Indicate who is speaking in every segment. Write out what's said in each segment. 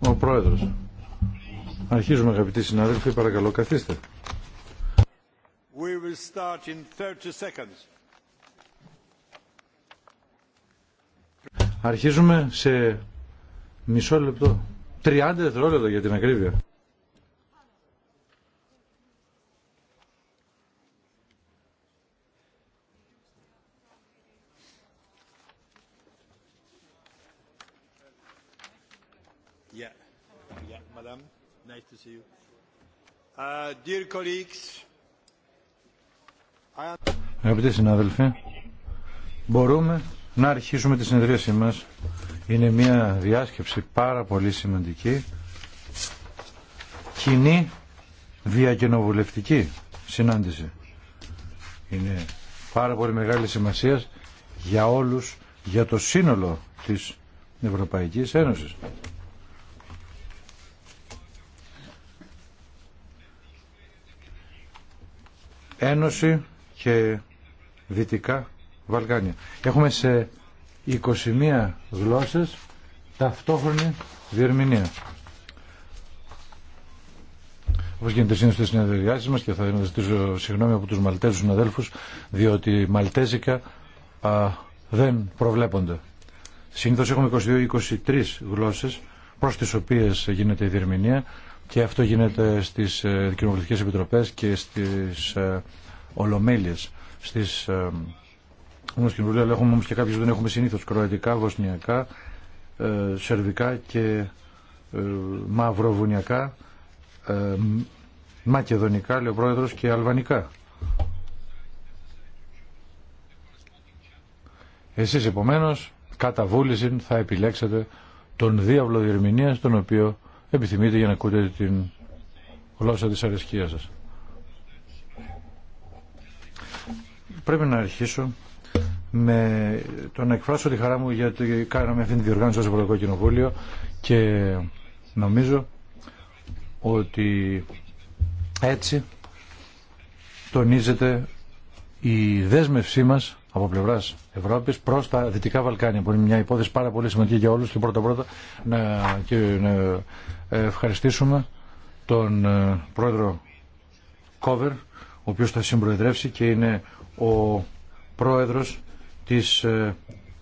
Speaker 1: Ο Πρόεδρος. Αρχίζουμε αγαπητοί συνάδελφοι, παρακαλώ καθίστε. We will start in 30 seconds. Αρχίζουμε σε μισό λεπτό. 30 δευτερόλεπτα για την ακρίβεια. Αγαπητοί συνάδελφοι, μπορούμε να αρχίσουμε τη συνεδρίασή μας. Είναι μια διάσκεψη πάρα πολύ σημαντική, κοινή διακοινοβουλευτική συνάντηση. Είναι πάρα πολύ μεγάλη σημασία για όλους, για το σύνολο της Ευρωπαϊκής Ένωσης. Ένωση και Δυτικά Βαλκάνια. Έχουμε σε 21 γλώσσες ταυτόχρονη διερμηνία. Όπω γίνεται σύντομα στι συνεδριάσει μα και θα ζητήσω συγγνώμη από του Μαλτέζου συναδέλφου, διότι Μαλτέζικα α, δεν προβλέπονται. Συνήθω έχουμε 22-23 γλώσσε προ τι οποίε γίνεται η διερμηνία, και αυτό γίνεται στις ε, κοινοβουλευτικές επιτροπές και στις ε, ολομέλειες, στις ε, όμως αλλά έχουμε όμως και κάποιους που δεν έχουμε συνήθως κροατικά, βοσνιακά, σερβικά και μαυροβουνιακά, μακεδονικά, λέει ο πρόεδρος, και αλβανικά. Εσείς επομένως, κατά βούληση, θα επιλέξετε τον διάβλο διερμηνίας, τον οποίο επιθυμείτε για να ακούτε την γλώσσα της αρεσκίας σας. Πρέπει να αρχίσω με το να εκφράσω τη χαρά μου γιατί κάναμε αυτή τη διοργάνωση στο Ευρωπαϊκό Κοινοβούλιο και νομίζω ότι έτσι τονίζεται η δέσμευσή μας από πλευρά Ευρώπη προ τα Δυτικά Βαλκάνια, που είναι μια υπόθεση πάρα πολύ σημαντική για όλου και πρώτα-πρώτα να, να ευχαριστήσουμε τον ε, πρόεδρο Κόβερ, ο οποίος θα συμπροεδρεύσει και είναι ο πρόεδρος της ε,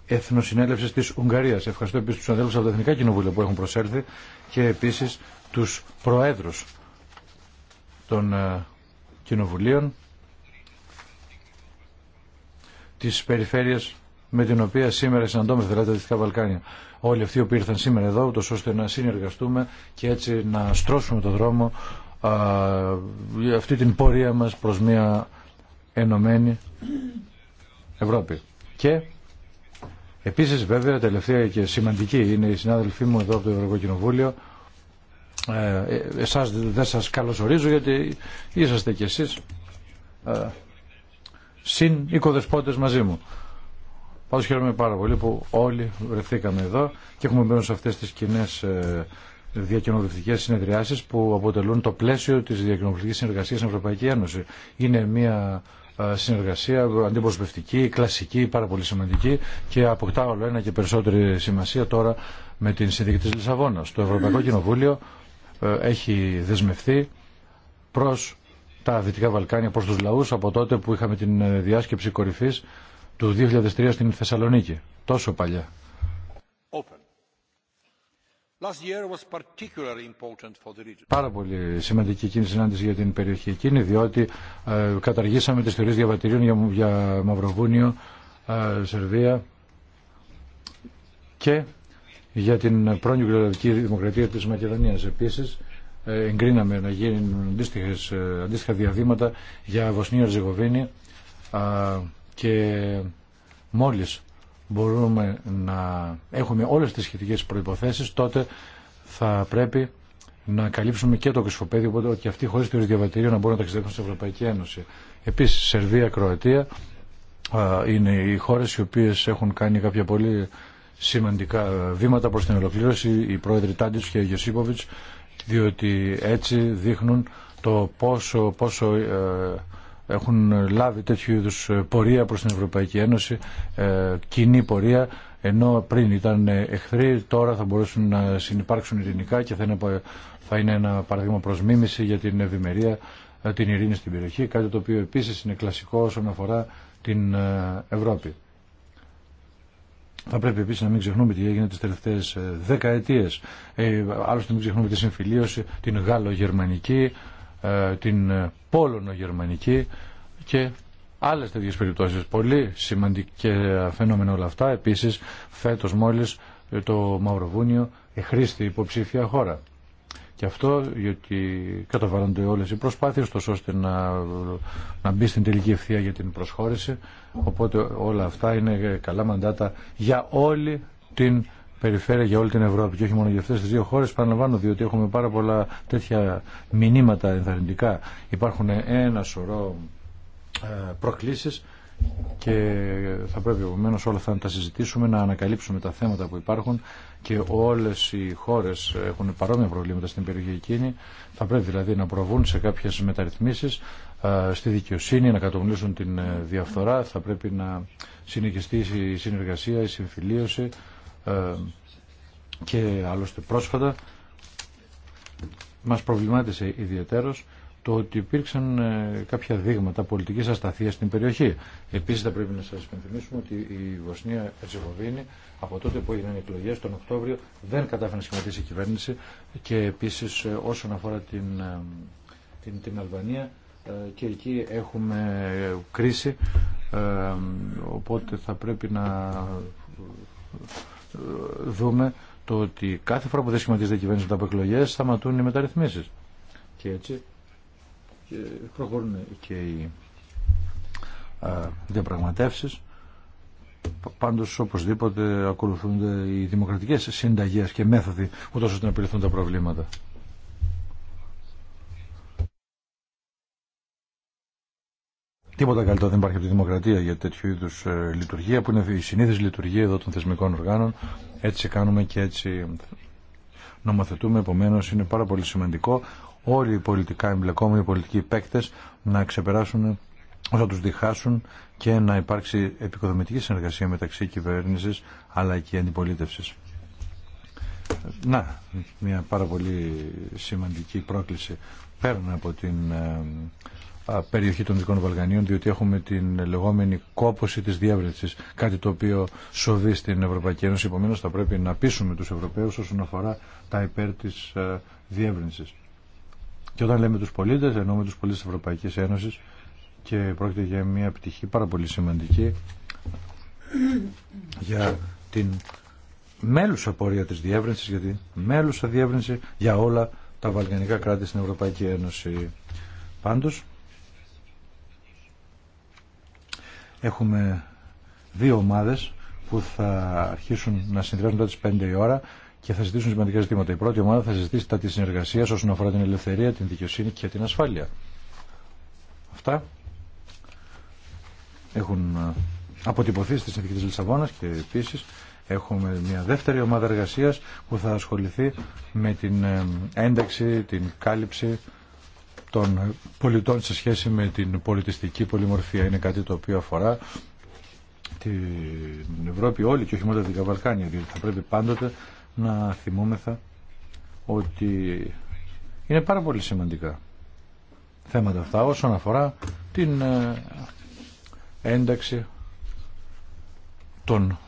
Speaker 1: Εθνοσυνέλευσης της Ουγγαρίας. Ευχαριστώ επίσης τους αδέλφους από τα Εθνικά Κοινοβούλια που έχουν προσέλθει και επίσης τους προέδρους των ε, κοινοβουλίων της περιφέρειας με την οποία σήμερα συναντώμε δηλαδή τα Δυτικά Βαλκάνια. Όλοι αυτοί που ήρθαν σήμερα εδώ, ούτως ώστε να συνεργαστούμε και έτσι να στρώσουμε το δρόμο α, αυτή την πορεία μας προς μια ενωμένη Ευρώπη. Και επίσης βέβαια τελευταία και σημαντική είναι οι συνάδελφοί μου εδώ από το Ευρωκοινοβούλιο ε, εσάς δεν σας καλωσορίζω γιατί είσαστε κι εσείς ε, συν οικοδεσπότες μαζί μου. Πάντω χαίρομαι πάρα πολύ που όλοι βρεθήκαμε εδώ και έχουμε μπαίνει σε αυτέ τι κοινέ ε, διακοινοβουλευτικέ συνεδριάσεις που αποτελούν το πλαίσιο τη διακοινοβουλευτική συνεργασία στην Ευρωπαϊκή Ένωση. Είναι μια ε, συνεργασία αντιπροσωπευτική, κλασική, πάρα πολύ σημαντική και αποκτά όλο ένα και περισσότερη σημασία τώρα με την συνθήκη τη Λισαβόνα. Το Ευρωπαϊκό Κοινοβούλιο ε, έχει δεσμευτεί προ τα Δυτικά Βαλκάνια, προ του λαού από τότε που είχαμε την διάσκεψη κορυφή του 2003 στην Θεσσαλονίκη. Τόσο παλιά. Πάρα πολύ σημαντική εκείνη η συνάντηση για την περιοχή εκείνη, διότι ε, καταργήσαμε τις θεωρίες διαβατηρίων για, για Μαυροβούνιο, ε, Σερβία και για την πρώην κοινωνική Δημοκρατία της Μακεδονίας. Επίσης, ε, εγκρίναμε να γίνουν αντίστοιχα διαδήματα για Βοσνία-Ριζεγοβίνη, και μόλις μπορούμε να έχουμε όλες τις σχετικές προϋποθέσεις τότε θα πρέπει να καλύψουμε και το κρυσφοπέδιο οπότε και αυτοί χωρίς το διαβατήριο να μπορούν να ταξιδεύουν στην Ευρωπαϊκή Ένωση. Επίσης Σερβία, Κροατία είναι οι χώρες οι οποίες έχουν κάνει κάποια πολύ σημαντικά βήματα προς την ολοκλήρωση οι πρόεδροι Τάντιτς και Γεσίποβιτς διότι έτσι δείχνουν το πόσο, πόσο ε, έχουν λάβει τέτοιου είδους ε, πορεία προς την Ευρωπαϊκή Ένωση, ε, κοινή πορεία, ενώ πριν ήταν ε, εχθροί, τώρα θα μπορέσουν να συνεπάρξουν ειρηνικά και θα είναι ένα παράδειγμα προς μίμηση για την ευημερία, την ειρήνη στην περιοχή, κάτι το οποίο επίσης είναι κλασικό όσον αφορά την Ευρώπη. Θα πρέπει επίσης να μην ξεχνούμε τι έγινε τι τελευταίε δεκαετίες. Ε, άλλωστε μην ξεχνούμε τη συμφιλίωση, την γάλλο-γερμανική, ε, την Πόλωνο-Γερμανική και άλλες τέτοιες περιπτώσεις. Πολύ σημαντικά φαινόμενα όλα αυτά. Επίσης, φέτος μόλις το Μαυροβούνιο εχρήστη υποψήφια χώρα. Και αυτό γιατί καταβάλλονται όλες οι προσπάθειες τόσο ώστε να, να μπει στην τελική ευθεία για την προσχώρηση. Οπότε όλα αυτά είναι καλά μαντάτα για όλη την περιφέρεια για όλη την Ευρώπη και όχι μόνο για αυτές τις δύο χώρες παραλαμβάνω διότι έχουμε πάρα πολλά τέτοια μηνύματα ενθαρρυντικά υπάρχουν ένα σωρό ε, προκλήσεις και θα πρέπει επομένω όλα αυτά να τα συζητήσουμε, να ανακαλύψουμε τα θέματα που υπάρχουν και όλε οι χώρε έχουν παρόμοια προβλήματα στην περιοχή εκείνη. Θα πρέπει δηλαδή να προβούν σε κάποιε μεταρρυθμίσει ε, στη δικαιοσύνη, να κατομιλήσουν την ε, διαφθορά. Θα πρέπει να συνεχιστεί η συνεργασία, η συμφιλίωση. Ε, και άλλωστε πρόσφατα μας προβλημάτισε ιδιαίτερος το ότι υπήρξαν ε, κάποια δείγματα πολιτικής ασταθείας στην περιοχή. Επίσης θα πρέπει να σας υπενθυμίσουμε ότι η Βοσνία Ερζεγοβίνη από τότε που έγιναν οι εκλογές τον Οκτώβριο δεν κατάφερε να σχηματίσει η κυβέρνηση και επίσης ε, όσον αφορά την, την, την Αλβανία και εκεί έχουμε κρίση οπότε θα πρέπει να δούμε το ότι κάθε φορά που δεν σχηματίζεται η κυβέρνηση μετά από εκλογέ σταματούν οι μεταρρυθμίσει. Και έτσι προχωρούν και οι διαπραγματεύσει. Πάντω, οπωσδήποτε ακολουθούνται οι δημοκρατικέ συνταγέ και μέθοδοι, ούτω ώστε να επιληθούν τα προβλήματα. Τίποτα καλύτερο δεν υπάρχει από τη δημοκρατία για τέτοιου είδου ε, λειτουργία που είναι η συνήθι λειτουργία εδώ των θεσμικών οργάνων. Έτσι κάνουμε και έτσι νομοθετούμε. Επομένω, είναι πάρα πολύ σημαντικό όλοι οι πολιτικά εμπλεκόμενοι, οι πολιτικοί παίκτε να ξεπεράσουν όσα του διχάσουν και να υπάρξει επικοδομητική συνεργασία μεταξύ κυβέρνηση αλλά και αντιπολίτευση. Να, μια πάρα πολύ σημαντική πρόκληση πέρα από την ε, περιοχή των Δυτικών Βαλκανίων διότι έχουμε την λεγόμενη κόποση τη διεύρυνση. κάτι το οποίο σοβεί στην Ευρωπαϊκή Ένωση Επομένω, θα πρέπει να πείσουμε του Ευρωπαίου όσον αφορά τα υπέρ τη διεύρυνση. και όταν λέμε τους πολίτες εννοούμε του πολίτε τη Ευρωπαϊκή Ένωση και πρόκειται για μια πτυχή πάρα πολύ σημαντική για την μέλουσα πορεία της διεύρυνσης γιατί μέλουσα διεύρυνση για όλα τα βαλκανικά κράτη στην Ευρωπαϊκή Ένωση. Πάντως, Έχουμε δύο ομάδες που θα αρχίσουν να συνδυάζουν τότε τις 5 η ώρα και θα ζητήσουν σημαντικά ζητήματα. Η πρώτη ομάδα θα ζητήσει τα της συνεργασίας όσον αφορά την ελευθερία, την δικαιοσύνη και την ασφάλεια. Αυτά έχουν ε, αποτυπωθεί στη συνθήκη της Λισαβόνας και επίσης έχουμε μια δεύτερη ομάδα εργασίας που θα ασχοληθεί με την ε, ένταξη, την κάλυψη των πολιτών σε σχέση με την πολιτιστική πολυμορφία. Είναι κάτι το οποίο αφορά την Ευρώπη όλη και όχι μόνο τα Βαλκάνια, διότι θα πρέπει πάντοτε να θυμόμεθα ότι είναι πάρα πολύ σημαντικά θέματα αυτά όσον αφορά την ε, ένταξη των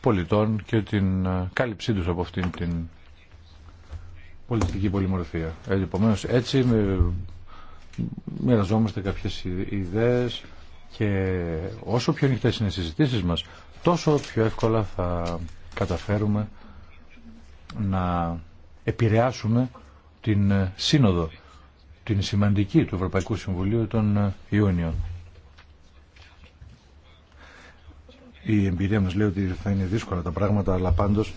Speaker 1: πολιτών και την ε, κάλυψή τους από αυτήν την πολιτιστική πολυμορφία. Ε, επομένως έτσι μοιραζόμαστε κάποιες ιδέες και όσο πιο νυχτές είναι οι συζητήσεις μας, τόσο πιο εύκολα θα καταφέρουμε να επηρεάσουμε την σύνοδο, την σημαντική του Ευρωπαϊκού Συμβουλίου τον Ιούνιο. Η εμπειρία μας λέει ότι θα είναι δύσκολα τα πράγματα, αλλά πάντως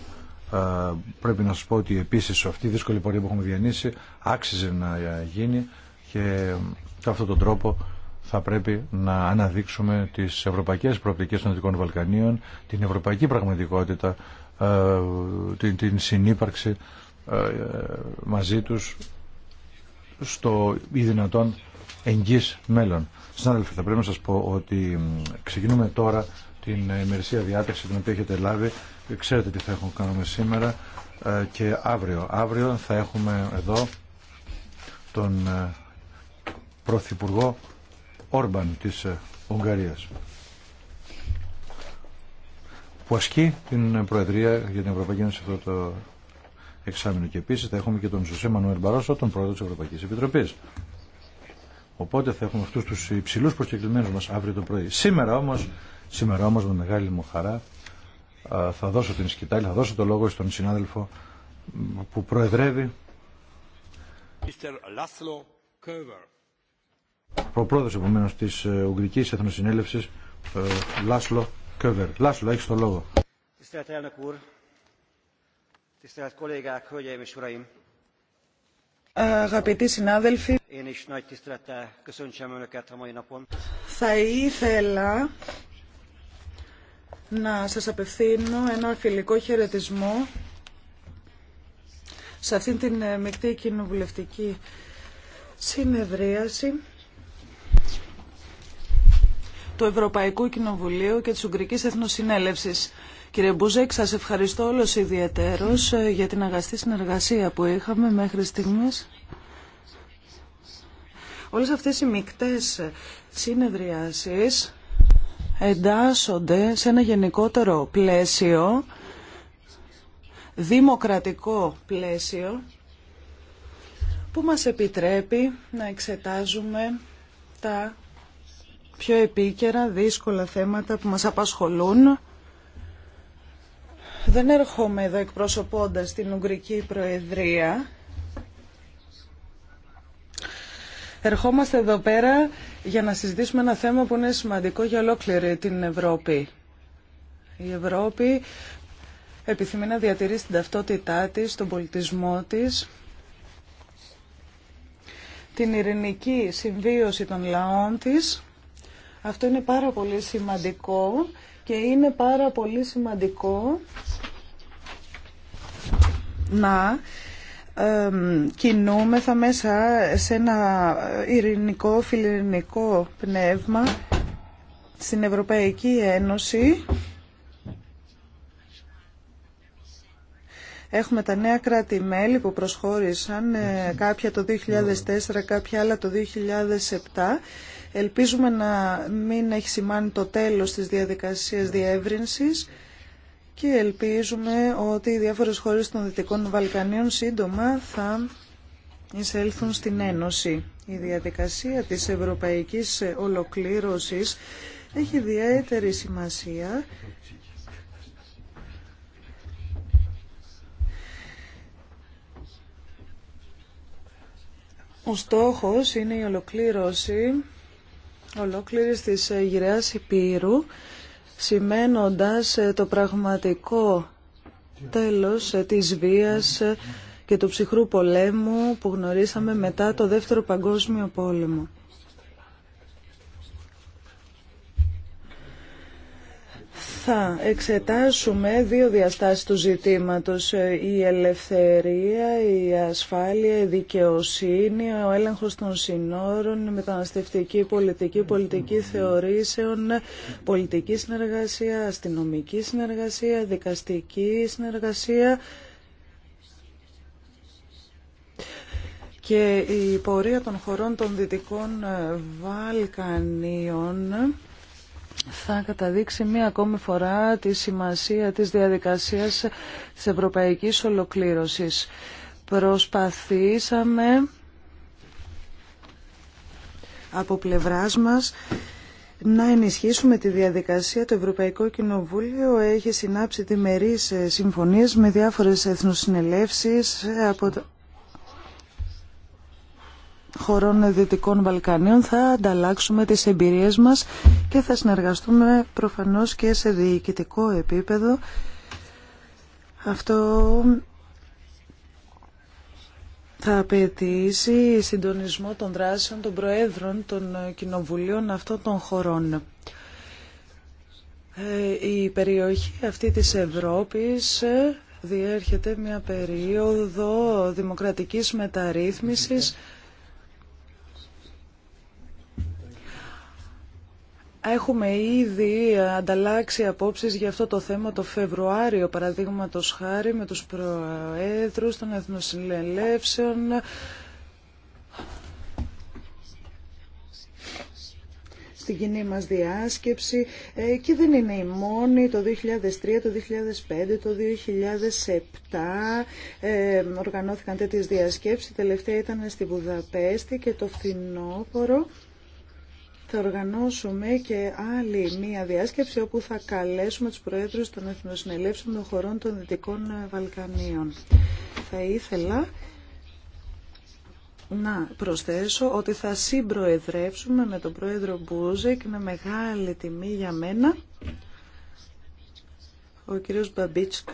Speaker 1: πρέπει να σας πω ότι επίσης αυτή η δύσκολη πορεία που έχουμε διανύσει άξιζε να γίνει και κατά αυτόν τον τρόπο θα πρέπει να αναδείξουμε τις ευρωπαϊκές προοπτικές των Δυτικών Βαλκανίων, την ευρωπαϊκή πραγματικότητα, ε, την, την συνύπαρξη ε, μαζί τους στο ή δυνατόν εγγύς μέλλον. Συνάδελφοι, θα πρέπει να σας πω ότι ξεκινούμε τώρα την ημερησία διάταξη την οποία έχετε λάβει. Ξέρετε τι θα έχουμε κάνουμε σήμερα ε, και αύριο. Αύριο θα έχουμε εδώ τον Πρωθυπουργό Όρμπαν της ε, Ουγγαρίας που ασκεί την Προεδρία για την Ευρωπαϊκή Ένωση αυτό το εξάμεινο και επίση θα έχουμε και τον Ζωσέ Μανουέλ Μπαρόσο, τον πρόεδρο της Ευρωπαϊκής Επιτροπής. Οπότε θα έχουμε αυτούς τους υψηλούς προσκεκλημένους μας αύριο το πρωί. Σήμερα όμως, σήμερα όμως με μεγάλη μου χαρά θα δώσω την σκητάλη, θα δώσω το λόγο στον συνάδελφο που προεδρεύει. Mr ο επομένω επομένως της ε, Ουγγρικής Εθνοσυνέλευσης ε, Λάσλο Κέβερ. Λάσλο, έχεις το λόγο.
Speaker 2: Αγαπητοί συνάδελφοι, θα ήθελα να σας απευθύνω ένα φιλικό χαιρετισμό σε αυτήν την ε, μεικτή κοινοβουλευτική συνεδρίαση του Ευρωπαϊκού Κοινοβουλίου και της Ουγγρικής Εθνοσυνέλευσης. Κύριε Μπούζεκ, σας ευχαριστώ όλος ιδιαίτερως ε, για την αγαστή συνεργασία που είχαμε μέχρι στιγμής. Όλες αυτές οι μικτές συνεδριάσεις εντάσσονται σε ένα γενικότερο πλαίσιο, δημοκρατικό πλαίσιο, που μας επιτρέπει να εξετάζουμε τα πιο επίκαιρα, δύσκολα θέματα που μας απασχολούν. Δεν έρχομαι εδώ εκπροσωπώντας την Ουγγρική Προεδρία. Ερχόμαστε εδώ πέρα για να συζητήσουμε ένα θέμα που είναι σημαντικό για ολόκληρη την Ευρώπη. Η Ευρώπη επιθυμεί να διατηρήσει την ταυτότητά της, τον πολιτισμό της, την ειρηνική συμβίωση των λαών της αυτό είναι πάρα πολύ σημαντικό και είναι πάρα πολύ σημαντικό να κινούμεθα μέσα σε ένα ειρηνικό, φιλιρινικό πνεύμα στην Ευρωπαϊκή Ένωση. Έχουμε τα νέα κράτη-μέλη που προσχώρησαν, ε, κάποια το 2004, κάποια άλλα το 2007 Ελπίζουμε να μην έχει σημάνει το τέλος της διαδικασίας διεύρυνσης και ελπίζουμε ότι οι διάφορες χώρες των Δυτικών Βαλκανίων σύντομα θα εισέλθουν στην Ένωση. Η διαδικασία της ευρωπαϊκής ολοκλήρωσης έχει ιδιαίτερη σημασία Ο στόχος είναι η ολοκλήρωση ολόκληρης της ε, γυραιάς Υπήρου, σημαίνοντας ε, το πραγματικό τέλος ε, της βίας και του ψυχρού πολέμου που γνωρίσαμε μετά το Δεύτερο Παγκόσμιο Πόλεμο. θα εξετάσουμε δύο διαστάσεις του ζητήματος, ε, η ελευθερία, η ασφάλεια, η δικαιοσύνη, ο έλεγχος των συνόρων, η μεταναστευτική πολιτική, πολιτική θεωρήσεων, πολιτική συνεργασία, αστυνομική συνεργασία, δικαστική συνεργασία. Και η πορεία των χωρών των Δυτικών ε, Βαλκανίων θα καταδείξει μία ακόμη φορά τη σημασία της διαδικασίας της ευρωπαϊκής ολοκλήρωσης. Προσπαθήσαμε από πλευράς μας να ενισχύσουμε τη διαδικασία. Το Ευρωπαϊκό Κοινοβούλιο έχει συνάψει διμερείς συμφωνίες με διάφορες εθνοσυνελεύσεις από χωρών Δυτικών Βαλκανίων θα ανταλλάξουμε τις εμπειρίες μας και θα συνεργαστούμε προφανώς και σε διοικητικό επίπεδο. Αυτό θα απαιτήσει συντονισμό των δράσεων των Προέδρων των Κοινοβουλίων αυτών των χωρών. Ε, η περιοχή αυτή της Ευρώπης ε, διέρχεται μια περίοδο δημοκρατικής μεταρρύθμισης Έχουμε ήδη ε, ανταλλάξει απόψεις για αυτό το θέμα το Φεβρουάριο, παραδείγματος χάρη, με τους προέδρους των Εθνοσυλλελεύσεων, στην κοινή μας διάσκεψη ε, και δεν είναι η μόνη το 2003, το 2005, το 2007 ε, οργανώθηκαν τέτοιες διασκέψεις, η τελευταία ήταν στη Βουδαπέστη και το φθινόπωρο θα οργανώσουμε και άλλη μία διάσκεψη όπου θα καλέσουμε τους Προέδρους των Εθνοσυνελεύσεων των χωρών των Δυτικών Βαλκανίων. Θα ήθελα να προσθέσω ότι θα συμπροεδρεύσουμε με τον Πρόεδρο Μπούζεκ, με μεγάλη τιμή για μένα. Ο κύριος Μπαμπίτσκ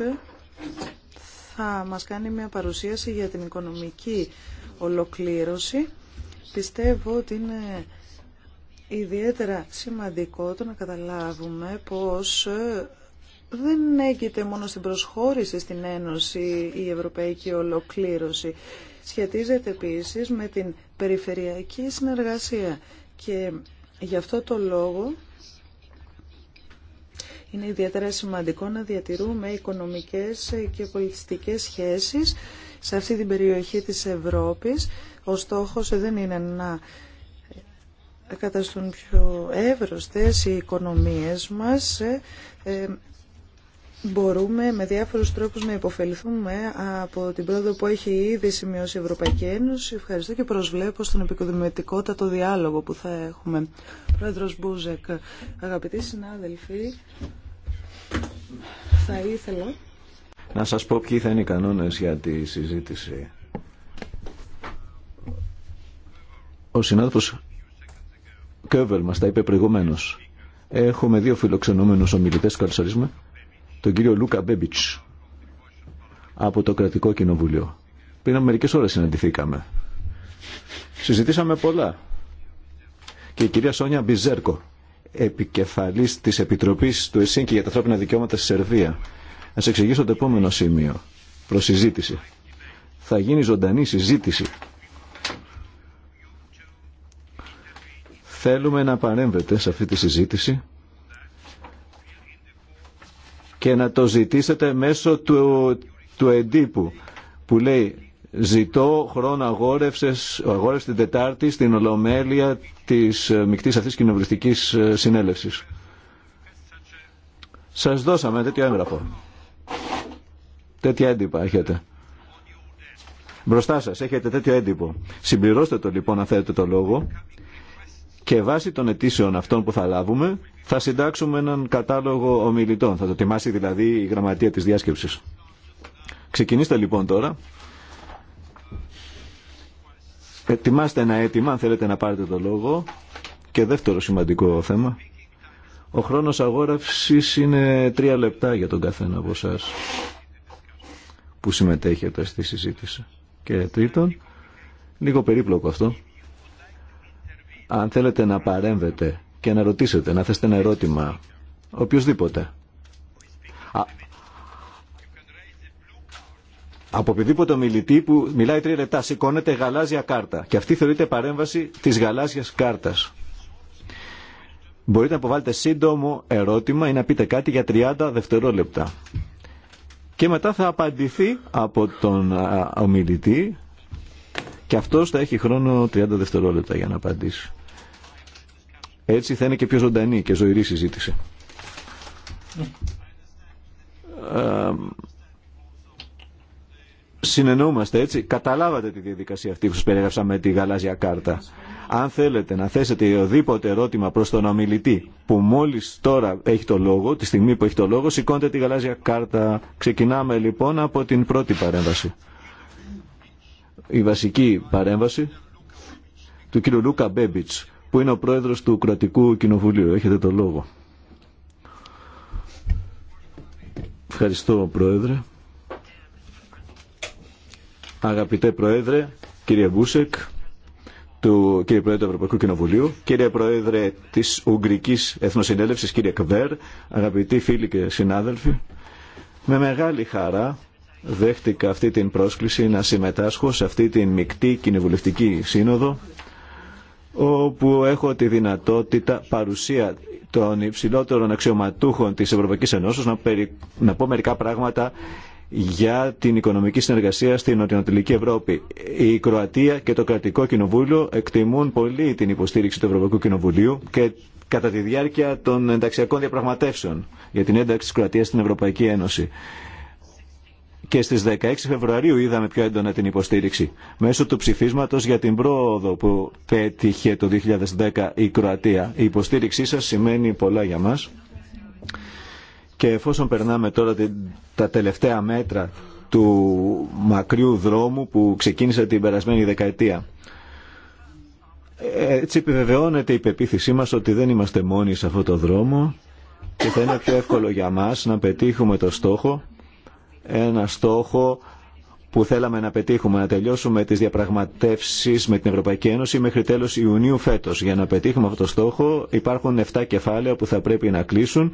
Speaker 2: θα μας κάνει μια παρουσίαση για την οικονομική ολοκλήρωση. Πιστεύω ότι είναι ιδιαίτερα σημαντικό το να καταλάβουμε πως ε, δεν έγκυται μόνο στην προσχώρηση στην Ένωση η ευρωπαϊκή ολοκλήρωση. Σχετίζεται επίσης με την περιφερειακή συνεργασία και γι' αυτό το λόγο είναι ιδιαίτερα σημαντικό να διατηρούμε οικονομικές και πολιτιστικές σχέσεις σε αυτή την περιοχή της Ευρώπης. Ο στόχος δεν είναι να καταστούν πιο εύρωστες οι οικονομίες μας, ε, ε, μπορούμε με διάφορους τρόπους να υποφεληθούμε από την πρόοδο που έχει ήδη σημειώσει η Ευρωπαϊκή Ένωση. Ευχαριστώ και προσβλέπω στον επικοδημητικότατο διάλογο που θα έχουμε. Πρόεδρος Μπούζεκ, αγαπητοί συνάδελφοι, θα ήθελα...
Speaker 3: Να σας πω ποιοι θα είναι οι κανόνες για τη συζήτηση. Ο συνάδελφος Κέβελ μας τα είπε προηγουμένω. Έχουμε δύο φιλοξενούμενους ομιλητές, καλωσορίζουμε. Τον κύριο Λούκα Μπέμπιτς από το Κρατικό Κοινοβούλιο. Πριν μερικέ μερικές ώρες συναντηθήκαμε. Συζητήσαμε πολλά. Και η κυρία Σόνια Μπιζέρκο, επικεφαλής της Επιτροπής του ΕΣΥΝΚΙ για τα ανθρώπινα δικαιώματα στη Σερβία. Να σε εξηγήσω το επόμενο σημείο. Προσυζήτηση. Θα γίνει ζωντανή συζήτηση Θέλουμε να παρέμβετε σε αυτή τη συζήτηση και να το ζητήσετε μέσω του, του εντύπου που λέει ζητώ χρόνο αγόρευσης, αγόρευσης την Τετάρτη στην Ολομέλεια της μικτής αυτής κοινοβουλευτικής συνέλευσης. Σας δώσαμε τέτοιο έγγραφο. Τέτοια έντυπα έχετε. Μπροστά σας έχετε τέτοιο έντυπο. Συμπληρώστε το λοιπόν αν θέλετε το λόγο και βάσει των αιτήσεων αυτών που θα λάβουμε θα συντάξουμε έναν κατάλογο ομιλητών. Θα το ετοιμάσει δηλαδή η γραμματεία της διάσκεψης. Ξεκινήστε λοιπόν τώρα. Ετοιμάστε ένα αίτημα αν θέλετε να πάρετε το λόγο. Και δεύτερο σημαντικό θέμα. Ο χρόνος αγόρευσης είναι τρία λεπτά για τον καθένα από εσά που συμμετέχετε στη συζήτηση. Και τρίτον, λίγο περίπλοκο αυτό, αν θέλετε να παρέμβετε και να ρωτήσετε, να θέσετε ένα ερώτημα, οποιοδήποτε. Από οποιοδήποτε ομιλητή που μιλάει τρία λεπτά, σηκώνεται γαλάζια κάρτα. Και αυτή θεωρείται παρέμβαση της γαλάζιας κάρτας. Μπορείτε να αποβάλλετε σύντομο ερώτημα ή να πείτε κάτι για 30 δευτερόλεπτα. Και μετά θα απαντηθεί από τον ομιλητή και αυτό θα έχει χρόνο 30 δευτερόλεπτα για να απαντήσει. Έτσι θα είναι και πιο ζωντανή και ζωηρή συζήτηση. Συνεννοούμαστε έτσι. Καταλάβατε τη διαδικασία αυτή που σας περιέγραψα με τη γαλάζια κάρτα. Αν θέλετε να θέσετε οδήποτε ερώτημα προς τον ομιλητή που μόλις τώρα έχει το λόγο, τη στιγμή που έχει το λόγο, σηκώνετε τη γαλάζια κάρτα. Ξεκινάμε λοιπόν από την πρώτη παρέμβαση η βασική παρέμβαση του κ. Λούκα Μπέμπιτς, που είναι ο πρόεδρος του Κρατικού Κοινοβουλίου. Έχετε το λόγο. Ευχαριστώ, Πρόεδρε. Αγαπητέ Πρόεδρε, κύριε Μπούσεκ, του, κύριε Πρόεδρε του Ευρωπαϊκού Κοινοβουλίου, κύριε Πρόεδρε της Ουγγρικής Εθνοσυνέλευσης, κύριε Κβέρ, αγαπητοί φίλοι και συνάδελφοι, με μεγάλη χαρά δέχτηκα αυτή την πρόσκληση να συμμετάσχω σε αυτή την μεικτή κοινοβουλευτική σύνοδο όπου έχω τη δυνατότητα παρουσία των υψηλότερων αξιωματούχων της Ευρωπαϊκής Ενώσης να, περι... να πω μερικά πράγματα για την οικονομική συνεργασία στην Νοτιοανατολική Ευρώπη. Η Κροατία και το Κρατικό Κοινοβούλιο εκτιμούν πολύ την υποστήριξη του Ευρωπαϊκού Κοινοβουλίου και κατά τη διάρκεια των ενταξιακών διαπραγματεύσεων για την ένταξη της Κροατίας στην Ευρωπαϊκή Ένωση και στις 16 Φεβρουαρίου είδαμε πιο έντονα την υποστήριξη μέσω του ψηφίσματος για την πρόοδο που πέτυχε το 2010 η Κροατία. Η υποστήριξή σας σημαίνει πολλά για μας και εφόσον περνάμε τώρα τα τελευταία μέτρα του μακριού δρόμου που ξεκίνησε την περασμένη δεκαετία. Ε, έτσι επιβεβαιώνεται η πεποίθησή μας ότι δεν είμαστε μόνοι σε αυτό το δρόμο και θα είναι πιο εύκολο για μας να πετύχουμε το στόχο ένα στόχο που θέλαμε να πετύχουμε, να τελειώσουμε τις διαπραγματεύσεις με την Ευρωπαϊκή Ένωση μέχρι τέλος Ιουνίου φέτος. Για να πετύχουμε αυτό το στόχο υπάρχουν 7 κεφάλαια που θα πρέπει να κλείσουν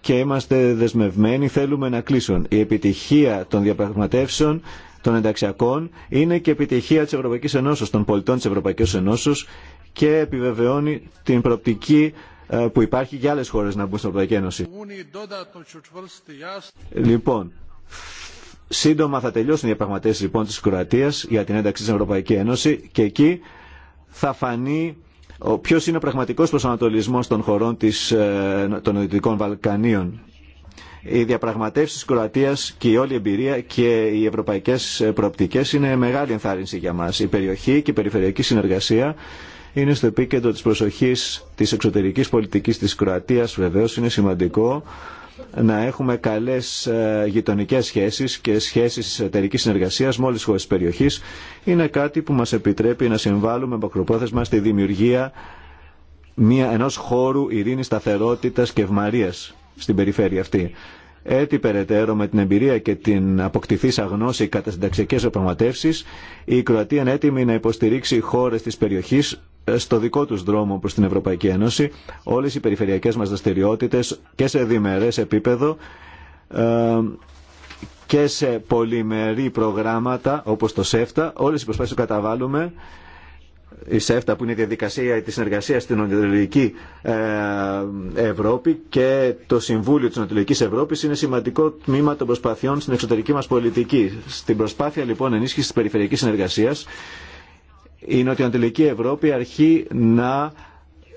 Speaker 3: και είμαστε δεσμευμένοι, θέλουμε να κλείσουν. Η επιτυχία των διαπραγματεύσεων των ενταξιακών είναι και επιτυχία της Ευρωπαϊκής Ενώσεως, των πολιτών της Ευρωπαϊκής Ενώσης και επιβεβαιώνει την προοπτική ε, που υπάρχει για άλλες χώρες να μπουν στην Ευρωπαϊκή Ένωση. Σύντομα θα τελειώσουν οι διαπραγματεύσει λοιπόν τη Κροατία για την ένταξη στην Ευρωπαϊκή Ένωση και εκεί θα φανεί ποιο είναι ο πραγματικό προσανατολισμό των χωρών της, ε, των Δυτικών Βαλκανίων. Οι διαπραγματεύσει τη Κροατία και η όλη εμπειρία και οι ευρωπαϊκέ ε, προοπτικέ είναι μεγάλη ενθάρρυνση για μα. Η περιοχή και η περιφερειακή συνεργασία είναι στο επίκεντρο τη προσοχή τη εξωτερική πολιτική τη Κροατία. Βεβαίω είναι σημαντικό να έχουμε καλές ε, γειτονικές σχέσεις και σχέσεις εταιρικής συνεργασίας με όλες τις περιοχής είναι κάτι που μας επιτρέπει να συμβάλλουμε μακροπρόθεσμα στη δημιουργία μια, ενός χώρου ειρήνης, σταθερότητας και ευμαρίας στην περιφέρεια αυτή. Έτσι περαιτέρω με την εμπειρία και την αποκτηθήσα γνώση κατά συνταξιακές διαπραγματεύσει, η Κροατία είναι έτοιμη να υποστηρίξει χώρες της περιοχής στο δικό τους δρόμο προς την Ευρωπαϊκή Ένωση. Όλες οι περιφερειακές μας δραστηριότητε και σε διμερές επίπεδο ε, και σε πολυμερή προγράμματα όπως το ΣΕΦΤΑ, όλες οι προσπάθειες που καταβάλουμε η ΣΕΦΤΑ που είναι η διαδικασία της συνεργασίας στην Ανατολική ε, Ευρώπη και το Συμβούλιο της Ανατολικής Ευρώπης είναι σημαντικό τμήμα των προσπαθειών στην εξωτερική μας πολιτική. Στην προσπάθεια λοιπόν ενίσχυσης της περιφερειακής συνεργασίας η νοτιοανατολική Ευρώπη αρχεί να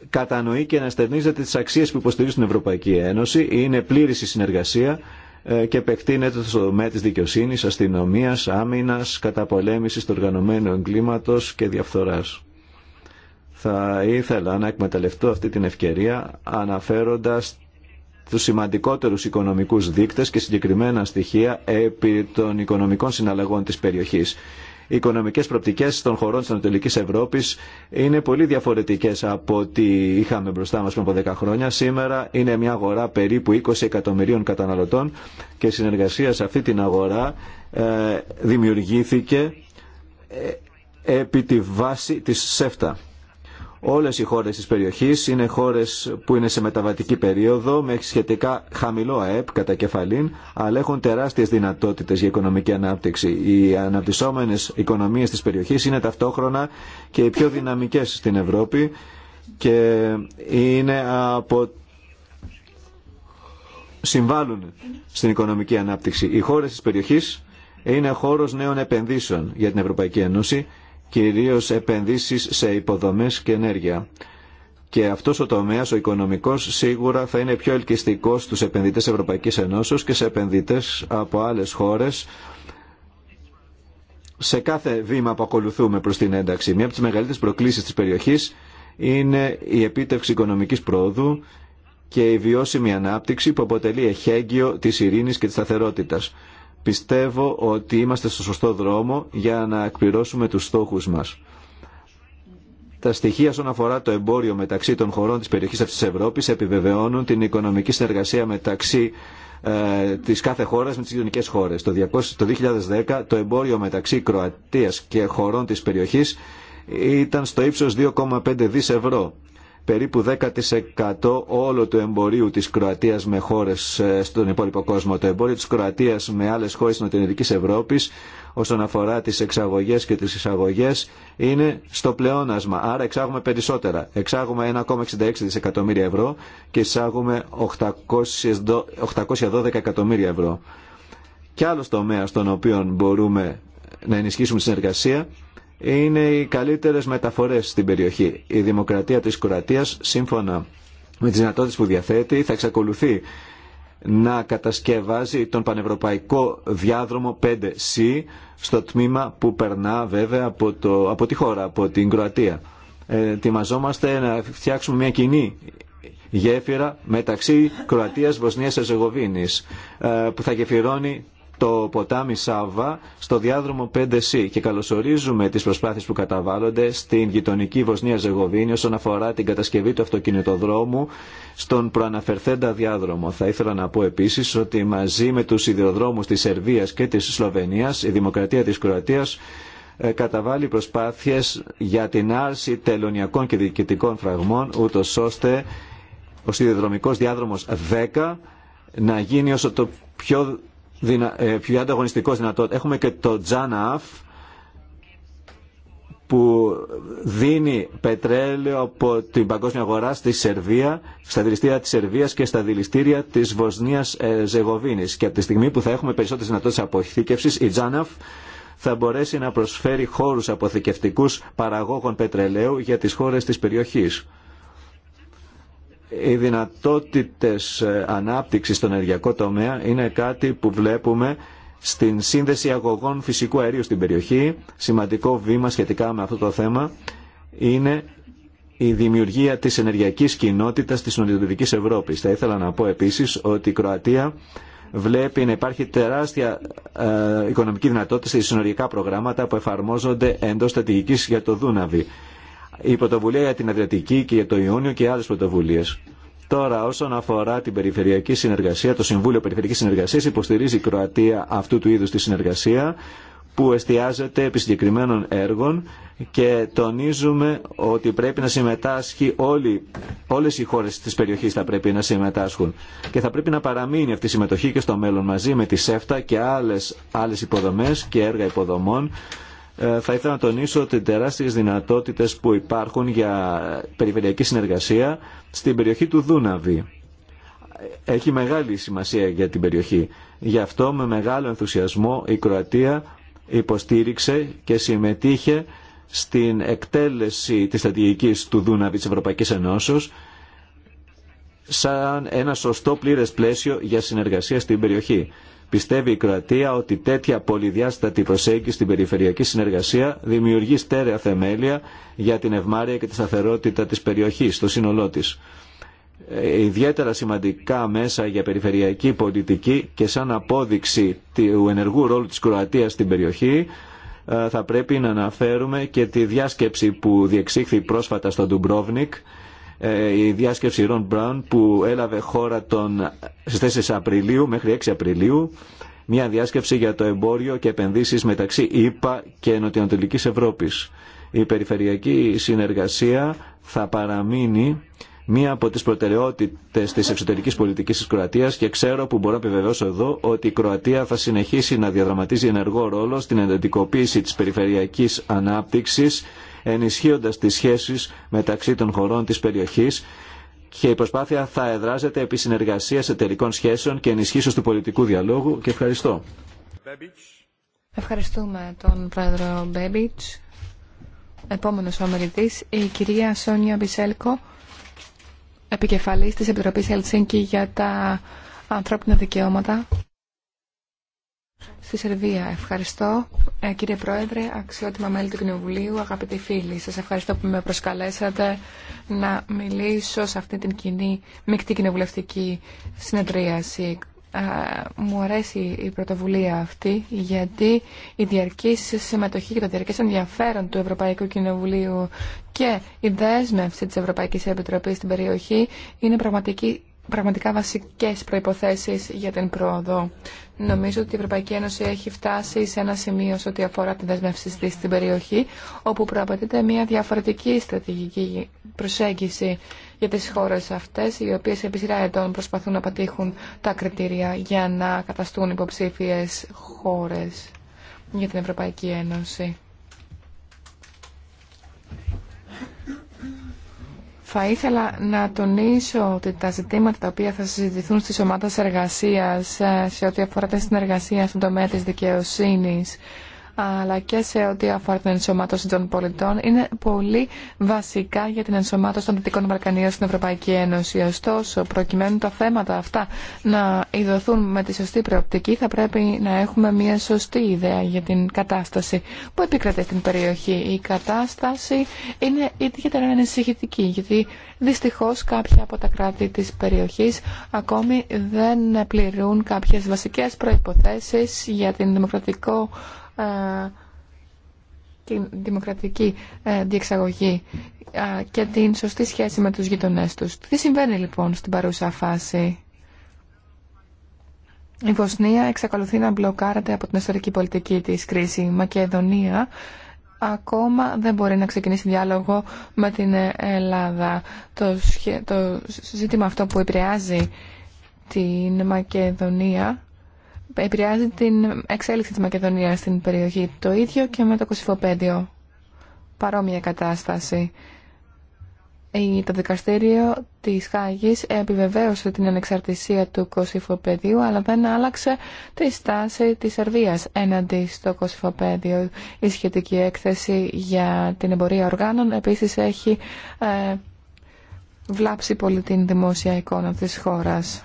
Speaker 3: κατανοεί και να στερνίζεται τις αξίες που υποστηρίζει την Ευρωπαϊκή Ένωση. Είναι πλήρης η συνεργασία ε, και επεκτείνεται στο δομέα της δικαιοσύνης, αστυνομίας, άμυνας, καταπολέμησης του οργανωμένου εγκλήματος και διαφθοράς. Θα ήθελα να εκμεταλλευτώ αυτή την ευκαιρία αναφέροντας τους σημαντικότερους οικονομικούς δείκτες και συγκεκριμένα στοιχεία επί των οικονομικών συναλλαγών της περιοχής οι οικονομικές προπτικές των χωρών της Ανατολικής Ευρώπης είναι πολύ διαφορετικές από ό,τι είχαμε μπροστά μας πριν από 10 χρόνια. Σήμερα είναι μια αγορά περίπου 20 εκατομμυρίων καταναλωτών και η συνεργασία σε αυτή την αγορά ε, δημιουργήθηκε ε, επί τη βάση της ΣΕΦΤΑ. Όλες οι χώρες της περιοχής είναι χώρες που είναι σε μεταβατική περίοδο με σχετικά χαμηλό ΑΕΠ κατά κεφαλήν, αλλά έχουν τεράστιες δυνατότητες για οικονομική ανάπτυξη. Οι αναπτυσσόμενες οικονομίες της περιοχής είναι ταυτόχρονα και οι πιο δυναμικές στην Ευρώπη και είναι από συμβάλλουν στην οικονομική ανάπτυξη. Οι χώρες της περιοχής είναι χώρος νέων επενδύσεων για την Ευρωπαϊκή Ένωση κυρίως επενδύσεις σε υποδομές και ενέργεια. Και αυτός ο τομέας, ο οικονομικός, σίγουρα θα είναι πιο ελκυστικός στους επενδυτές Ευρωπαϊκής Ενώσεως και σε επενδυτές από άλλες χώρες σε κάθε βήμα που ακολουθούμε προς την ένταξη. Μία από τις μεγαλύτερες προκλήσεις της περιοχής είναι η επίτευξη οικονομικής πρόοδου και η βιώσιμη ανάπτυξη που αποτελεί εχέγγυο της ειρήνης και της σταθερότητας. Πιστεύω ότι είμαστε στο σωστό δρόμο για να εκπληρώσουμε τους στόχους μας. Τα στοιχεία όσον αφορά το εμπόριο μεταξύ των χωρών της περιοχής αυτής της Ευρώπης επιβεβαιώνουν την οικονομική συνεργασία μεταξύ ε, της κάθε χώρας με τις γειτονικές χώρες. Το, 200, το 2010 το εμπόριο μεταξύ Κροατίας και χωρών της περιοχής ήταν στο ύψος 2,5 δις ευρώ περίπου 10% όλο του εμπορίου της Κροατίας με χώρες ε, στον υπόλοιπο κόσμο. Το εμπόριο της Κροατίας με άλλες χώρες της Νοτιοανατολικής Ευρώπης όσον αφορά τις εξαγωγές και τις εισαγωγές είναι στο πλεόνασμα. Άρα εξάγουμε περισσότερα. Εξάγουμε 1,66 δισεκατομμύρια ευρώ και εισάγουμε 812 εκατομμύρια ευρώ. Και άλλος τομέας στον οποίο μπορούμε να ενισχύσουμε τη συνεργασία είναι οι καλύτερες μεταφορές στην περιοχή. Η δημοκρατία της Κροατίας, σύμφωνα με τις δυνατότητες που διαθέτει, θα εξακολουθεί να κατασκευάζει τον πανευρωπαϊκό διάδρομο 5C στο τμήμα που περνά βέβαια από, το, από τη χώρα, από την Κροατία. Ετοιμαζόμαστε να φτιάξουμε μια κοινή γέφυρα μεταξύ Κροατίας, Βοσνίας και Ζεγοβίνης ε, που θα γεφυρώνει το ποτάμι Σάβα στο διάδρομο 5C και καλωσορίζουμε τις προσπάθειες που καταβάλλονται στην γειτονική Βοσνία Ζεγοβίνη όσον αφορά την κατασκευή του αυτοκινητοδρόμου στον προαναφερθέντα διάδρομο. Θα ήθελα να πω επίσης ότι μαζί με τους ιδεοδρόμους της Σερβίας και της Σλοβενίας, η Δημοκρατία της Κροατίας ε, καταβάλει προσπάθειες για την άρση τελωνιακών και διοικητικών φραγμών ούτως ώστε ο σιδηροδρομικός διάδρομος 10 να γίνει όσο το πιο δυνα, ε, πιο ανταγωνιστικός δυνατότητα. Έχουμε και το Τζάναφ που δίνει πετρέλαιο από την παγκόσμια αγορά στη Σερβία, στα δηληστήρια της Σερβίας και στα δηληστήρια της Βοσνίας ε, Ζεγοβίνης. Και από τη στιγμή που θα έχουμε περισσότερες δυνατότητες αποθήκευσης, η Τζάναφ θα μπορέσει να προσφέρει χώρους αποθηκευτικούς παραγόγων πετρελαίου για τις χώρες της περιοχής οι δυνατότητες ε, ανάπτυξης στον ενεργειακό τομέα είναι κάτι που βλέπουμε στην σύνδεση αγωγών φυσικού αερίου στην περιοχή. Σημαντικό βήμα σχετικά με αυτό το θέμα είναι η δημιουργία της ενεργειακής κοινότητας της Νοτιοδυτικής Ευρώπης. Θα ήθελα να πω επίσης ότι η Κροατία βλέπει να υπάρχει τεράστια ε, οικονομική δυνατότητα σε συνοριακά προγράμματα που εφαρμόζονται εντός στρατηγικής για το Δούναβι η πρωτοβουλία για την Αδριατική και για το Ιούνιο και άλλε πρωτοβουλίε. Τώρα, όσον αφορά την περιφερειακή συνεργασία, το Συμβούλιο Περιφερειακής Συνεργασία υποστηρίζει η Κροατία αυτού του είδου τη συνεργασία που εστιάζεται επί συγκεκριμένων έργων και τονίζουμε ότι πρέπει να συμμετάσχει όλοι, όλες οι χώρες της περιοχής θα πρέπει να συμμετάσχουν και θα πρέπει να παραμείνει αυτή η συμμετοχή και στο μέλλον μαζί με τη ΣΕΦΤΑ και άλλες, άλλες υποδομές και έργα υποδομών ε, θα ήθελα να τονίσω ότι τεράστιε δυνατότητε που υπάρχουν για περιφερειακή συνεργασία στην περιοχή του Δούναβη. Έχει μεγάλη σημασία για την περιοχή. Γι' αυτό με μεγάλο ενθουσιασμό η Κροατία υποστήριξε και συμμετείχε στην εκτέλεση της στρατηγικής του Δούναβη της Ευρωπαϊκής Ενώσεως σαν ένα σωστό πλήρες πλαίσιο για συνεργασία στην περιοχή. Πιστεύει η Κροατία ότι τέτοια πολυδιάστατη προσέγγιση στην περιφερειακή συνεργασία δημιουργεί στέρεα θεμέλια για την ευμάρεια και τη σταθερότητα της περιοχής, στο σύνολό της. Ε, ιδιαίτερα σημαντικά μέσα για περιφερειακή πολιτική και σαν απόδειξη του ενεργού ρόλου της Κροατίας στην περιοχή ε, θα πρέπει να αναφέρουμε και τη διάσκεψη που διεξήχθη πρόσφατα στο Ντουμπρόβνικ ε, η διάσκεψη Ρον Μπράουν που έλαβε χώρα τον, 4 Απριλίου μέχρι 6 Απριλίου μια διάσκεψη για το εμπόριο και επενδύσεις μεταξύ ΙΠΑ και Νοτιοανατολικής Ευρώπης. Η περιφερειακή συνεργασία θα παραμείνει μία από τις προτεραιότητες της εξωτερικής πολιτικής της Κροατίας και ξέρω που μπορώ να επιβεβαιώσω εδώ ότι η Κροατία θα συνεχίσει να διαδραματίζει ενεργό ρόλο στην εντατικοποίηση της περιφερειακής ανάπτυξης ενισχύοντας τις σχέσεις μεταξύ των χωρών της περιοχής και η προσπάθεια θα εδράζεται επί συνεργασίας εταιρικών σχέσεων και ενισχύσεως του πολιτικού διαλόγου και ευχαριστώ.
Speaker 4: Ευχαριστούμε τον πρόεδρο Μπέμπιτς. Επόμενος ομιλητής, η κυρία Σόνια Μπισέλκο, επικεφαλής της Επιτροπής Ελσίνκη για τα ανθρώπινα δικαιώματα. Στη Σερβία. Ευχαριστώ ε, κύριε Πρόεδρε, αξιότιμα μέλη του Κοινοβουλίου, αγαπητοί φίλοι. Σας ευχαριστώ που με προσκαλέσατε να μιλήσω σε αυτή την κοινή μεικτή κοινοβουλευτική συνεδρίαση. Μου αρέσει η πρωτοβουλία αυτή γιατί η διαρκή συμμετοχή και το διαρκές ενδιαφέρον του Ευρωπαϊκού Κοινοβουλίου και η δέσμευση της Ευρωπαϊκής Επιτροπής στην περιοχή είναι πραγματική πραγματικά βασικές προϋποθέσεις για την πρόοδο. Νομίζω ότι η Ευρωπαϊκή Ένωση έχει φτάσει σε ένα σημείο σε ό,τι αφορά την δεσμεύση τη στην περιοχή, όπου προαπαιτείται μια διαφορετική στρατηγική προσέγγιση για τις χώρες αυτές, οι οποίες επί σειρά ετών προσπαθούν να πατήχουν τα κριτήρια για να καταστούν υποψήφιες χώρες για την Ευρωπαϊκή Ένωση. Θα ήθελα να τονίσω ότι τα ζητήματα τα οποία θα συζητηθούν στις ομάδες εργασίας ε, σε ό,τι αφορά τη συνεργασία στον τομέα της δικαιοσύνης αλλά και σε ό,τι αφορά την ενσωμάτωση των πολιτών, είναι πολύ βασικά για την ενσωμάτωση των Δυτικών Βαλκανίων στην Ευρωπαϊκή Ένωση. Ωστόσο, προκειμένου τα θέματα αυτά να ειδωθούν με τη σωστή προοπτική, θα πρέπει να έχουμε μια σωστή ιδέα για την κατάσταση που επικρατεί στην περιοχή. Η κατάσταση είναι ιδιαίτερα ανησυχητική, γιατί δυστυχώ κάποια από τα κράτη τη περιοχή ακόμη δεν πληρούν κάποιε βασικέ προποθέσει για την δημοκρατικό ε, την δημοκρατική ε, διεξαγωγή ε, και την σωστή σχέση με τους γειτονές τους. Τι συμβαίνει λοιπόν στην παρούσα φάση. Η Βοσνία εξακολουθεί να μπλοκάρεται από την ιστορική πολιτική της κρίση. Η Μακεδονία ακόμα δεν μπορεί να ξεκινήσει διάλογο με την Ελλάδα. Το, το ζήτημα αυτό που επηρεάζει την Μακεδονία επηρεάζει την εξέλιξη της Μακεδονίας στην περιοχή. Το ίδιο και με το Κωσυφοπέδιο. Παρόμοια κατάσταση. Το δικαστήριο της Χάγης επιβεβαίωσε την ανεξαρτησία του Κωσυφοπεδίου αλλά δεν άλλαξε τη στάση της Σερβίας έναντι στο Κωσυφοπέδιο. Η σχετική έκθεση για την εμπορία οργάνων επίσης έχει ε, βλάψει πολύ την δημόσια εικόνα της χώρας.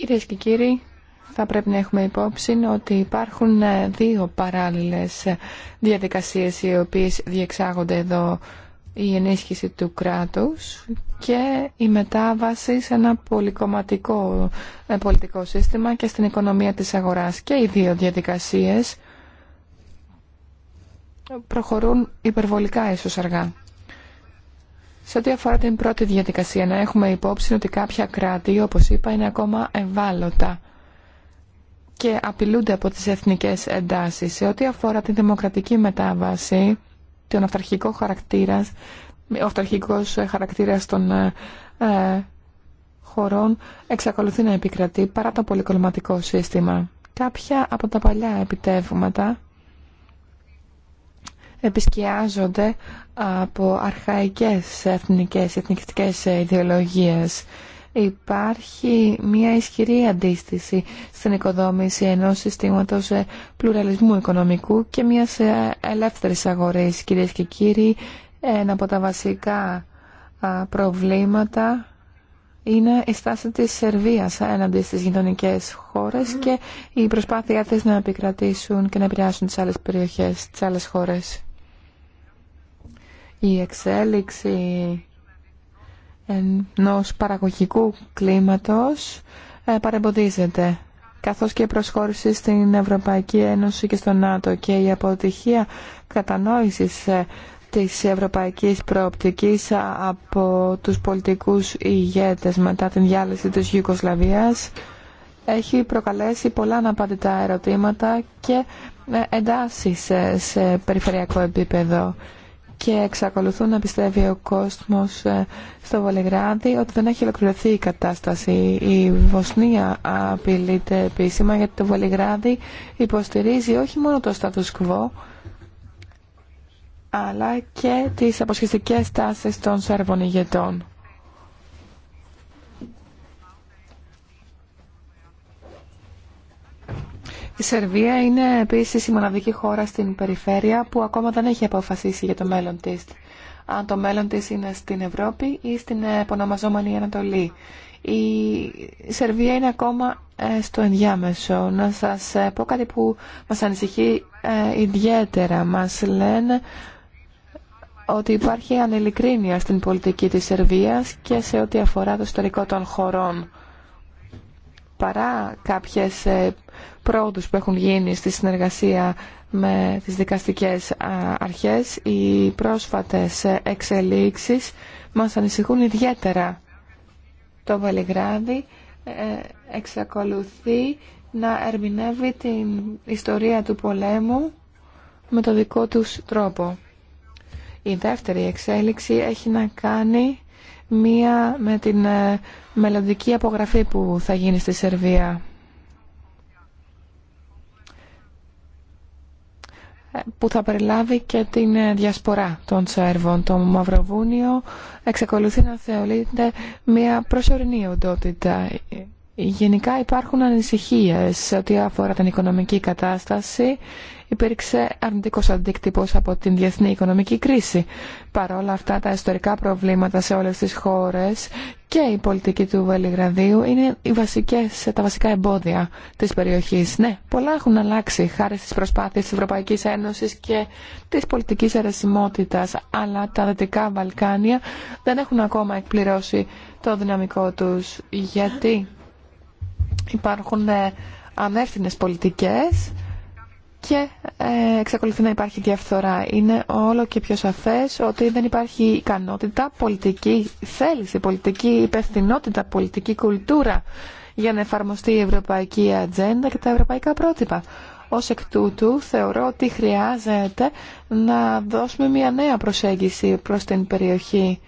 Speaker 4: Κυρίες και κύριοι, θα πρέπει να έχουμε υπόψη ότι υπάρχουν ε, δύο παράλληλες ε, διαδικασίες οι οποίες διεξάγονται εδώ η ενίσχυση του κράτους και η μετάβαση σε ένα πολυκομματικό ε, πολιτικό σύστημα και στην οικονομία της αγοράς. Και οι δύο διαδικασίες προχωρούν υπερβολικά ίσως αργά. Σε ό,τι αφορά την πρώτη διαδικασία, να έχουμε υπόψη ότι κάποια κράτη, όπως είπα, είναι ακόμα ευάλωτα και απειλούνται από τις εθνικές εντάσεις. Σε ό,τι αφορά την δημοκρατική μετάβαση, τον αυταρχικό χαρακτήρα, ο αυταρχικός χαρακτήρας των ε, χωρών εξακολουθεί να επικρατεί παρά το πολυκολματικό σύστημα. Κάποια από τα παλιά επιτεύγματα επισκιάζονται από αρχαϊκές εθνικές, εθνικιστικές ιδεολογίες. Υπάρχει μια ισχυρή αντίσταση στην οικοδόμηση ενός συστήματος πλουραλισμού οικονομικού και μιας ε, ελεύθερης αγορής. Κυρίες και κύριοι, ένα από τα βασικά προβλήματα είναι η στάση της Σερβίας έναντι στις γειτονικές χώρες και η προσπάθειά της να επικρατήσουν και να επηρεάσουν τις άλλες περιοχές, τις άλλες χώρες η εξέλιξη ενός παραγωγικού κλίματος ε, παρεμποδίζεται καθώς και η προσχώρηση στην Ευρωπαϊκή Ένωση και στο ΝΑΤΟ και η αποτυχία κατανόησης ε, της ευρωπαϊκής προοπτικής ε, από τους πολιτικούς ηγέτες μετά την διάλυση της Γιουγκοσλαβίας έχει προκαλέσει πολλά αναπάντητα ερωτήματα και εντάσεις σε περιφερειακό επίπεδο και εξακολουθούν να πιστεύει ο κόσμος ε, στο Βολιγράδι ότι δεν έχει ολοκληρωθεί η κατάσταση. Η Βοσνία απειλείται επίσημα γιατί το Βολιγράδι υποστηρίζει όχι μόνο το status quo αλλά και τις αποσχεστικές τάσεις των Σέρβων ηγετών. Η Σερβία είναι επίσης η μοναδική χώρα στην περιφέρεια που ακόμα δεν έχει αποφασίσει για το μέλλον της. Αν το μέλλον της είναι στην Ευρώπη ή στην επωνομαζόμενη Ανατολή. Η Σερβία είναι ακόμα ε, στο ενδιάμεσο. Να σας ε, πω κάτι που μας ανησυχεί ε, ιδιαίτερα. Μας λένε ότι υπάρχει ανελικρίνεια στην πολιτική της Σερβίας και σε ό,τι αφορά το ιστορικό των χωρών. Παρά κάποιες πρόοδους που έχουν γίνει στη συνεργασία με τις δικαστικές αρχές. Οι πρόσφατες εξελίξεις μας ανησυχούν ιδιαίτερα. Το Βελιγράδι ε, εξακολουθεί να ερμηνεύει την ιστορία του πολέμου με το δικό τους τρόπο. Η δεύτερη εξέλιξη έχει να κάνει μία με την ε, μελλοντική απογραφή που θα γίνει στη Σερβία. που θα περιλάβει και την ε, διασπορά των Σέρβων. Το Μαυροβούνιο εξακολουθεί να θεωρείται μια προσωρινή οντότητα. Γενικά υπάρχουν ανησυχίες ό,τι αφορά την οικονομική κατάσταση υπήρξε αρνητικός αντίκτυπος από την διεθνή οικονομική κρίση. όλα αυτά τα ιστορικά προβλήματα σε όλες τις χώρες και η πολιτική του Βελιγραδίου είναι οι τα βασικά εμπόδια της περιοχής. Ναι, πολλά έχουν αλλάξει χάρη στις προσπάθειες της Ευρωπαϊκής Ένωσης και της πολιτικής αιρεσιμότητας, αλλά τα Δυτικά Βαλκάνια δεν έχουν ακόμα εκπληρώσει το δυναμικό τους. Γιατί υπάρχουν ε, ανεύθυνες πολιτικές και ε, εξακολουθεί να υπάρχει διαφθορά. Είναι όλο και πιο σαφές ότι δεν υπάρχει ικανότητα, πολιτική θέληση, πολιτική υπευθυνότητα, πολιτική κουλτούρα για να εφαρμοστεί η ευρωπαϊκή ατζέντα και τα ευρωπαϊκά πρότυπα. Ως εκ τούτου θεωρώ ότι χρειάζεται να δώσουμε μια νέα προσέγγιση προς την περιοχή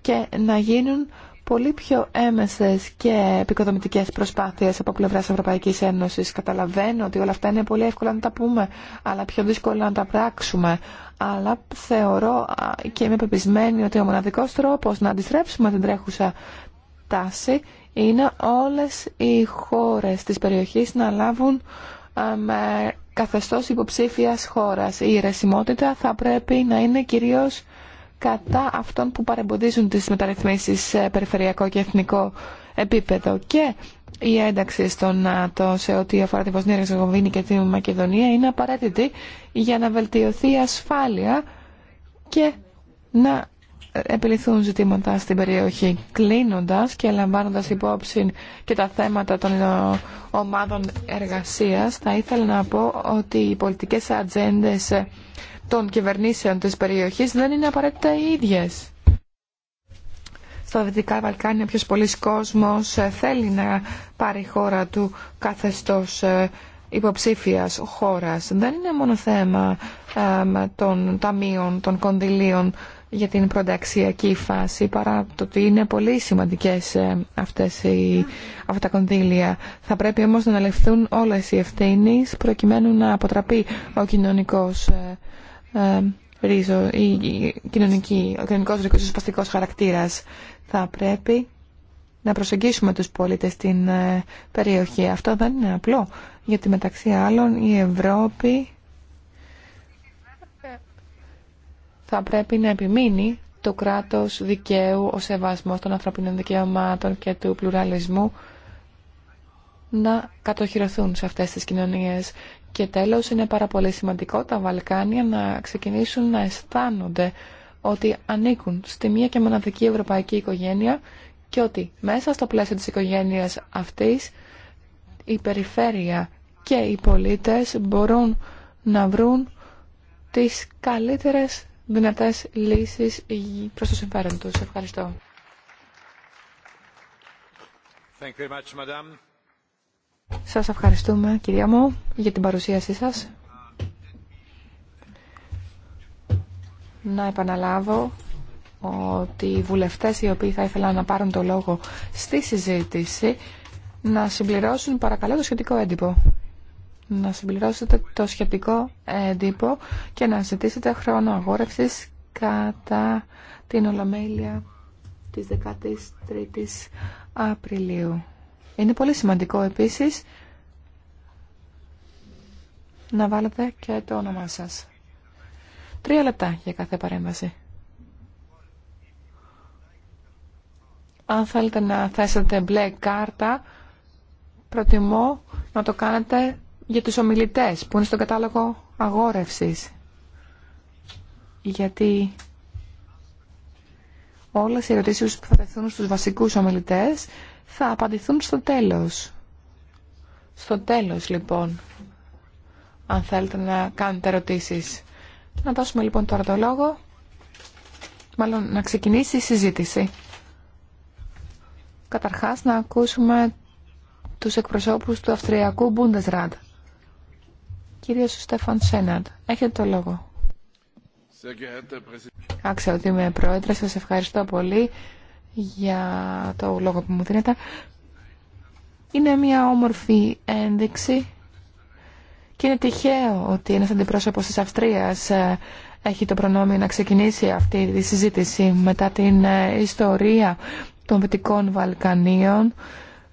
Speaker 4: και να γίνουν πολύ πιο έμεσες και επικοδομητικές προσπάθειες από πλευράς Ευρωπαϊκής Ένωσης. Καταλαβαίνω ότι όλα αυτά είναι πολύ εύκολα να τα πούμε, αλλά πιο δύσκολα να τα πράξουμε. Αλλά θεωρώ και είμαι πεπισμένη ότι ο μοναδικός τρόπος να αντιστρέψουμε την τρέχουσα τάση είναι όλες οι χώρες της περιοχής να λάβουν με καθεστώς υποψήφιας χώρας. Η ρεσιμότητα θα πρέπει να είναι κυρίως κατά αυτών που παρεμποδίζουν τις μεταρρυθμίσεις σε περιφερειακό και εθνικό επίπεδο. Και η ένταξη στο ΝΑΤΟ σε ό,τι αφορά τη Βοσνία, και τη Μακεδονία είναι απαραίτητη για να βελτιωθεί η ασφάλεια και να επιληθούν ζητήματα στην περιοχή. Κλείνοντας και λαμβάνοντας υπόψη και τα θέματα των ομάδων εργασίας, θα ήθελα να πω ότι οι πολιτικές ατζέντε των κυβερνήσεων της περιοχής δεν είναι απαραίτητα οι ίδιες. Στα Δυτικά Βαλκάνια ποιος πολλής κόσμος ε, θέλει να πάρει χώρα του καθεστώς ε, υποψήφιας χώρας. Δεν είναι μόνο θέμα των ταμείων, των κονδυλίων για την πρωταξιακή φάση παρά το ότι είναι πολύ σημαντικές ε, αυτές οι, αυτά τα κονδύλια. Θα πρέπει όμως να αναλευθούν όλες οι ευθύνες προκειμένου να αποτραπεί ο κοινωνικός ε, η, κοινωνική, ο κοινωνικός ρικοσπαστικός χαρακτήρας. Θα πρέπει να προσεγγίσουμε τους πολίτες στην ε, περιοχή. Αυτό δεν είναι απλό, γιατί μεταξύ άλλων η Ευρώπη θα πρέπει να επιμείνει το κράτος δικαίου, ο σεβασμός των ανθρωπίνων δικαιωμάτων και του πλουραλισμού να κατοχυρωθούν σε αυτές τις κοινωνίες και τέλος είναι πάρα πολύ σημαντικό τα Βαλκάνια να ξεκινήσουν να αισθάνονται ότι ανήκουν στη μία και μοναδική ευρωπαϊκή οικογένεια και ότι μέσα στο πλαίσιο της οικογένειας αυτής η περιφέρεια και οι πολίτες μπορούν να βρουν τις καλύτερες δυνατές λύσεις προς το συμφέρον τους. Ευχαριστώ. Σας ευχαριστούμε κυρία μου για την παρουσίασή σας. Να επαναλάβω ότι οι βουλευτές οι οποίοι θα ήθελαν να πάρουν το λόγο στη συζήτηση να συμπληρώσουν παρακαλώ το σχετικό έντυπο. Να συμπληρώσετε το σχετικό έντυπο και να ζητήσετε χρόνο αγόρευσης κατά την Ολομέλεια της 13ης Απριλίου. Είναι πολύ σημαντικό επίσης να βάλετε και το όνομά σας. Τρία λεπτά για κάθε παρέμβαση. Αν θέλετε να θέσετε μπλε κάρτα, προτιμώ να το κάνετε για τους ομιλητές που είναι στον κατάλογο αγόρευσης. Γιατί όλες οι ερωτήσεις που θα τεθούν στους βασικούς ομιλητές θα απαντηθούν στο τέλος. Στο τέλος λοιπόν, αν θέλετε να κάνετε ερωτήσεις. Να δώσουμε λοιπόν τώρα το λόγο, μάλλον να ξεκινήσει η συζήτηση. Καταρχάς να ακούσουμε τους εκπροσώπους του Αυστριακού Bundesrat. Κύριος Στέφαν Σέναντ, έχετε το λόγο. Άξιο ότι είμαι πρόεδρε, σας ευχαριστώ πολύ για το λόγο που μου δίνετε. Είναι μια όμορφη ένδειξη και είναι τυχαίο ότι ένας αντιπρόσωπος της Αυστρίας ε, έχει το προνόμιο να ξεκινήσει αυτή τη συζήτηση μετά την ε, ιστορία των Βυτικών Βαλκανίων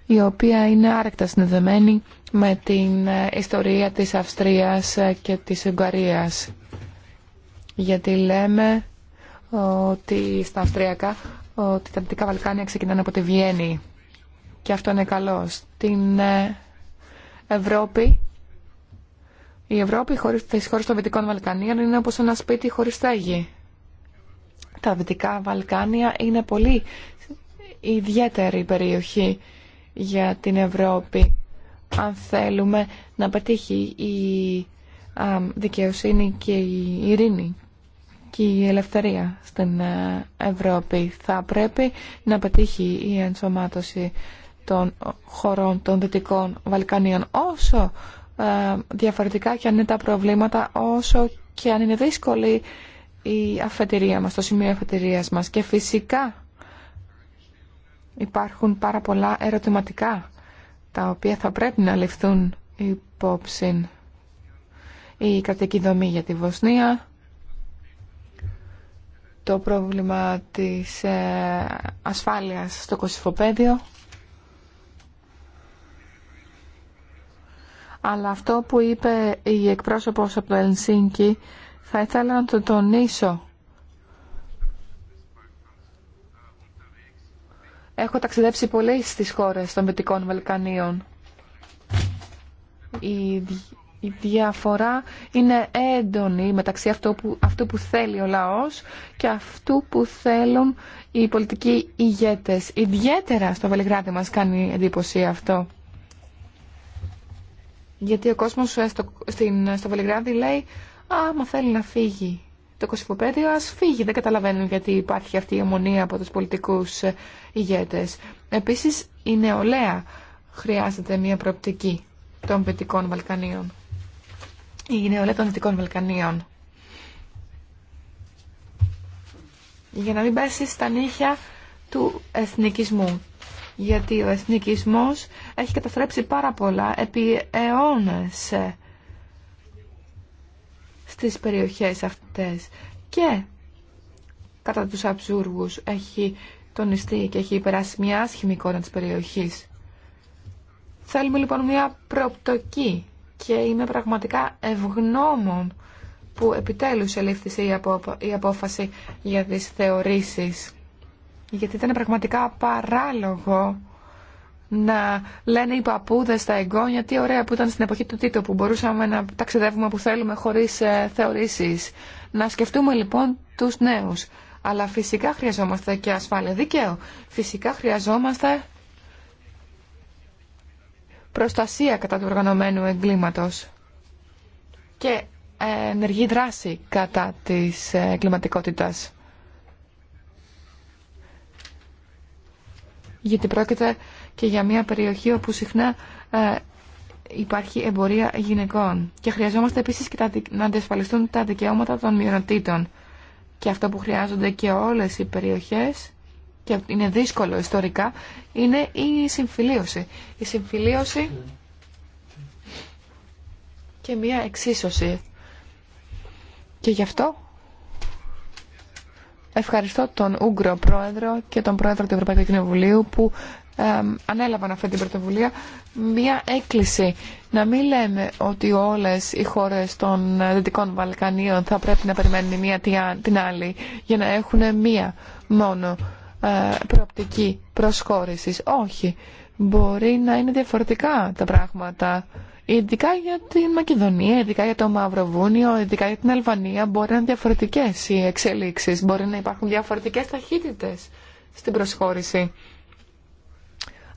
Speaker 4: η οποία είναι άρρηκτα συνδεδεμένη με την ε, ιστορία της Αυστρίας και της Ουγγαρίας. Γιατί λέμε ότι στα Αυστριακά ότι τα Δυτικά Βαλκάνια ξεκινάνε από τη Βιέννη και αυτό είναι καλό. Στην ε, Ευρώπη, η Ευρώπη χωρίς τις χώρες των Δυτικών Βαλκανίων είναι όπως ένα σπίτι χωρίς στέγη. Τα Δυτικά Βαλκάνια είναι πολύ ιδιαίτερη περιοχή για την Ευρώπη αν θέλουμε να πετύχει η δικαιοσύνη και η ειρήνη η ελευθερία στην ε, Ευρώπη. Θα πρέπει να πετύχει η ενσωμάτωση των χωρών των Δυτικών Βαλκανίων όσο ε, διαφορετικά και αν είναι τα προβλήματα, όσο και αν είναι δύσκολη η αφετηρία μας, το σημείο αφετηρίας μας. Και φυσικά υπάρχουν πάρα πολλά ερωτηματικά τα οποία θα πρέπει να ληφθούν υπόψη η κρατική δομή για τη Βοσνία, το πρόβλημα της ε, ασφάλειας στο κοσυφοπέδιο. Αλλά αυτό που είπε η εκπρόσωπος από το Ελσίνκι θα ήθελα να το τονίσω. Έχω ταξιδέψει πολλές στις χώρες των μετικών Βαλκανίων. Η η διαφορά είναι έντονη μεταξύ αυτού που, αυτού που θέλει ο λαός και αυτού που θέλουν οι πολιτικοί ηγέτες. Ιδιαίτερα στο Βελιγράδι μας κάνει εντύπωση αυτό. Γιατί ο κόσμος στο, στην, στο Βελιγράδι λέει «Άμα θέλει να φύγει το κοσυφοπέδιο, ας φύγει». Δεν καταλαβαίνουν γιατί υπάρχει αυτή η αιμονία από τους πολιτικούς ηγέτες. Επίσης η νεολαία χρειάζεται μια προοπτική των Βυτικών Βαλκανίων η νεολαία των Δυτικών Βαλκανίων. Για να μην πέσει στα νύχια του εθνικισμού. Γιατί ο εθνικισμός έχει καταστρέψει πάρα πολλά επί αιώνες στις περιοχές αυτές. Και κατά τους αψούργους έχει τονιστεί και έχει υπεράσει μια άσχημη εικόνα της περιοχής. Θέλουμε λοιπόν μια προπτοκή και είμαι πραγματικά ευγνώμων που επιτέλους ελήφθησε η, απόφαση για τις θεωρήσεις. Γιατί ήταν πραγματικά παράλογο να λένε οι παππούδες στα εγγόνια τι ωραία που ήταν στην εποχή του Τίτο που μπορούσαμε να ταξιδεύουμε που θέλουμε χωρίς ε, θεωρήσεις. Να σκεφτούμε λοιπόν τους νέους. Αλλά φυσικά χρειαζόμαστε και ασφάλεια δικαίου. Φυσικά χρειαζόμαστε προστασία κατά του οργανωμένου εγκλήματος και ε, ενεργή δράση κατά της ε, εγκληματικότητας. Γιατί πρόκειται και για μια περιοχή όπου συχνά ε, υπάρχει εμπορία γυναικών. Και χρειαζόμαστε επίσης και να αντισφαλιστούν τα δικαιώματα των μειονοτήτων. Και αυτό που χρειάζονται και όλες οι περιοχές και είναι δύσκολο ιστορικά, είναι η συμφιλίωση. Η συμφιλίωση και μία εξίσωση. Και γι' αυτό ευχαριστώ τον Ούγκρο Πρόεδρο και τον Πρόεδρο του Ευρωπαϊκού Κοινοβουλίου που ανέλαβαν αυτή την πρωτοβουλία μία έκκληση να μην λέμε ότι όλες οι χώρες των Δυτικών Βαλκανίων θα πρέπει να περιμένουν μία την άλλη για να έχουν μία μόνο ε, προοπτική προσχώρησης. Όχι. Μπορεί να είναι διαφορετικά τα πράγματα. Ειδικά για την Μακεδονία, ειδικά για το Μαυροβούνιο, ειδικά για την Αλβανία μπορεί να είναι διαφορετικές οι εξελίξεις. Μπορεί να υπάρχουν διαφορετικές ταχύτητες στην προσχώρηση.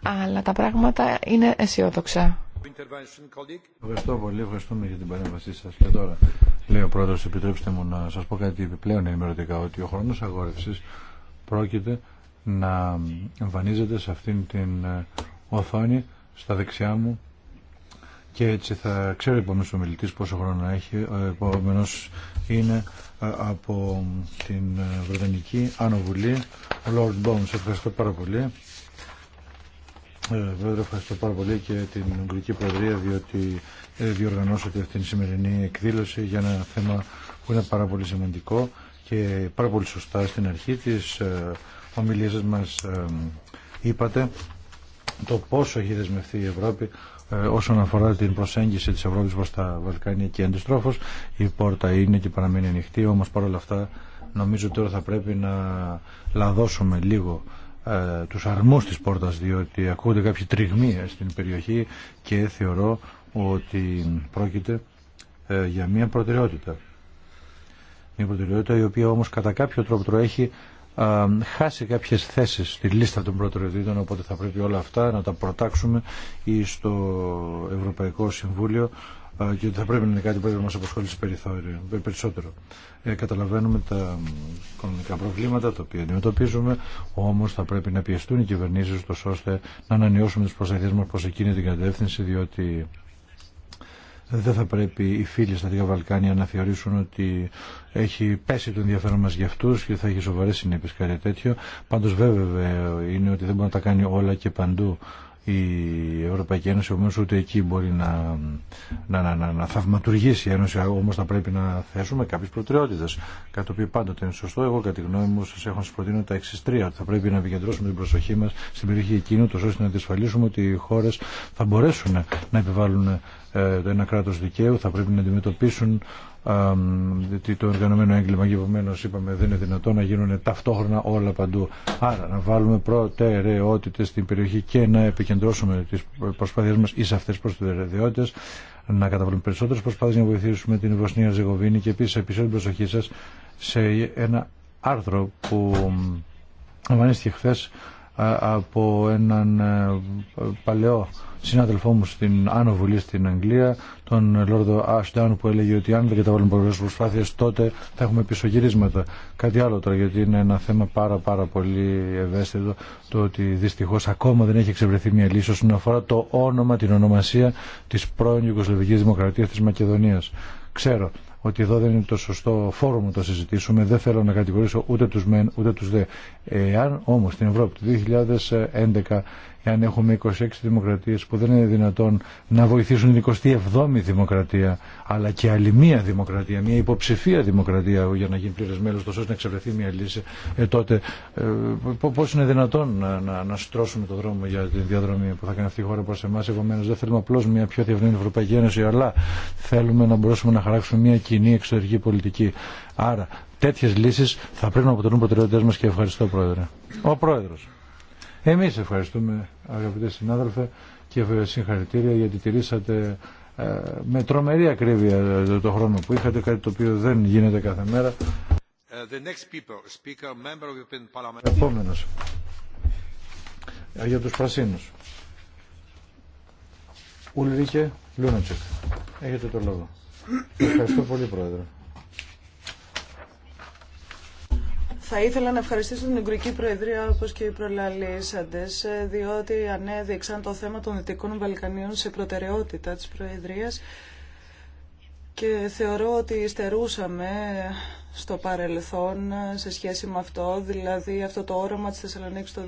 Speaker 4: Αλλά τα πράγματα είναι αισιόδοξα.
Speaker 1: Ευχαριστώ πολύ, ευχαριστούμε για την παρέμβασή σας. Και τώρα, λέει ο Πρόεδρος, επιτρέψτε μου να σας πω κάτι επιπλέον ενημερωτικά, ότι ο χρόνο αγόρευσης πρόκειται να εμφανίζεται σε αυτήν την ε, οθόνη στα δεξιά μου και έτσι θα ξέρει ο ο μιλητή πόσο χρόνο έχει. επόμενος είναι ε, από την ε, Βρετανική Άνω ο Lord Bones. Ευχαριστώ πάρα πολύ. Βέβαια, ευχαριστώ πάρα πολύ και την Ουγγρική Προεδρία διότι διοργανώσατε αυτήν την σημερινή εκδήλωση για ένα θέμα που είναι πάρα πολύ σημαντικό και πάρα πολύ σωστά στην αρχή της ε, ομιλίας μας ε, είπατε το πόσο έχει δεσμευτεί η Ευρώπη ε, όσον αφορά την προσέγγιση της Ευρώπης προς τα Βαλκάνια και αντιστρόφως η πόρτα είναι και παραμένει ανοιχτή όμως παρόλα αυτά νομίζω τώρα θα πρέπει να λαδώσουμε λίγο ε, τους αρμούς της πόρτας διότι ακούγονται κάποιοι τριγμοί στην περιοχή και θεωρώ ότι πρόκειται για μια προτεραιότητα η προτεραιότητα η οποία όμως κατά κάποιο τρόπο έχει α, χάσει κάποιες θέσεις στη λίστα των προτεραιοτήτων οπότε θα πρέπει όλα αυτά να τα προτάξουμε ή στο Ευρωπαϊκό Συμβούλιο και και θα πρέπει να είναι κάτι που πρέπει να μας αποσχολήσει ε, περισσότερο. Ε, καταλαβαίνουμε τα οικονομικά προβλήματα τα οποία αντιμετωπίζουμε, όμως θα πρέπει να πιεστούν οι κυβερνήσεις ώστε να ανανεώσουμε τις προσπαθίες μας προς εκείνη την κατεύθυνση διότι δεν θα πρέπει οι φίλοι στα δύο Βαλκάνια να θεωρήσουν ότι έχει πέσει το ενδιαφέρον μας για αυτούς και θα έχει σοβαρές συνέπειες κάτι τέτοιο. Πάντως βέβαια είναι ότι δεν μπορεί να τα κάνει όλα και παντού η Ευρωπαϊκή Ένωση, όμως ούτε εκεί μπορεί να, να, να, να, να θαυματουργήσει η Ένωση, όμως θα πρέπει να θέσουμε κάποιες προτεραιότητες, κάτι το οποίο πάντοτε είναι σωστό. Εγώ κατά τη γνώμη μου σας έχω να προτείνω τα εξής τρία, ότι θα πρέπει να επικεντρώσουμε την προσοχή μας στην περιοχή εκείνου, τόσο ώστε να διασφαλίσουμε ότι οι χώρες θα μπορέσουν να επιβάλλουν ε, το ένα κράτος δικαίου θα πρέπει να αντιμετωπίσουν το οργανωμένο έγκλημα και επομένω είπαμε δεν είναι δυνατό να γίνουν ταυτόχρονα όλα παντού. Άρα να βάλουμε προτεραιότητες στην περιοχή και να επικεντρώσουμε τις προσπάθειές μας ή αυτές προς να καταβάλουμε περισσότερες προσπάθειες για να βοηθήσουμε την Βοσνία Ζεγοβίνη και επίσης επίση την προσοχή σας σε ένα άρθρο που εμφανίστηκε χθε από έναν ε, παλαιό συνάδελφό μου στην Άνω Βουλή στην Αγγλία, τον Λόρδο Ashdown που έλεγε ότι αν δεν καταβάλουμε πολλέ προσπάθειε, τότε θα έχουμε γυρίσματα. Κάτι άλλο τώρα γιατί είναι ένα θέμα πάρα πάρα πολύ ευαίσθητο το ότι δυστυχώς ακόμα δεν έχει εξευρεθεί μια λύση όσον αφορά το όνομα, την ονομασία της πρώην Ιουγκοσλαβική Δημοκρατία τη Μακεδονία. Ξέρω ότι εδώ δεν είναι το σωστό φόρο να το συζητήσουμε. Δεν θέλω να κατηγορήσω ούτε τους μεν ούτε τους δε. Εάν όμως στην Ευρώπη το 2011 εάν έχουμε 26 δημοκρατίες που δεν είναι δυνατόν να βοηθήσουν την 27η δημοκρατία, αλλά και άλλη μία δημοκρατία, μία υποψηφία δημοκρατία για να γίνει πλήρες μέλος, τόσο να εξευρεθεί μία λύση, ε, τότε ε, πώς είναι δυνατόν να, να, στρώσουμε το δρόμο για τη διαδρομή που θα κάνει αυτή η χώρα προς εμάς. Επομένως δεν θέλουμε απλώς μία πιο διευρύνη Ευρωπαϊκή Ένωση, αλλά θέλουμε να μπορέσουμε να χαράξουμε μία κοινή εξωτερική πολιτική. Άρα τέτοιε λύσεις θα πρέπει να αποτελούν προτεραιότητες μας και ευχαριστώ Πρόεδρε. Ο Πρόεδρος. Εμείς ευχαριστούμε αγαπητέ συνάδελφε και συγχαρητήρια γιατί τηρήσατε ε, με τρομερή ακρίβεια το χρόνο που είχατε, κάτι το οποίο δεν γίνεται κάθε μέρα. Ε, Επόμενος, ε, για τους Πρασίνους. Ουλρίκε Λούνατσεκ. Έχετε το λόγο. Ευχαριστώ πολύ, Πρόεδρε.
Speaker 2: Θα ήθελα να ευχαριστήσω την Ουγγρική Προεδρία όπως και οι προλαλήσαντε, διότι ανέδειξαν το θέμα των Δυτικών Βαλκανίων σε προτεραιότητα της Προεδρίας και θεωρώ ότι στερούσαμε στο παρελθόν σε σχέση με αυτό, δηλαδή αυτό το όραμα της Θεσσαλονίκης το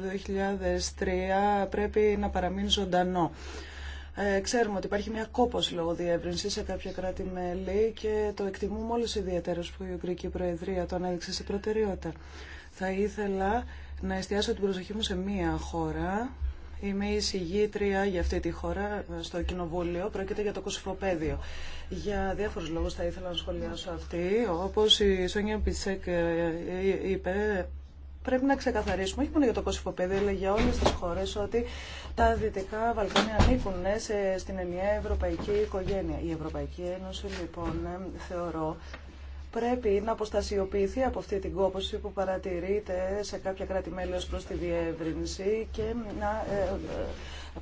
Speaker 2: 2003 πρέπει να παραμείνει ζωντανό. Ε, ξέρουμε ότι υπάρχει μια κόπος λόγω διεύρυνση σε κάποια κράτη-μέλη και το εκτιμούμε όλους ιδιαίτερε που η Ουγγρική Προεδρία το ανέδειξε σε προτεραιότητα. Θα ήθελα να εστιάσω την προσοχή μου σε μία χώρα. Είμαι η συγγήτρια για αυτή τη χώρα ε, στο Κοινοβούλιο. Πρόκειται για το Κωσυφοπαίδιο. Για διάφορου λόγου θα ήθελα να σχολιάσω αυτή. Όπω η Σόνια Πιτσέκ ε, είπε, πρέπει να ξεκαθαρίσουμε, όχι μόνο για το Κωσυφοπέδιο, αλλά για όλες τις χώρες, ότι τα Δυτικά Βαλκάνια ανήκουν ε, στην ενιαία ευρωπαϊκή οικογένεια. Η Ευρωπαϊκή Ένωση, λοιπόν, ε, θεωρώ, πρέπει να αποστασιοποιηθεί από αυτή την κόπωση που παρατηρείται σε κάποια κράτη-μέλη ως προς τη διεύρυνση και να ε, ε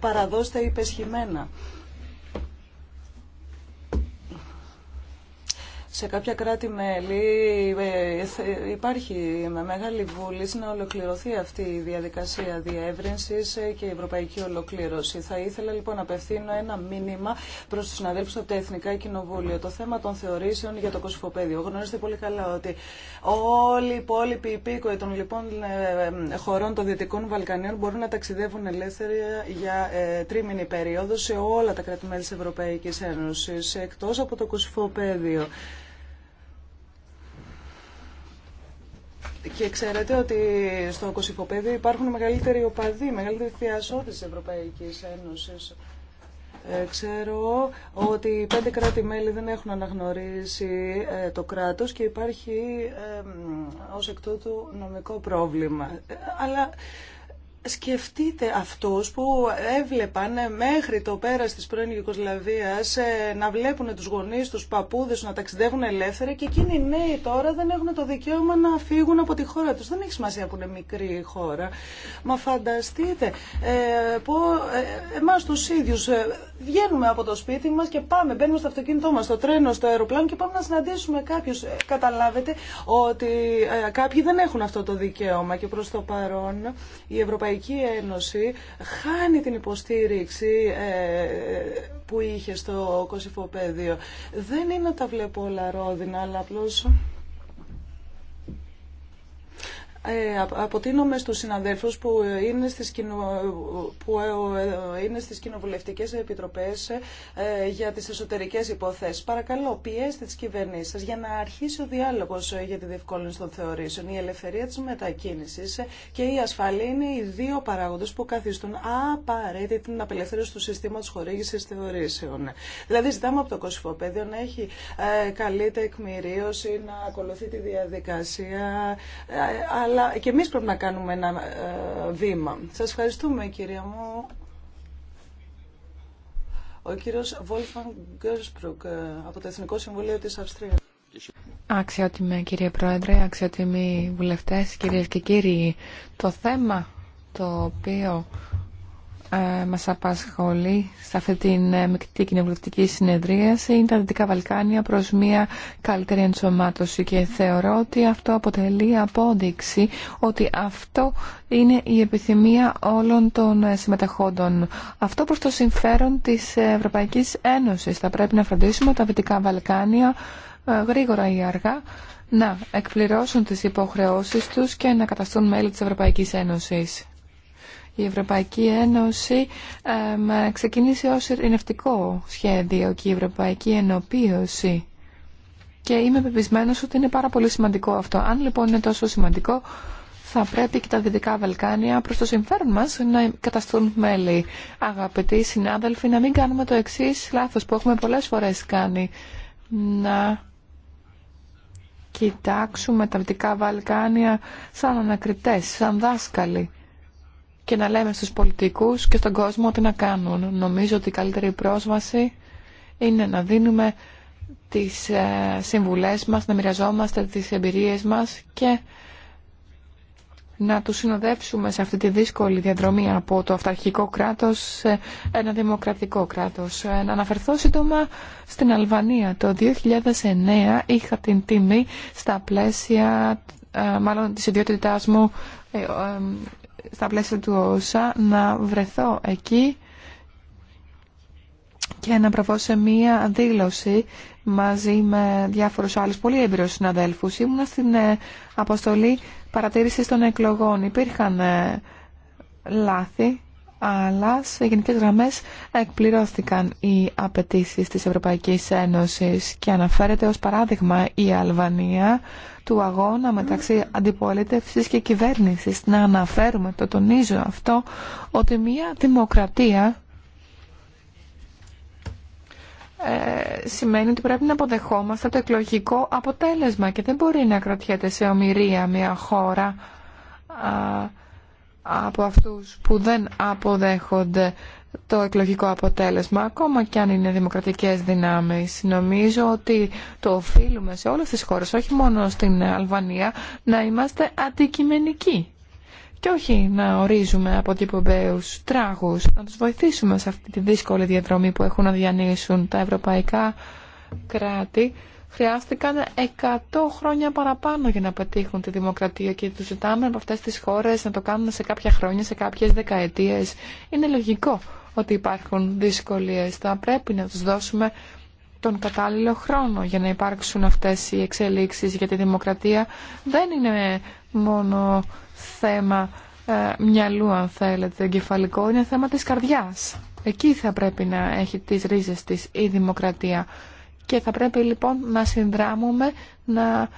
Speaker 2: παραδώσετε υπεσχημένα. Σε κάποια κράτη-μέλη ε, υπάρχει με μεγάλη βούληση να ολοκληρωθεί αυτή η διαδικασία διεύρυνσης ε, και η ευρωπαϊκή ολοκλήρωση. Θα ήθελα λοιπόν να απευθύνω ένα μήνυμα προς τους συναδέλφους από τα Εθνικά Κοινοβούλια. Το θέμα των θεωρήσεων για το κοσφοπέδιο. Γνωρίζετε πολύ καλά ότι όλοι οι υπόλοιποι υπήκοοι των λοιπόν ε, χωρών των Δυτικών Βαλκανίων μπορούν να ταξιδεύουν ελεύθερα για τρίμηνη περίοδο σε όλα τα κράτη-μέλη της Ευρωπαϊκής Ένωσης, εκτός από το κοσφοπέδιο. Και ξέρετε ότι στο Κωσυφοπέδιο υπάρχουν μεγαλύτεροι οπαδοί, μεγαλύτεροι θεασότητες της Ευρωπαϊκής Ένωσης. Ε, ξέρω ότι οι πέντε κράτη-μέλη δεν έχουν αναγνωρίσει ε, το κράτος και υπάρχει ε, ως εκ τούτου νομικό πρόβλημα. Ε, αλλά Σκεφτείτε αυτούς που έβλεπαν μέχρι το πέρας της πρώην Ιουκοσλαβίας ε, να βλέπουν τους γονείς, τους παππούδες να ταξιδεύουν ελεύθερα και εκείνοι οι νέοι τώρα δεν έχουν το δικαίωμα να φύγουν από τη χώρα τους. Δεν έχει σημασία που είναι μικρή η χώρα. Μα φανταστείτε, ε, που, ε, εμάς τους ίδιους ε, βγαίνουμε από το σπίτι μας και πάμε, μπαίνουμε στο αυτοκίνητό μας, στο τρένο, στο αεροπλάνο και πάμε να συναντήσουμε κάποιους. Ε, καταλάβετε ότι ε, κάποιοι δεν έχουν αυτό το δικαίωμα και προς το παρόν η Ευρωπαϊκή Ευρωπαϊκή Ένωση χάνει την υποστήριξη ε, που είχε στο κοσυφοπέδιο; Δεν είναι τα βλέπω όλα ρόδινα, αλλά απλώς ε, αποτείνομαι στους συναδέλφους που είναι στις, κοινο... που ε, ε, είναι στις κοινοβουλευτικές επιτροπές για τις εσωτερικές υποθέσεις. Παρακαλώ, πιέστε τις κυβερνήσεις σας για να αρχίσει ο διάλογος για τη διευκόλυνση των θεωρήσεων. Η ελευθερία της μετακίνησης και η ασφάλεια είναι οι δύο παράγοντες που καθιστούν απαραίτητη την απελευθέρωση του συστήματος χορήγησης θεωρήσεων. Δηλαδή, ζητάμε από το κοσυφοπαίδιο να έχει καλή τεκμηρίωση, να ακολουθεί τη διαδικασία, αλλά και εμείς πρέπει να κάνουμε ένα ε, βήμα. Σας ευχαριστούμε κυρία μου. Ο κύριος Βόλφαν Γκέρσπρουκ ε, από το Εθνικό Συμβουλίο της Αυστρίας.
Speaker 4: Αξιότιμη κύριε Πρόεδρε, αξιότιμοι βουλευτές, κυρίες και κύριοι, το θέμα το οποίο ε, μας απασχολεί σε αυτή την ε, μεικτή κοινοβουλευτική συνεδρίαση είναι τα Δυτικά Βαλκάνια προς μια καλύτερη ενσωμάτωση και θεωρώ ότι αυτό αποτελεί απόδειξη ότι αυτό είναι η επιθυμία όλων των ε, συμμεταχόντων. Αυτό προς το συμφέρον της Ευρωπαϊκής Ένωσης. Θα πρέπει να φροντίσουμε τα Δυτικά Βαλκάνια γρήγορα ή αργά να εκπληρώσουν τις υποχρεώσεις τους και να καταστούν μέλη της Ευρωπαϊκής Ένωσης η Ευρωπαϊκή Ένωση ε, ξεκινήσει ως ειρηνευτικό σχέδιο και η Ευρωπαϊκή Ενωπίωση. Και είμαι πεπισμένος ότι είναι πάρα πολύ σημαντικό αυτό. Αν λοιπόν είναι τόσο σημαντικό, θα πρέπει και τα Δυτικά Βαλκάνια προς το συμφέρον μας να καταστούν μέλη. Αγαπητοί συνάδελφοι, να μην κάνουμε το εξή λάθος που έχουμε πολλές φορές κάνει. Να κοιτάξουμε τα Δυτικά Βαλκάνια σαν ανακριτές, σαν δάσκαλοι και να λέμε στους πολιτικούς και στον κόσμο τι να κάνουν. Νομίζω ότι η καλύτερη πρόσβαση είναι να δίνουμε τις ε, συμβουλές μας, να μοιραζόμαστε τις εμπειρίες μας και να τους συνοδεύσουμε σε αυτή τη δύσκολη διαδρομή από το αυταρχικό κράτος σε ένα δημοκρατικό κράτος. Ε, να αναφερθώ σύντομα στην Αλβανία. Το 2009 είχα την τιμή στα πλαίσια ε, μάλλον της ιδιότητάς μου στα πλαίσια του ΩΣΑ να βρεθώ εκεί και να προβώ σε μία δήλωση μαζί με διάφορους άλλους πολύ έμπειρους συναδέλφους. Ήμουνα στην ε, αποστολή παρατήρησης των εκλογών. Υπήρχαν ε, λάθη αλλά σε γενικές γραμμές εκπληρώθηκαν οι απαιτήσει της Ευρωπαϊκής Ένωσης και αναφέρεται ως παράδειγμα η Αλβανία του αγώνα μεταξύ αντιπολίτευσης και κυβέρνησης. Να αναφέρουμε, το τονίζω αυτό, ότι μια δημοκρατία ε, σημαίνει ότι πρέπει να αποδεχόμαστε το εκλογικό αποτέλεσμα και δεν μπορεί να κρατιέται σε ομοιρία μια χώρα α, από αυτούς που δεν αποδέχονται το εκλογικό αποτέλεσμα, ακόμα και αν είναι δημοκρατικές δυνάμεις. Νομίζω ότι το οφείλουμε σε όλες τις χώρες, όχι μόνο στην Αλβανία, να είμαστε αντικειμενικοί. Και όχι να ορίζουμε από τράγου, τράγους, να τους βοηθήσουμε σε αυτή τη δύσκολη διαδρομή που έχουν να διανύσουν τα ευρωπαϊκά κράτη χρειάστηκαν 100 χρόνια παραπάνω για να πετύχουν τη δημοκρατία και τους ζητάμε από αυτές τις χώρες να το κάνουν σε κάποια χρόνια, σε κάποιες δεκαετίες. Είναι λογικό ότι υπάρχουν δυσκολίες. Θα πρέπει να τους δώσουμε τον κατάλληλο χρόνο για να υπάρξουν αυτές οι εξελίξεις για τη δημοκρατία. Δεν είναι μόνο θέμα ε, μυαλού αν θέλετε, εγκεφαλικό, είναι θέμα της καρδιάς. Εκεί θα πρέπει να έχει τις ρίζες της η δημοκρατία και θα πρέπει λοιπόν να συνδράμουμε, να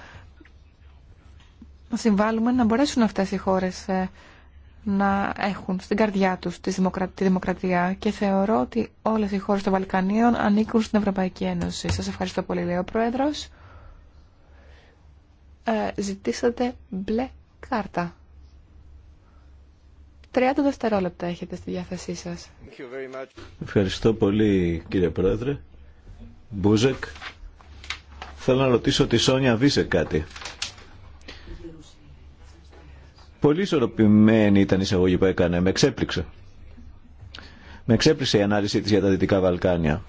Speaker 4: συμβάλλουμε να μπορέσουν αυτές οι χώρες ε, να έχουν στην καρδιά τους τη δημοκρατία και θεωρώ ότι όλες οι χώρες των Βαλκανίων ανήκουν στην Ευρωπαϊκή Ένωση. Σας ευχαριστώ πολύ, λέει ο Πρόεδρος. Ε, ζητήσατε μπλε κάρτα. 30 δευτερόλεπτα έχετε στη διάθεσή σας.
Speaker 3: Ευχαριστώ πολύ, κύριε Πρόεδρε. Μπούζεκ. Θέλω να ρωτήσω τη Σόνια Βίσεκ κάτι. Πολύ ισορροπημένη ήταν η εισαγωγή που έκανε. Με εξέπληξε. Με εξέπληξε η ανάλυση της για τα Δυτικά Βαλκάνια.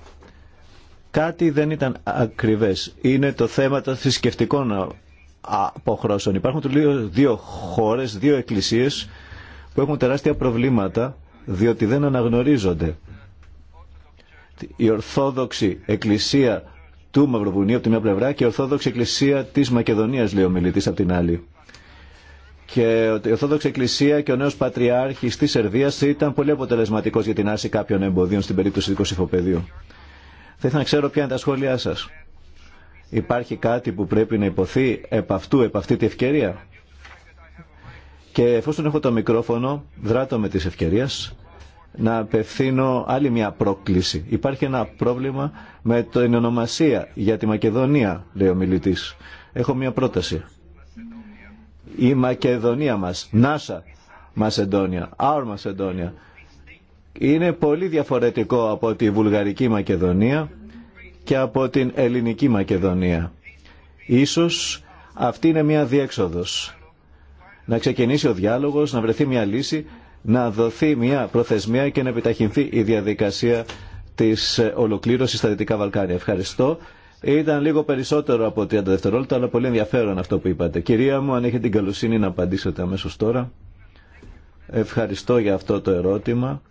Speaker 3: Κάτι δεν ήταν ακριβές. Είναι το θέμα των θρησκευτικών αποχρώσεων. Υπάρχουν τουλάχιστον δύο χώρες, δύο εκκλησίες που έχουν τεράστια προβλήματα διότι δεν αναγνωρίζονται η Ορθόδοξη Εκκλησία του Μαυροβουνίου από τη μια πλευρά και η Ορθόδοξη Εκκλησία τη Μακεδονία λέει ο μιλητή από την άλλη. Και η Ορθόδοξη Εκκλησία και ο νέο πατριάρχη τη Σερβία ήταν πολύ αποτελεσματικό για την άρση κάποιων εμποδίων στην περίπτωση του Κωσυφοπεδίου. Θα ήθελα να ξέρω ποια είναι τα σχόλιά σα. Υπάρχει κάτι που πρέπει να υποθεί επ' αυτού, επ' αυτή τη ευκαιρία. Και εφόσον έχω το μικρόφωνο, δράτω με τη ευκαιρία να απευθύνω άλλη μια πρόκληση. Υπάρχει ένα πρόβλημα με την ονομασία για τη Μακεδονία, λέει ο μιλητής. Έχω μια πρόταση. Η Μακεδονία μας, Νάσα Μασεντόνια, Our Μασεντόνια, είναι πολύ διαφορετικό από τη Βουλγαρική Μακεδονία και από την Ελληνική Μακεδονία. Ίσως αυτή είναι μια διέξοδος. Να ξεκινήσει ο διάλογος, να βρεθεί μια λύση να δοθεί μια προθεσμία και να επιταχυνθεί η διαδικασία της ε, ολοκλήρωσης στα Δυτικά Βαλκάνια. Ευχαριστώ. Ήταν λίγο περισσότερο από 30 δευτερόλεπτα, αλλά πολύ ενδιαφέρον αυτό που είπατε. Κυρία μου, αν έχετε την καλοσύνη να απαντήσετε αμέσω τώρα. Ευχαριστώ για αυτό το ερώτημα.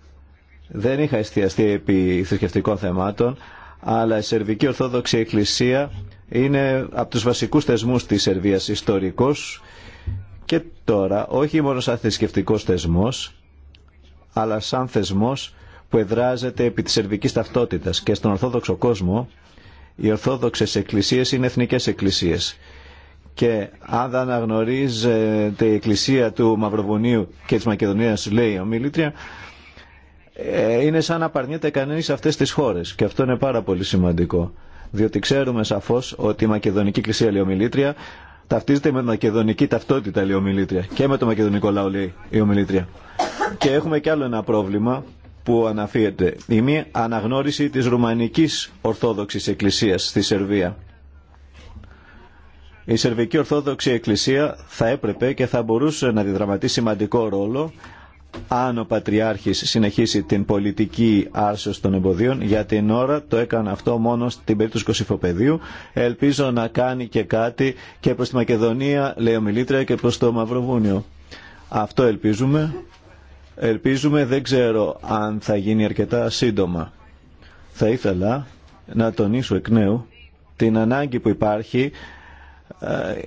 Speaker 3: Δεν είχα εστιαστεί επί θρησκευτικών θεμάτων, αλλά η Σερβική Ορθόδοξη Εκκλησία είναι από τους βασικούς θεσμούς της Σερβίας ιστορικός και τώρα όχι μόνο σαν θρησκευτικό θεσμό αλλά σαν θεσμός που εδράζεται επί της ερβικής ταυτότητας και στον Ορθόδοξο κόσμο οι Ορθόδοξες εκκλησίες είναι εθνικές εκκλησίες και αν δεν αναγνωρίζεται η εκκλησία του Μαυροβουνίου και της Μακεδονίας λέει η ομιλήτρια, ε, είναι σαν να παρνιέται κανείς αυτές τις χώρες και αυτό είναι πάρα πολύ σημαντικό διότι ξέρουμε σαφώς ότι η Μακεδονική Εκκλησία λέει ομιλήτρια ταυτίζεται με μακεδονική ταυτότητα λέει και με το μακεδονικό λαό λέει η ομιλήτρια και έχουμε κι άλλο ένα πρόβλημα που αναφύεται. Η μη αναγνώριση της Ρουμανικής Ορθόδοξης Εκκλησίας στη Σερβία. Η Σερβική Ορθόδοξη Εκκλησία θα έπρεπε και θα μπορούσε να διδραματίσει σημαντικό ρόλο αν ο Πατριάρχης συνεχίσει την πολιτική άρσεως των εμποδίων. Για την ώρα το έκανε αυτό μόνο στην περίπτωση Κωσυφοπεδίου. Ελπίζω να κάνει και κάτι και προς τη Μακεδονία, λέει Μιλήτρια, και προς το Μαυροβούνιο. Αυτό ελπίζουμε Ελπίζουμε, δεν ξέρω αν θα γίνει αρκετά σύντομα. Θα ήθελα να τονίσω εκ νέου την ανάγκη που υπάρχει ε,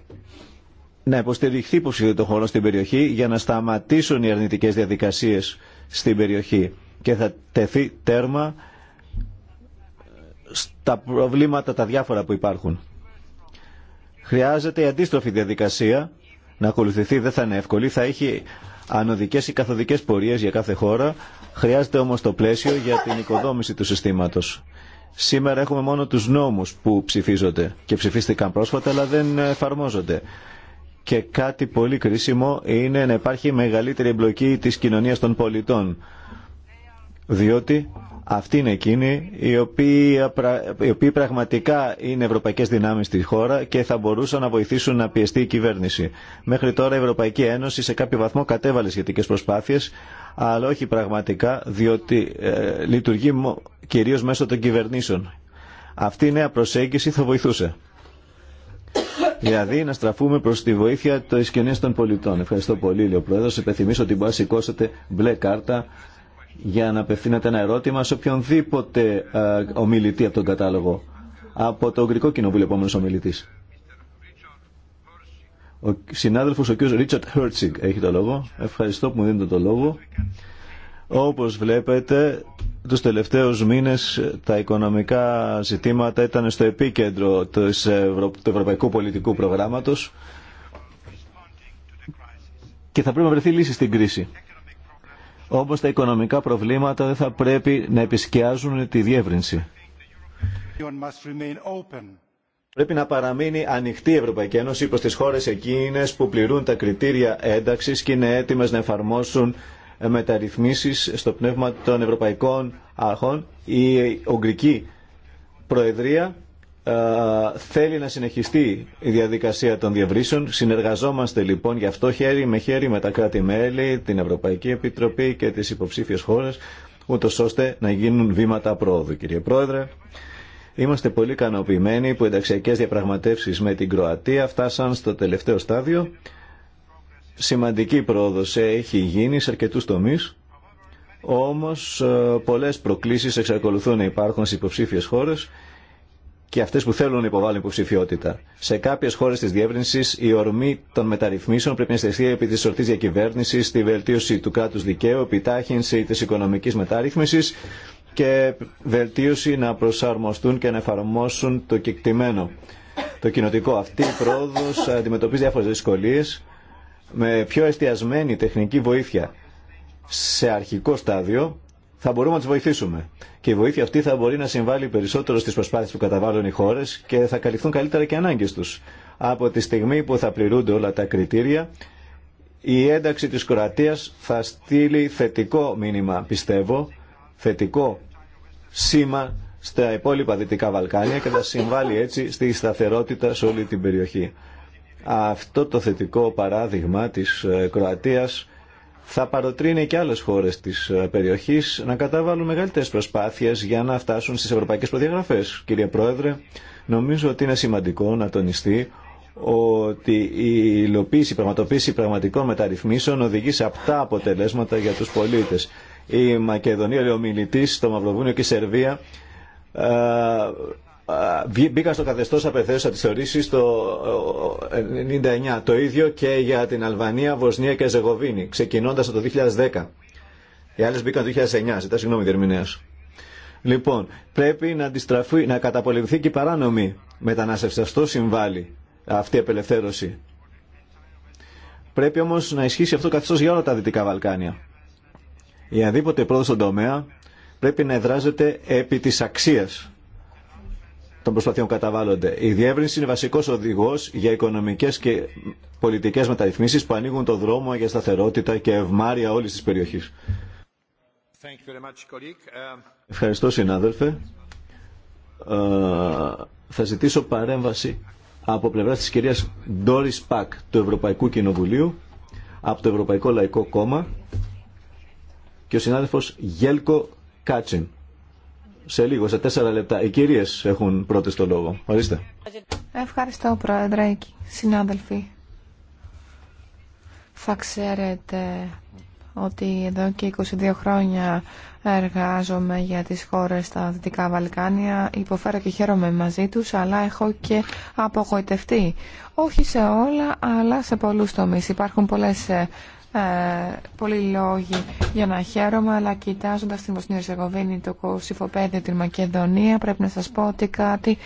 Speaker 3: να υποστηριχθεί υποψηφιότητα των χώρο στην περιοχή για να σταματήσουν οι αρνητικές διαδικασίες στην περιοχή και θα τεθεί τέρμα στα προβλήματα τα διάφορα που υπάρχουν. Χρειάζεται η αντίστροφη διαδικασία να ακολουθηθεί, δεν θα είναι εύκολη, θα έχει ανωδικές ή καθοδικές πορείες για κάθε χώρα, χρειάζεται όμως το πλαίσιο για την οικοδόμηση του συστήματος. Σήμερα έχουμε μόνο τους νόμους που ψηφίζονται και ψηφίστηκαν πρόσφατα αλλά δεν εφαρμόζονται. Και κάτι πολύ κρίσιμο είναι να υπάρχει μεγαλύτερη εμπλοκή της κοινωνίας των πολιτών διότι αυτοί είναι εκείνοι οι οποίοι, οι οποίοι πραγματικά είναι ευρωπαϊκές δυνάμεις στη χώρα και θα μπορούσαν να βοηθήσουν να πιεστεί η κυβέρνηση. Μέχρι τώρα η Ευρωπαϊκή Ένωση σε κάποιο βαθμό κατέβαλε σχετικές προσπάθειες, αλλά όχι πραγματικά, διότι ε, λειτουργεί κυρίως μέσω των κυβερνήσεων. Αυτή η νέα προσέγγιση θα βοηθούσε. Δηλαδή να στραφούμε προ τη βοήθεια των κοινή των πολιτών. Ευχαριστώ πολύ, λέει ο ότι μπορεί να σηκώσετε μπλε κάρτα για να απευθύνεται ένα ερώτημα σε οποιονδήποτε ομιλητή από τον κατάλογο. Από το Ουγγρικό Κοινοβούλιο, επόμενο ομιλητή. Ο συνάδελφο ο κ. Ρίτσαρτ Χέρτσιγκ έχει το λόγο. Ευχαριστώ που μου δίνετε το λόγο. Όπω βλέπετε, τους τελευταίους μήνες τα οικονομικά ζητήματα ήταν στο επίκεντρο του Ευρωπαϊκού Πολιτικού προγράμματο. και θα πρέπει να βρεθεί λύση στην κρίση. Όμως τα οικονομικά προβλήματα δεν θα πρέπει να επισκιάζουν τη διεύρυνση. Πρέπει να παραμείνει ανοιχτή η Ευρωπαϊκή Ένωση προς τις χώρες εκείνες που πληρούν τα κριτήρια ένταξης και είναι έτοιμες να εφαρμόσουν μεταρρυθμίσεις στο πνεύμα των ευρωπαϊκών αρχών. Η Ουγγρική Προεδρία ε, θέλει να συνεχιστεί η διαδικασία των διευρύσεων. Συνεργαζόμαστε λοιπόν γι' αυτό χέρι με χέρι με τα κράτη-μέλη, την Ευρωπαϊκή Επιτροπή και τις υποψήφιες χώρες, ούτω ώστε να γίνουν βήματα πρόοδου. Κύριε Πρόεδρε, είμαστε πολύ ικανοποιημένοι που ενταξιακέ διαπραγματεύσεις με την Κροατία φτάσαν στο τελευταίο στάδιο. Σημαντική πρόοδος έχει γίνει σε αρκετούς τομείς, όμως ε, πολλές προκλήσεις εξακολουθούν να υπάρχουν στις υποψήφιες χώρες και αυτές που θέλουν να υποβάλουν υποψηφιότητα. Σε κάποιες χώρες της διεύρυνσης η ορμή των μεταρρυθμίσεων πρέπει να στεθεί επί της ορτής διακυβέρνησης, τη βελτίωση του κράτους δικαίου, επιτάχυνση της οικονομικής μεταρρύθμισης και βελτίωση να προσαρμοστούν και να εφαρμόσουν το κεκτημένο. Το κοινοτικό αυτή η πρόοδος αντιμετωπίζει διάφορες δυσκολίες με πιο εστιασμένη τεχνική βοήθεια σε αρχικό στάδιο θα μπορούμε να του βοηθήσουμε. Και η βοήθεια αυτή θα μπορεί να συμβάλλει περισσότερο στι προσπάθειε που καταβάλουν οι χώρε και θα καλυφθούν καλύτερα και ανάγκε του. Από τη στιγμή που θα πληρούνται όλα τα κριτήρια, η ένταξη της Κροατίας θα στείλει θετικό μήνυμα, πιστεύω, θετικό σήμα στα υπόλοιπα Δυτικά Βαλκάνια και θα συμβάλλει έτσι στη σταθερότητα σε όλη την περιοχή. Αυτό το θετικό παράδειγμα της ε, Κροατίας θα παροτρύνει και άλλες χώρες της ε, περιοχής να καταβάλουν μεγαλύτερες προσπάθειες για να φτάσουν στις ευρωπαϊκές προδιαγραφές. Κύριε Πρόεδρε, νομίζω ότι είναι σημαντικό να τονιστεί ότι η υλοποίηση, η πραγματοποίηση πραγματικών μεταρρυθμίσεων οδηγεί σε απτά αποτελέσματα για τους πολίτες. Η Μακεδονία, ο μιλητής, το Μαυροβούνιο και η Σερβία ε, μπήκαν στο καθεστώς απελευθέρωσης από τις θεωρήσεις το 1999. Το ίδιο και για την Αλβανία, Βοσνία και Ζεγοβίνη, ξεκινώντας από το 2010. Οι άλλες μπήκαν το 2009, ζητά συγγνώμη διερμηνέας. Λοιπόν, πρέπει να, αντιστραφεί, να καταπολεμηθεί και η παράνομη μετανάστευση. Αυτό συμβάλλει αυτή η απελευθέρωση. Πρέπει όμως να ισχύσει αυτό καθεστώ για όλα τα Δυτικά Βαλκάνια. Η αδίποτε πρόοδο στον τομέα πρέπει να εδράζεται επί της αξίας των προσπαθειών καταβάλλονται. Η διεύρυνση είναι βασικό οδηγό για οικονομικέ και πολιτικέ μεταρρυθμίσει που ανοίγουν το δρόμο για σταθερότητα και ευμάρεια όλη τη περιοχή. Ευχαριστώ, συνάδελφε. Ε, θα ζητήσω παρέμβαση από πλευρά της κυρίας Doris Πακ του Ευρωπαϊκού Κοινοβουλίου, από το Ευρωπαϊκό Λαϊκό Κόμμα και ο συνάδελφος Γέλκο Κάτσιν σε λίγο, σε τέσσερα λεπτά. Οι κυρίες έχουν πρώτε το λόγο. Ορίστε.
Speaker 4: Ευχαριστώ, Πρόεδρε, συνάδελφοι. Θα ξέρετε ότι εδώ και 22 χρόνια εργάζομαι για τις χώρες στα Δυτικά Βαλκάνια. Υποφέρω και χαίρομαι μαζί τους, αλλά έχω και απογοητευτεί. Όχι σε όλα, αλλά σε πολλούς τομείς. Υπάρχουν πολλές ε, ε, πολλοί λόγοι για να χαίρομαι, αλλά κοιτάζοντας την Βοσνία Ερσεγοβίνη, το Κωσυφοπέδιο, την Μακεδονία, πρέπει να σας πω ότι κάτι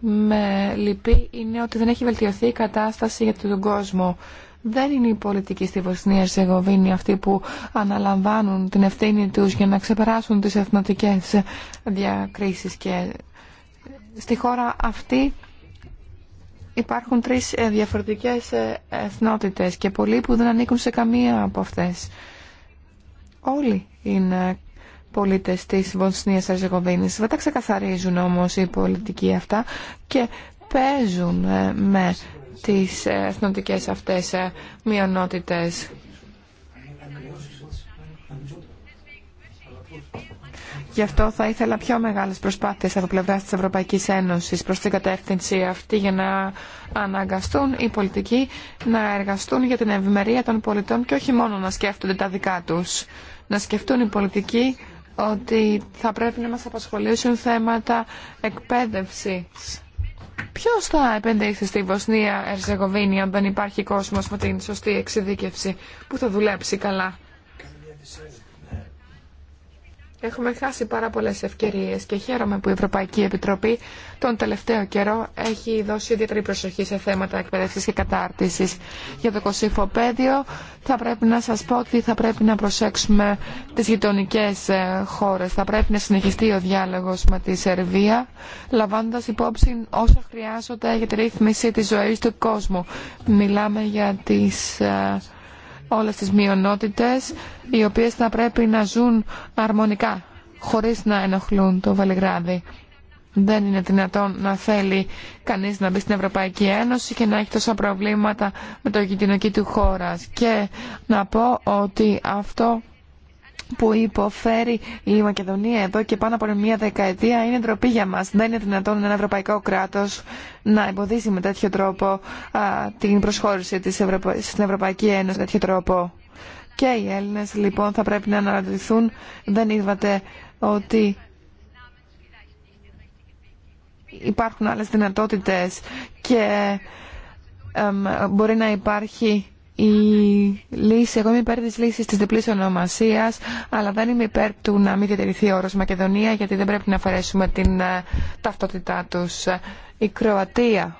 Speaker 4: με λυπεί είναι ότι δεν έχει βελτιωθεί η κατάσταση για τον κόσμο. Δεν είναι οι πολιτικοί στη Βοσνία Ερσεγοβίνη αυτοί που αναλαμβάνουν την ευθύνη τους για να ξεπεράσουν τις εθνοτικές διακρίσεις και στη χώρα αυτή υπάρχουν τρεις ε, διαφορετικές ε, εθνότητες και πολλοί που δεν ανήκουν σε καμία από αυτές. Όλοι είναι πολίτες της Βοσνίας Αρζεγοβίνης. Δεν τα ξεκαθαρίζουν όμως οι πολιτικοί αυτά και παίζουν ε, με τις εθνοτικές αυτές μειονότητες. Γι' αυτό θα ήθελα πιο μεγάλες προσπάθειες από πλευρά της Ευρωπαϊκής Ένωσης προς την κατεύθυνση αυτή για να αναγκαστούν οι πολιτικοί να εργαστούν για την ευημερία των πολιτών και όχι μόνο να σκέφτονται τα δικά τους. Να σκεφτούν οι πολιτικοί ότι θα πρέπει να μας απασχολήσουν θέματα εκπαίδευση Ποιο θα επενδύσει στη Βοσνία Ερζεγοβίνη αν δεν υπάρχει κόσμο με την σωστή εξειδίκευση που θα δουλέψει καλά. Έχουμε χάσει πάρα πολλές ευκαιρίες και χαίρομαι που η Ευρωπαϊκή Επιτροπή τον τελευταίο καιρό έχει δώσει ιδιαίτερη προσοχή σε θέματα εκπαίδευσης και κατάρτισης. Για το Πέδιο θα πρέπει να σας πω ότι θα πρέπει να προσέξουμε τις γειτονικέ ε, χώρες. Θα πρέπει να συνεχιστεί ο διάλογος με τη Σερβία, λαμβάνοντας υπόψη όσα χρειάζονται για τη ρύθμιση της ζωής του κόσμου. Μιλάμε για τις ε, όλες τις μειονότητες οι οποίες θα πρέπει να ζουν αρμονικά χωρίς να ενοχλούν το Βελιγράδι. Δεν είναι δυνατόν να θέλει κανείς να μπει στην Ευρωπαϊκή Ένωση και να έχει τόσα προβλήματα με το κοινωνική του χώρας. Και να πω ότι αυτό που υποφέρει η Μακεδονία εδώ και πάνω από μία δεκαετία είναι ντροπή για μας. Δεν είναι δυνατόν ένα ευρωπαϊκό κράτος να εμποδίσει με τέτοιο τρόπο την προσχώρηση της Ευρωπα... στην Ευρωπαϊκή Ένωση τέτοιο τρόπο. Και οι Έλληνες λοιπόν θα πρέπει να αναρωτηθούν. Δεν είδατε ότι υπάρχουν άλλες δυνατότητες και μπορεί να υπάρχει η εγώ είμαι υπέρ τη λύση τη διπλή ονομασία, αλλά δεν είμαι υπέρ του να μην διατηρηθεί ο όρο Μακεδονία, γιατί δεν πρέπει να αφαιρέσουμε την ε, ταυτότητά του. Η Κροατία.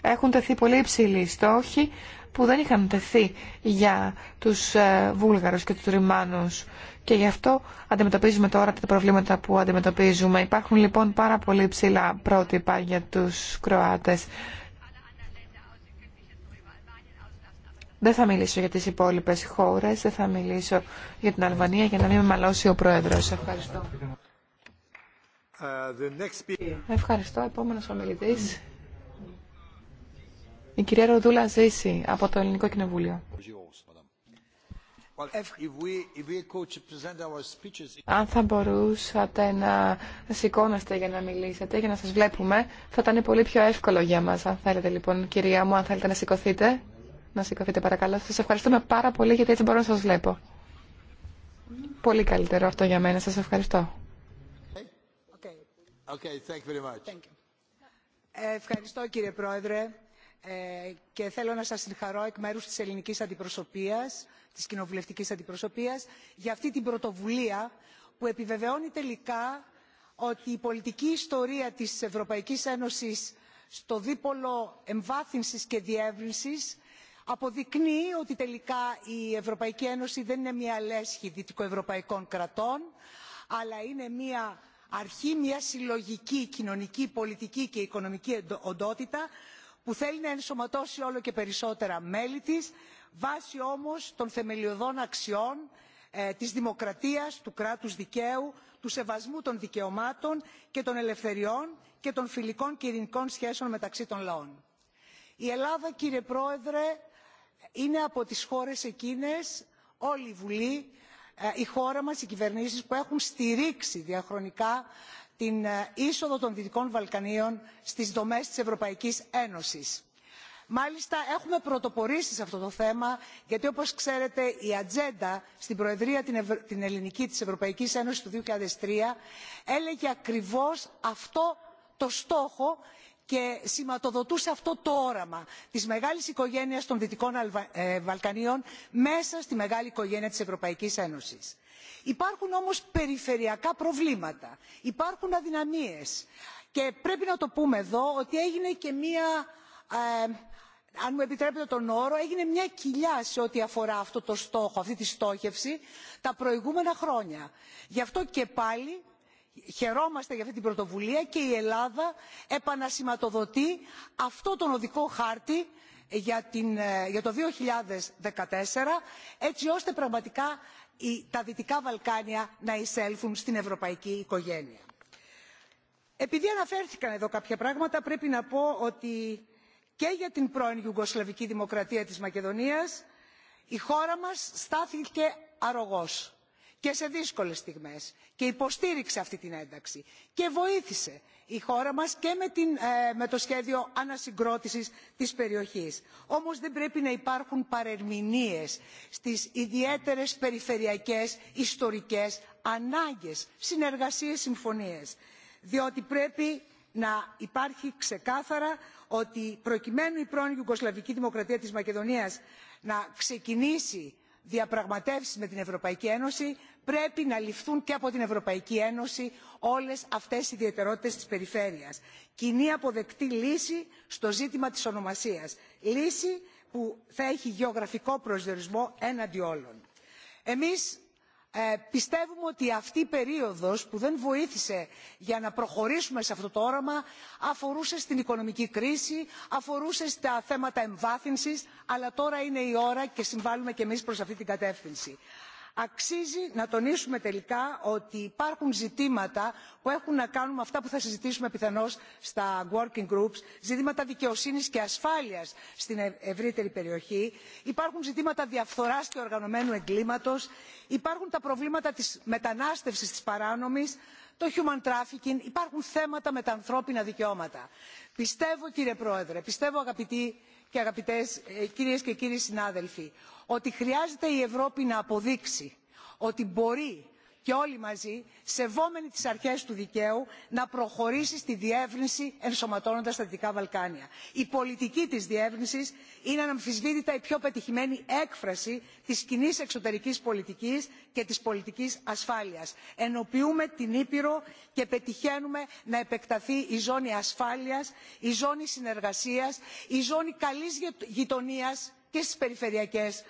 Speaker 4: Έχουν τεθεί πολύ υψηλοί στόχοι που δεν είχαν τεθεί για τους ε, Βούλγαρους και τους Ρημάνους. Και γι' αυτό αντιμετωπίζουμε τώρα τα προβλήματα που αντιμετωπίζουμε. Υπάρχουν λοιπόν πάρα πολύ ψηλά πρότυπα για τους Κροάτες. Δεν θα μιλήσω για τις υπόλοιπες χώρες, δεν θα μιλήσω για την Αλβανία για να μην με μαλώσει ο Πρόεδρος. Ευχαριστώ. Ευχαριστώ. Επόμενος ομιλητής. Η κυρία Ροδούλα Ζήση από το Ελληνικό Κοινοβούλιο. Αν θα μπορούσατε να σηκώνεστε για να μιλήσετε, για να σας βλέπουμε, θα ήταν πολύ πιο εύκολο για μας. Αν θέλετε λοιπόν, κυρία μου, αν θέλετε να σηκωθείτε να σηκωθείτε παρακαλώ. Σας ευχαριστούμε πάρα πολύ γιατί έτσι μπορώ να σας βλέπω. Πολύ καλύτερο αυτό για μένα. Σας ευχαριστώ.
Speaker 5: Okay, thank you very much. ευχαριστώ κύριε Πρόεδρε ε, και θέλω να σας συγχαρώ εκ μέρους της ελληνικής αντιπροσωπείας, της κοινοβουλευτικής αντιπροσωπείας, για αυτή την πρωτοβουλία που επιβεβαιώνει τελικά ότι η πολιτική ιστορία της Ευρωπαϊκής Ένωσης στο δίπολο εμβάθυνσης και διεύρυνσης αποδεικνύει ότι τελικά η ευρωπαϊκή ένωση δεν είναι μια λέσχη δυτικοευρωπαϊκών κρατών αλλά είναι μια αρχή μια συλλογική κοινωνική πολιτική και οικονομική οντότητα που θέλει να ενσωματώσει όλο και περισσότερα μέλη της βάσει όμως των θεμελιωδών αξιών ε, της δημοκρατίας του κράτους δικαίου του σεβασμού των δικαιωμάτων και των ελευθεριών και των φιλικών και ειρηνικών σχέσεων μεταξύ των λαών. η ελλάδα κύριε πρόεδρε είναι από τις χώρες εκείνες όλη η Βουλή, ε, η χώρα μας, οι κυβερνήσεις που έχουν στηρίξει διαχρονικά την ε, είσοδο των Δυτικών Βαλκανίων στις δομές της Ευρωπαϊκής Ένωσης. Μάλιστα έχουμε πρωτοπορήσει σε αυτό το θέμα γιατί όπως ξέρετε η ατζέντα στην Προεδρία την, Ελληνική της Ευρωπαϊκής Ένωσης του 2003 έλεγε ακριβώς αυτό το στόχο και σηματοδοτούσε αυτό το όραμα της μεγάλης οικογένειας των δυτικών ε, βαλκανίων μέσα στη μεγάλη οικογένεια της ευρωπαϊκής ένωσης. υπάρχουν όμως περιφερειακά προβλήματα υπάρχουν αδυναμίες και πρέπει να το πούμε εδώ ότι έγινε και μια ε, αν μου επιτρέπετε τον όρο έγινε μια κοιλιά σε ό,τι αφορά αυτό το στόχο αυτή τη στόχευση τα προηγούμενα χρόνια. γι' αυτό και πάλι χαιρόμαστε για αυτή την πρωτοβουλία και η ελλάδα επανασηματοδοτεί αυτό τον οδικό χάρτη για, την, ε, το 2014 έτσι ώστε πραγματικά τα δυτικά βαλκάνια να εισέλθουν στην ευρωπαϊκή οικογένεια. επειδή αναφέρθηκαν εδώ κάποια πράγματα πρέπει να πω ότι και για την πρώην ιουγκοσλαβική δημοκρατία της μακεδονίας η χώρα μας στάθηκε αρρωγός και σε δύσκολες στιγμές και υποστήριξε αυτή την ένταξη και βοήθησε η χώρα μας και ε, με, το σχέδιο ανασυγκρότησης της περιοχής. Όμως δεν πρέπει να υπάρχουν παρερμηνίες στις ιδιαίτερες περιφερειακές ιστορικές ανάγκες, συνεργασίες, συμφωνίες. Διότι πρέπει να υπάρχει ξεκάθαρα ότι προκειμένου η πρώην Ιουγκοσλαβική Δημοκρατία της Μακεδονίας να ξεκινήσει διαπραγματεύσεις με την Ευρωπαϊκή Ένωση πρέπει να ληφθούν και από την ευρωπαϊκή ένωση όλες αυτές οι ιδιαιτερότητες της περιφέρειας. κοινή αποδεκτή λύση στο ζήτημα της ονομασίας λύση που θα έχει γεωγραφικό προσδιορισμό έναντι όλων. εμείς ε, πιστεύουμε ότι αυτή η περίοδος που δεν βοήθησε για να προχωρήσουμε σε αυτό το όραμα αφορούσε στην οικονομική κρίση αφορούσε στα θέματα εμβάθυνσης αλλά τώρα είναι η ώρα και συμβάλλουμε κι εμείς προς αυτή την κατεύθυνση αξίζει να τονίσουμε τελικά ότι υπάρχουν ζητήματα που έχουν να κάνουν με αυτά που θα συζητήσουμε πιθανώς στα working groups ζητήματα δικαιοσύνης και ασφάλειας στην ευρύτερη περιοχή υπάρχουν ζητήματα διαφθοράς και οργανωμένου εγκλήματος υπάρχουν τα προβλήματα της μετανάστευσης της παράνομης το human trafficking υπάρχουν θέματα με τα ανθρώπινα δικαιώματα. πιστεύω κύριε πρόεδρε πιστεύω αγαπητοί και αγαπητές ε, κυρίες και κύριοι συνάδελφοι ότι χρειάζεται η ευρώπη να αποδείξει ότι μπορεί και όλοι μαζί σεβόμενοι τις αρχές του δικαίου να προχωρήσει στη διεύρυνση ενσωματώνοντας τα δυτικά βαλκάνια. η πολιτική της διεύρυνσης είναι αναμφισβήτητα η πιο πετυχημένη έκφραση της κοινή εξωτερικής πολιτικής και της πολιτικής ασφάλειας. ενοποιούμε την ήπειρο και πετυχαίνουμε να επεκταθεί η ζώνη ασφάλειας η ζώνη συνεργασίας η ζώνη καλής γειτονίας και στις περιφερειακές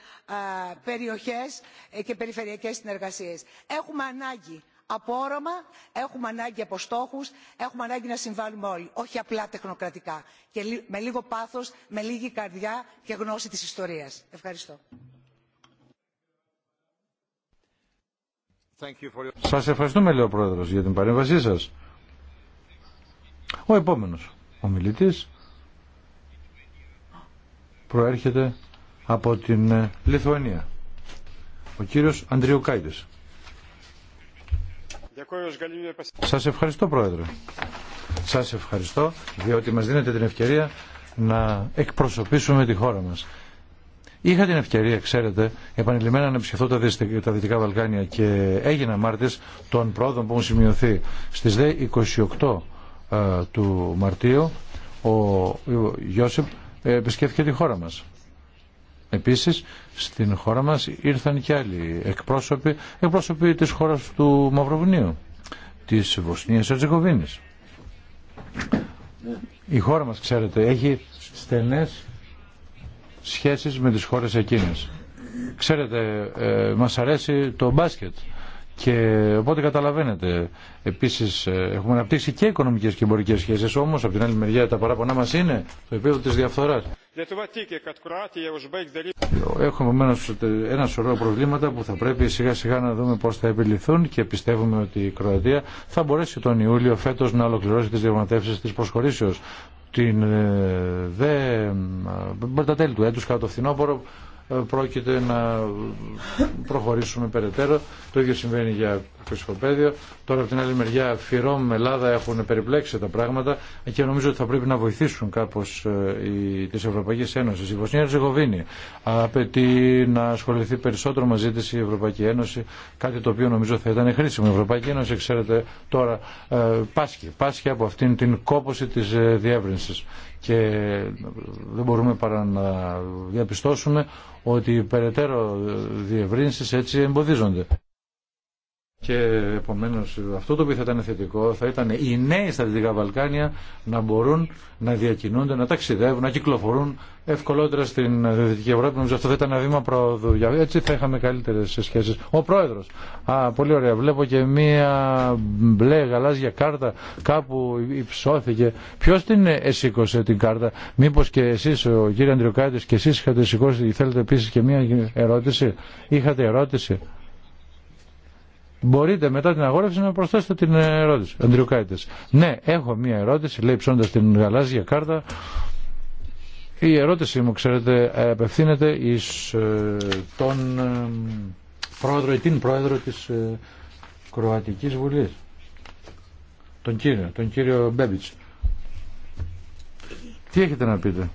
Speaker 5: περιοχές ε, και περιφερειακές συνεργασίες. Έχουμε ανάγκη από όρομα, έχουμε ανάγκη από στόχους, έχουμε ανάγκη να συμβάλλουμε όλοι, όχι απλά τεχνοκρατικά και με λίγο πάθος, με λίγη καρδιά και γνώση της ιστορίας. Ευχαριστώ.
Speaker 6: Σας
Speaker 1: ευχαριστούμε, λέει ο Πρόεδρος, για την παρέμβασή σας. Ο επόμενος ομιλητής προέρχεται από την ε, Λιθουανία. Ο κύριος Κάιντες. Σας ευχαριστώ Πρόεδρε. Σας ευχαριστώ διότι μας δίνετε την ευκαιρία να εκπροσωπήσουμε τη χώρα μας. Είχα την ευκαιρία, ξέρετε, επανειλημμένα να επισκεφθώ τα Δυτικά Βαλκάνια και έγινα μάρτης των πρόοδων που έχουν σημειωθεί. Στις 28 ε, του Μαρτίου ο Γιώσεπ ε, επισκέφθηκε τη χώρα μας. Επίσης, στην χώρα μας ήρθαν και άλλοι εκπρόσωποι, εκπρόσωποι της χώρας του Μαυροβουνίου, της Βοσνίας Ατζεκοβίνης. Η χώρα μας, ξέρετε, έχει στενές σχέσεις με τις χώρες εκείνες. Ξέρετε, ε, μας αρέσει το μπάσκετ. Και οπότε καταλαβαίνετε, επίση ε, έχουμε αναπτύξει και οικονομικέ και εμπορικέ σχέσει, όμω από την άλλη μεριά τα παράπονά μα είναι το επίπεδο τη διαφθορά. Έχουμε επομένω ένα σωρό προβλήματα που θα πρέπει σιγά σιγά να δούμε πώ θα επιληθούν και πιστεύουμε ότι η Κροατία θα μπορέσει τον Ιούλιο φέτο να ολοκληρώσει τι διαπραγματεύσει τη προσχωρήσεω. Την ε, τα τέλη του έτου, κατά φθινόπωρο, πρόκειται να προχωρήσουμε περαιτέρω. Το ίδιο συμβαίνει για το πέδιο. Τώρα από την άλλη μεριά Φιρόμ, Ελλάδα έχουν περιπλέξει τα πράγματα και νομίζω ότι θα πρέπει να βοηθήσουν κάπως ε, οι, τις Ευρωπαϊκές Η Βοσνία Ζεγοβίνη απαιτεί να ασχοληθεί περισσότερο μαζί της η Ευρωπαϊκή Ένωση, κάτι το οποίο νομίζω θα ήταν χρήσιμο. Η Ευρωπαϊκή Ένωση, ξέρετε, τώρα ε, πάσχει, πάσχει από αυτήν την κόποση της ε, διεύρυνσης και δεν μπορούμε παρά να διαπιστώσουμε ότι περαιτέρω διευρύνσεις έτσι εμποδίζονται. Και επομένω αυτό το οποίο θα ήταν θετικό θα ήταν οι νέοι στα Δυτικά Βαλκάνια να μπορούν να διακινούνται, να ταξιδεύουν, να κυκλοφορούν ευκολότερα στην Δυτική Ευρώπη. Νομίζω αυτό θα ήταν ένα βήμα πρόοδου. Έτσι θα είχαμε καλύτερε σχέσει. Ο πρόεδρο. Α, πολύ ωραία. Βλέπω και μία μπλε γαλάζια κάρτα κάπου υψώθηκε. Ποιο την εσήκωσε την κάρτα. Μήπω και εσεί, ο κύριο Αντριοκάτη, και εσεί είχατε σηκώσει, θέλετε επίση και μία ερώτηση. Είχατε ερώτηση. Μπορείτε μετά την αγόρευση να προσθέσετε την ερώτηση. Αντριουκάιτε. Ναι, έχω μία ερώτηση, λέει ψώντα την γαλάζια κάρτα. Η ερώτησή μου, ξέρετε, απευθύνεται εις ε, τον ε, πρόεδρο ή την πρόεδρο της ε, Κροατικής Βουλής. Τον κύριο, τον κύριο Μπέμπιτς. Τι έχετε να πείτε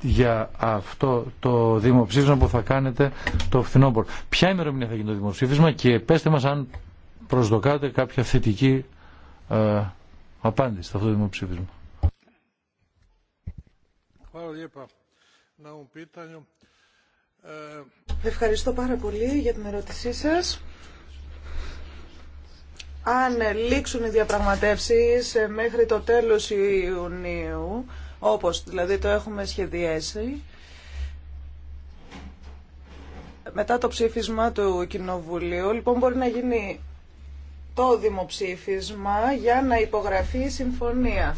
Speaker 1: για αυτό το δημοψήφισμα που θα κάνετε το φθινόπωρο. Ποια ημερομηνία θα γίνει το δημοψήφισμα και πέστε μας αν προσδοκάτε κάποια θετική ε, απάντηση σε αυτό το δημοψήφισμα.
Speaker 2: Ευχαριστώ πάρα πολύ για την ερώτησή σας. Αν λήξουν οι διαπραγματεύσεις μέχρι το τέλος Ιουνίου, όπως δηλαδή το έχουμε σχεδιάσει. Μετά το ψήφισμα του Κοινοβουλίου, λοιπόν, μπορεί να γίνει το δημοψήφισμα για να υπογραφεί η συμφωνία.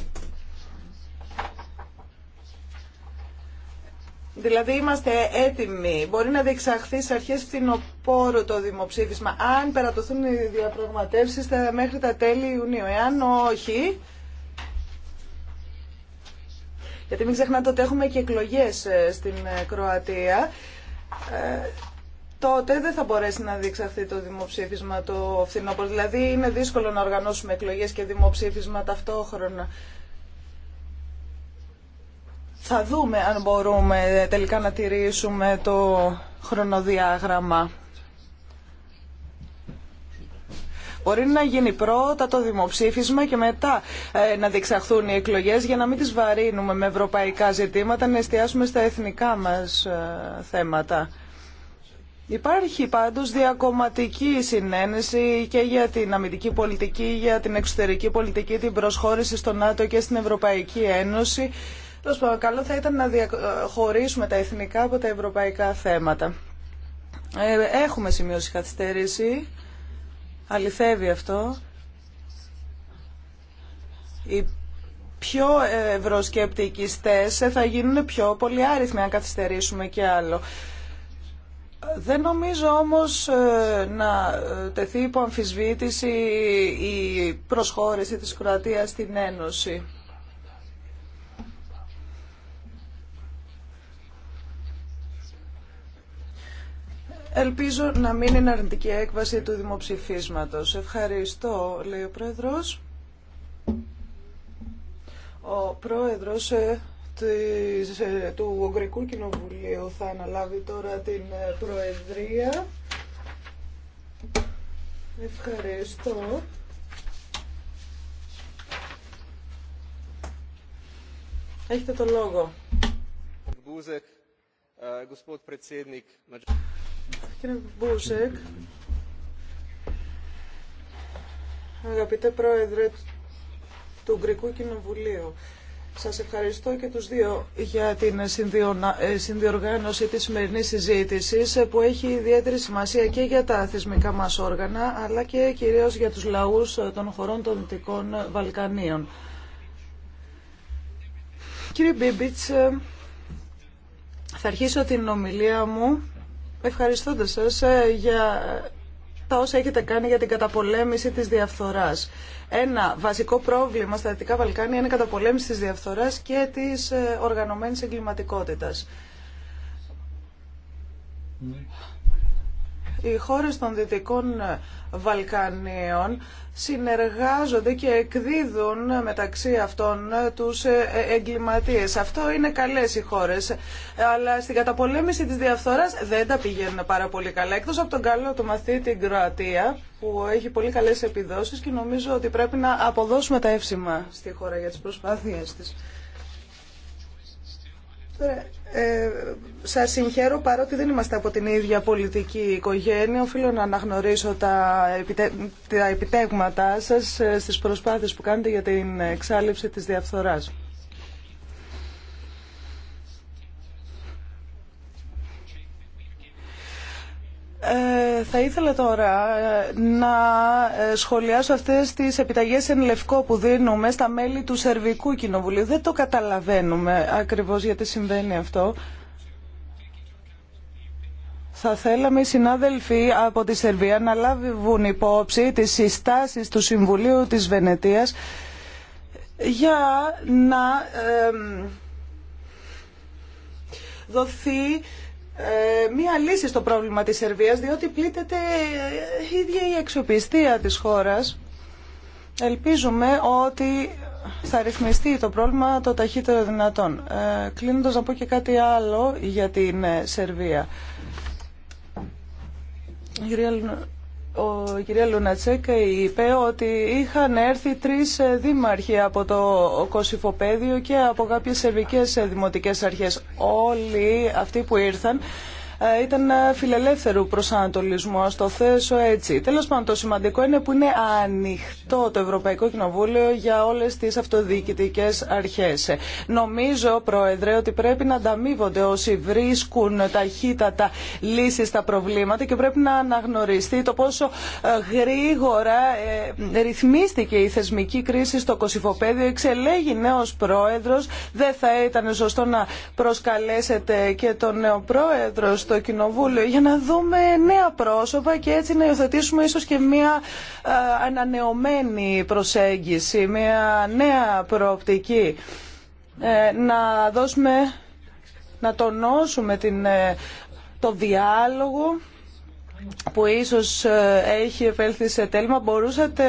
Speaker 2: Δηλαδή είμαστε έτοιμοι. Μπορεί να διεξαχθεί σε αρχές φθινοπόρου το δημοψήφισμα. Αν περατωθούν οι διαπραγματεύσεις μέχρι τα τέλη Ιουνίου. Εάν όχι, γιατί μην ξεχνάτε ότι έχουμε και εκλογές ε, στην ε, Κροατία, ε, τότε δεν θα μπορέσει να διεξαχθεί το δημοψήφισμα το φθινόπωρο. Δηλαδή είναι δύσκολο να οργανώσουμε εκλογές και δημοψήφισμα ταυτόχρονα. Θα δούμε αν μπορούμε τελικά να τηρήσουμε το χρονοδιάγραμμα. Μπορεί να γίνει πρώτα το δημοψήφισμα και μετά ε, να διεξαχθούν οι εκλογές για να μην τις βαρύνουμε με ευρωπαϊκά ζητήματα, να εστιάσουμε στα εθνικά μας ε, θέματα. Υπάρχει πάντως διακομματική συνένεση και για την αμυντική πολιτική, για την εξωτερική πολιτική, την προσχώρηση στο ΝΑΤΟ και στην Ευρωπαϊκή Ένωση. Καλό θα ήταν να διαχωρίσουμε τα εθνικά από τα ευρωπαϊκά θέματα. Ε, έχουμε σημειώσει καθυστέρηση αληθεύει αυτό. Οι πιο ευρωσκεπτικιστές θα γίνουν πιο πολύ άριθμοι αν καθυστερήσουμε και άλλο. Δεν νομίζω όμως ε, να τεθεί υπό αμφισβήτηση η προσχώρηση της Κροατίας στην Ένωση. Ελπίζω να μην είναι αρνητική έκβαση του δημοψηφίσματος. Ευχαριστώ, λέει ο Πρόεδρος. Ο Πρόεδρος ε, ε, του Ουγγρικού Κοινοβουλίου θα αναλάβει τώρα την ε, Προεδρία. Ευχαριστώ. Έχετε το λόγο. Κύριε Μπούζεκ, αγαπητέ Πρόεδρε του Ουγγρικού Κοινοβουλίου, σας ευχαριστώ και τους δύο για την ε, συνδιοργάνωση της σημερινή συζήτησης που έχει ιδιαίτερη σημασία και για τα θεσμικά μας όργανα αλλά και κυρίως για τους λαούς των χωρών των Δυτικών Βαλκανίων. Κύριε Μπίμπιτς, ε, θα αρχίσω την ομιλία μου ευχαριστώντα σας ε, για τα όσα έχετε κάνει για την καταπολέμηση της διαφθοράς. Ένα βασικό πρόβλημα στα Δυτικά Βαλκάνια είναι η καταπολέμηση της διαφθοράς και της ε, οργανωμένης εγκληματικότητας. Ναι οι χώρες των Δυτικών Βαλκανίων συνεργάζονται και εκδίδουν μεταξύ αυτών τους ε, ε, εγκληματίες. Αυτό είναι καλές οι χώρες, αλλά στην καταπολέμηση της διαφθοράς δεν τα πηγαίνουν πάρα πολύ καλά. Εκτός από τον καλό του μαθήτη την Κροατία, που έχει πολύ καλές επιδόσεις και νομίζω ότι πρέπει να αποδώσουμε τα εύσημα στη χώρα για τις προσπάθειές της. Ε, σας συγχαίρω παρότι δεν είμαστε από την ίδια πολιτική οικογένεια. Οφείλω να αναγνωρίσω τα, τα επιτέγματά σας ε, στις προσπάθειες που κάνετε για την εξάλληψη της διαφθοράς. Ε, θα ήθελα τώρα ε, να ε, σχολιάσω αυτές τις επιταγές εν λευκό που δίνουμε στα μέλη του Σερβικού Κοινοβουλίου. Δεν το καταλαβαίνουμε ακριβώς γιατί συμβαίνει αυτό. Θα θέλαμε οι συνάδελφοι από τη Σερβία να λάβουν υπόψη τις συστάσεις του Συμβουλίου της Βενετίας για να δοθεί ε, μία λύση στο πρόβλημα της Σερβίας, διότι πλήττεται ε, η ίδια η αξιοπιστία της χώρας. Ελπίζουμε ότι θα ρυθμιστεί το πρόβλημα το ταχύτερο δυνατόν. Ε, κλείνοντας να πω και κάτι άλλο για την ε, Σερβία. Ο κυρία Λουνατσέκ είπε ότι είχαν έρθει τρεις ε, δήμαρχοι από το Κωσυφοπέδιο και από κάποιες σερβικές ε, δημοτικές αρχές. Όλοι αυτοί που ήρθαν ήταν φιλελεύθερου προσανατολισμού, α το θέσω έτσι. Τέλο πάντων, το σημαντικό είναι που είναι ανοιχτό το Ευρωπαϊκό Κοινοβούλιο για όλε τι αυτοδιοικητικέ αρχέ. Νομίζω, Πρόεδρε, ότι πρέπει να ανταμείβονται όσοι βρίσκουν ταχύτατα λύσει στα προβλήματα και πρέπει να αναγνωριστεί το πόσο ε, γρήγορα ε, ρυθμίστηκε η θεσμική κρίση στο Κωσυφοπέδιο. Εξελέγει νέο Πρόεδρο. Δεν θα ήταν σωστό να προσκαλέσετε και τον νέο Πρόεδρο στο Κοινοβούλιο για να δούμε νέα πρόσωπα και έτσι να υιοθετήσουμε ίσως και μια ε, ανανεωμένη προσέγγιση, μια νέα προοπτική. Ε, να δώσουμε, να τονώσουμε την, ε, το διάλογο που ίσως έχει επέλθει σε τέλμα. Μπορούσατε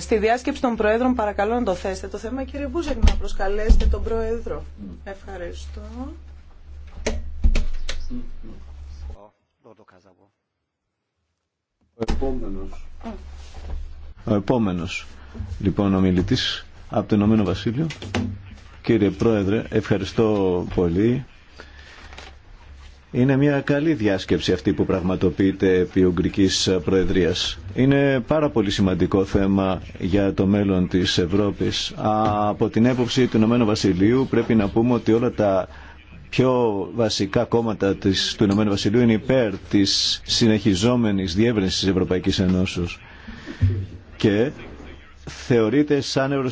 Speaker 2: στη διάσκεψη των Προέδρων παρακαλώ να το θέσετε το θέμα. Κύριε Βούζεκ, να προσκαλέσετε τον Πρόεδρο. Ευχαριστώ.
Speaker 3: Ο επόμενος. Ο επόμενος, λοιπόν, από το Ηνωμένο Βασίλειο. Κύριε Πρόεδρε, ευχαριστώ πολύ. Είναι μια καλή διάσκεψη αυτή που πραγματοποιείται επί Ουγγρικής Προεδρίας. Είναι πάρα πολύ σημαντικό θέμα για το μέλλον της Ευρώπης. Από την έποψη του Ηνωμένου Βασιλείου πρέπει να πούμε ότι όλα τα πιο βασικά κόμματα της, του Ηνωμένου Βασιλείου είναι υπέρ της συνεχιζόμενης διεύρυνσης της Ευρωπαϊκής Ενώσεως και θεωρείται σαν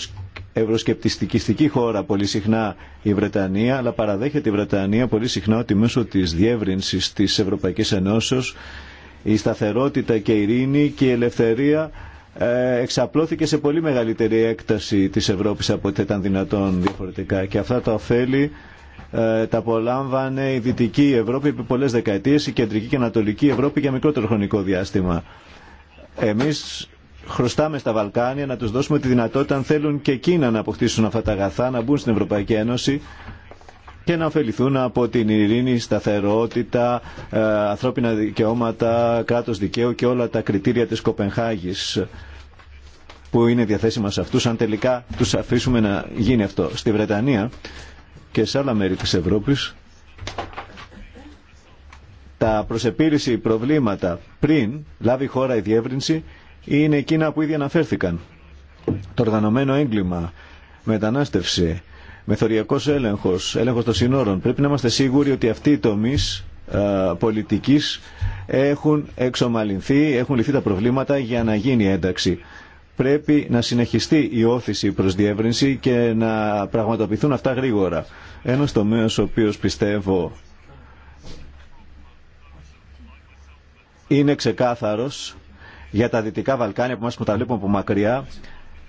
Speaker 3: ευρωσκεπτιστική χώρα πολύ συχνά η Βρετανία, αλλά παραδέχεται η Βρετανία πολύ συχνά ότι μέσω της διεύρυνσης της Ευρωπαϊκής Ενώσεως η σταθερότητα και η ειρήνη και η ελευθερία ε, εξαπλώθηκε σε πολύ μεγαλύτερη έκταση της Ευρώπης από ό,τι ήταν δυνατόν διαφορετικά και αυτά τα ωφέλη ε, τα απολάμβανε η Δυτική Ευρώπη επί πολλές δεκαετίες, η Κεντρική και Ανατολική Ευρώπη για μικρότερο χρονικό διάστημα. Εμείς χρωστάμε στα Βαλκάνια να τους δώσουμε τη δυνατότητα αν θέλουν και εκείνα να αποκτήσουν αυτά τα αγαθά, να μπουν στην Ευρωπαϊκή Ένωση και να ωφεληθούν από την ειρήνη, σταθερότητα, ε, ανθρώπινα δικαιώματα, κράτος δικαίου και όλα τα κριτήρια της Κοπενχάγης που είναι διαθέσιμα σε αυτούς αν τελικά τους αφήσουμε να γίνει αυτό. Στη Βρετανία και σε άλλα μέρη της Ευρώπης τα προσεπήρηση προβλήματα πριν λάβει η χώρα η διεύρυνση είναι εκείνα που ήδη αναφέρθηκαν. Το οργανωμένο έγκλημα, μετανάστευση, μεθοριακός έλεγχος, έλεγχος των συνόρων. Πρέπει να είμαστε σίγουροι ότι αυτοί οι τομείς πολιτικής έχουν εξομαλυνθεί, έχουν λυθεί τα προβλήματα για να γίνει ένταξη πρέπει να συνεχιστεί η όθηση προς διεύρυνση και να πραγματοποιηθούν αυτά γρήγορα. Ένας τομέας ο οποίος πιστεύω είναι ξεκάθαρος για τα Δυτικά Βαλκάνια που μας που τα βλέπουμε από μακριά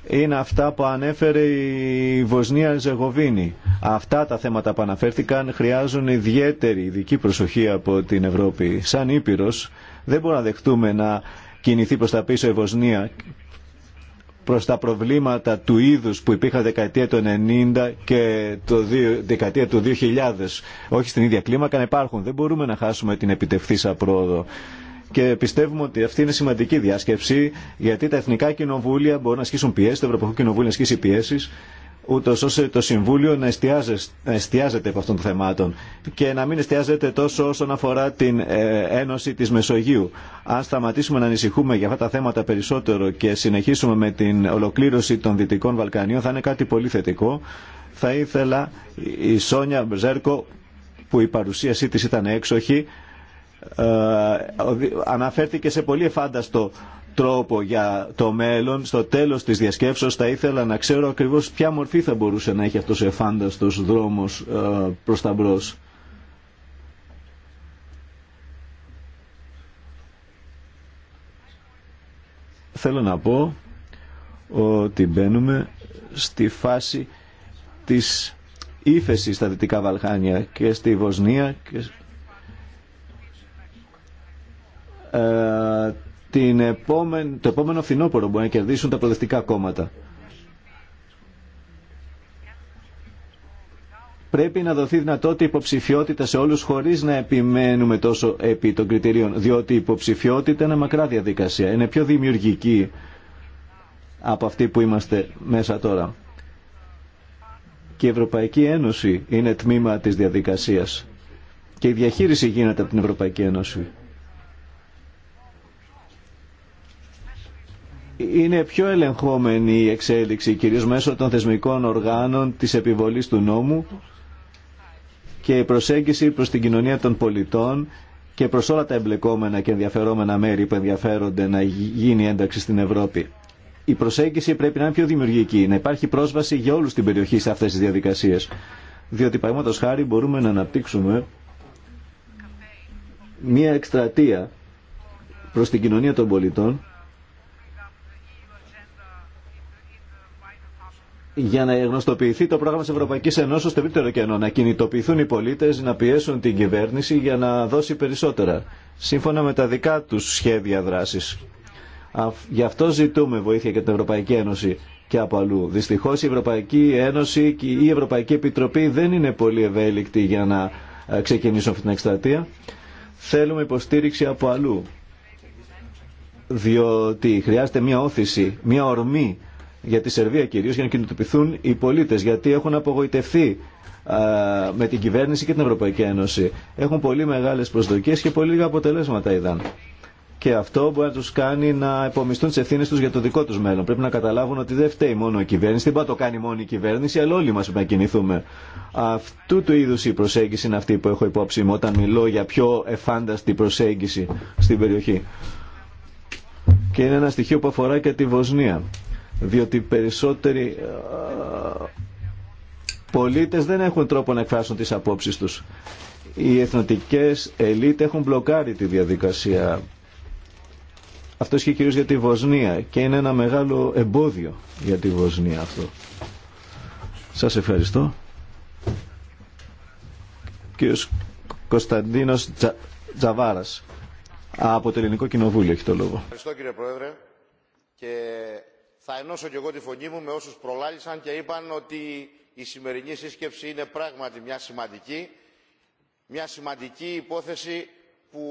Speaker 3: είναι αυτά που ανέφερε η Βοσνία Ζεγοβίνη. Αυτά τα θέματα που αναφέρθηκαν χρειάζουν ιδιαίτερη ειδική προσοχή από την Ευρώπη. Σαν Ήπειρος δεν μπορούμε να δεχτούμε να κινηθεί προς τα πίσω η Βοσνία προς τα προβλήματα του είδους που υπήρχαν δεκαετία του 90 και το δεκαετία του 2000. Όχι στην ίδια κλίμακα να υπάρχουν. Δεν μπορούμε να χάσουμε την επιτευθύσα πρόοδο. Και πιστεύουμε ότι αυτή είναι σημαντική διάσκεψη, γιατί τα εθνικά κοινοβούλια μπορούν να ασκήσουν πιέσει, το Ευρωπαϊκό Κοινοβούλιο να ασκήσει πιέσει ούτω ώστε το Συμβούλιο να, να εστιάζεται από αυτών των θεμάτων και να μην εστιάζεται τόσο όσον αφορά την ε, Ένωση της Μεσογείου. Αν σταματήσουμε να ανησυχούμε για αυτά τα θέματα περισσότερο και συνεχίσουμε με την ολοκλήρωση των Δυτικών Βαλκανίων θα είναι κάτι πολύ θετικό. Θα ήθελα η Σόνια Μπζέρκο που η παρουσίασή της ήταν έξοχη ε, αναφέρθηκε σε πολύ εφάνταστο τρόπο για το μέλλον, στο τέλο τη διασκέψεως θα ήθελα να ξέρω ακριβώ ποια μορφή θα μπορούσε να έχει αυτό ο εφάνταστο δρόμος ε, προ τα μπρό. Θέλω να πω ότι μπαίνουμε στη φάση της ύφεση στα Δυτικά Βαλχάνια και στη Βοσνία και... Ε, την το επόμενο φινόπορο μπορεί να κερδίσουν τα προοδευτικά κόμματα. Πρέπει να δοθεί δυνατότητα υποψηφιότητα σε όλους χωρίς να επιμένουμε τόσο επί των κριτηρίων, διότι η υποψηφιότητα είναι μακρά διαδικασία, είναι πιο δημιουργική από αυτή που είμαστε μέσα τώρα. Και η Ευρωπαϊκή Ένωση είναι τμήμα της διαδικασίας και η διαχείριση γίνεται από την Ευρωπαϊκή Ένωση. είναι πιο ελεγχόμενη η εξέλιξη, κυρίως μέσω των θεσμικών οργάνων της επιβολής του νόμου και η προσέγγιση προς την κοινωνία των πολιτών και προς όλα τα εμπλεκόμενα και ενδιαφερόμενα μέρη που ενδιαφέρονται να γίνει ένταξη στην Ευρώπη. Η προσέγγιση πρέπει να είναι πιο δημιουργική, να υπάρχει πρόσβαση για όλους την περιοχή σε αυτές τις διαδικασίες. Διότι παραδείγματος χάρη μπορούμε να αναπτύξουμε μια εκστρατεία προς την κοινωνία των πολιτών για να γνωστοποιηθεί το πρόγραμμα τη Ευρωπαϊκή Ενώση στο ευρύτερο κενό. Να κινητοποιηθούν οι πολίτε, να πιέσουν την κυβέρνηση για να δώσει περισσότερα. Σύμφωνα με τα δικά του σχέδια δράση. Γι' αυτό ζητούμε βοήθεια και την Ευρωπαϊκή Ένωση και από αλλού. Δυστυχώ η Ευρωπαϊκή Ένωση και η Ευρωπαϊκή Επιτροπή δεν είναι πολύ ευέλικτη για να ε, ξεκινήσουν αυτή την εκστρατεία. Θέλουμε υποστήριξη από αλλού. Διότι χρειάζεται μια όθηση, μια ορμή για τη Σερβία κυρίως, για να κινητοποιηθούν οι πολίτες, γιατί έχουν απογοητευτεί με την κυβέρνηση και την Ευρωπαϊκή Ένωση. Έχουν πολύ μεγάλες προσδοκίες και πολύ λίγα αποτελέσματα είδαν. Και αυτό μπορεί να του κάνει να υπομισθούν τι ευθύνε του για το δικό του μέλλον. Πρέπει να καταλάβουν ότι δεν φταίει μόνο η κυβέρνηση, δεν μπορεί να το κάνει μόνο η κυβέρνηση, αλλά όλοι μα πρέπει να κινηθούμε. Αυτού του είδου η προσέγγιση είναι αυτή που έχω υπόψη μου όταν μιλώ για πιο εφάνταστη προσέγγιση στην περιοχή. Και είναι ένα στοιχείο που αφορά και τη Βοσνία διότι περισσότεροι ε, πολίτες δεν έχουν τρόπο να εκφράσουν τις απόψεις τους. Οι εθνοτικές ελίτ έχουν μπλοκάρει τη διαδικασία. Αυτό ισχύει κυρίως για τη Βοσνία και είναι ένα μεγάλο εμπόδιο για τη Βοσνία αυτό. Σας ευχαριστώ. Κύριος Κωνσταντίνος Τζα... από το Ελληνικό Κοινοβούλιο έχει το λόγο.
Speaker 6: Ευχαριστώ κύριε Πρόεδρε θα ενώσω και εγώ τη φωνή μου με όσους προλάλησαν και είπαν ότι η σημερινή σύσκεψη είναι πράγματι μια σημαντική, μια σημαντική υπόθεση που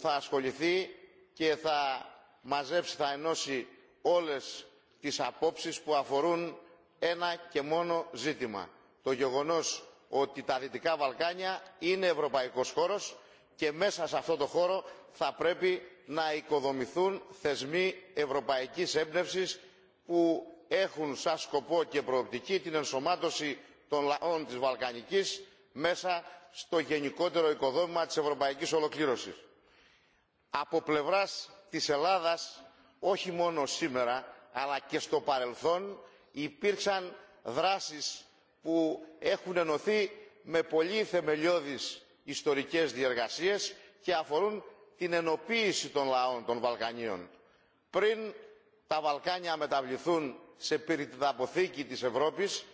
Speaker 6: θα ασχοληθεί και θα μαζέψει, θα ενώσει όλες τις απόψεις που αφορούν ένα και μόνο ζήτημα. Το γεγονός ότι τα Δυτικά Βαλκάνια είναι ευρωπαϊκός χώρος και μέσα σε αυτό το χώρο θα πρέπει να οικοδομηθούν θεσμοί ευρωπαϊκής έμπνευσης που έχουν σαν σκοπό και προοπτική την ενσωμάτωση των λαών της βαλκανικής μέσα στο γενικότερο οικοδόμημα της ευρωπαϊκής ολοκλήρωσης. Από πλευράς της Ελλάδας, όχι μόνο σήμερα, αλλά και στο παρελθόν υπήρξαν δράσεις που έχουν ενωθεί με πολύ θεμελιώδεις ιστορικές διεργασίες και αφορούν την ενοποίηση των λαών των Βαλκανίων. Πριν τα βαλκάνια μεταβληθούν σε πυρηνταποθήκη της ευρώπης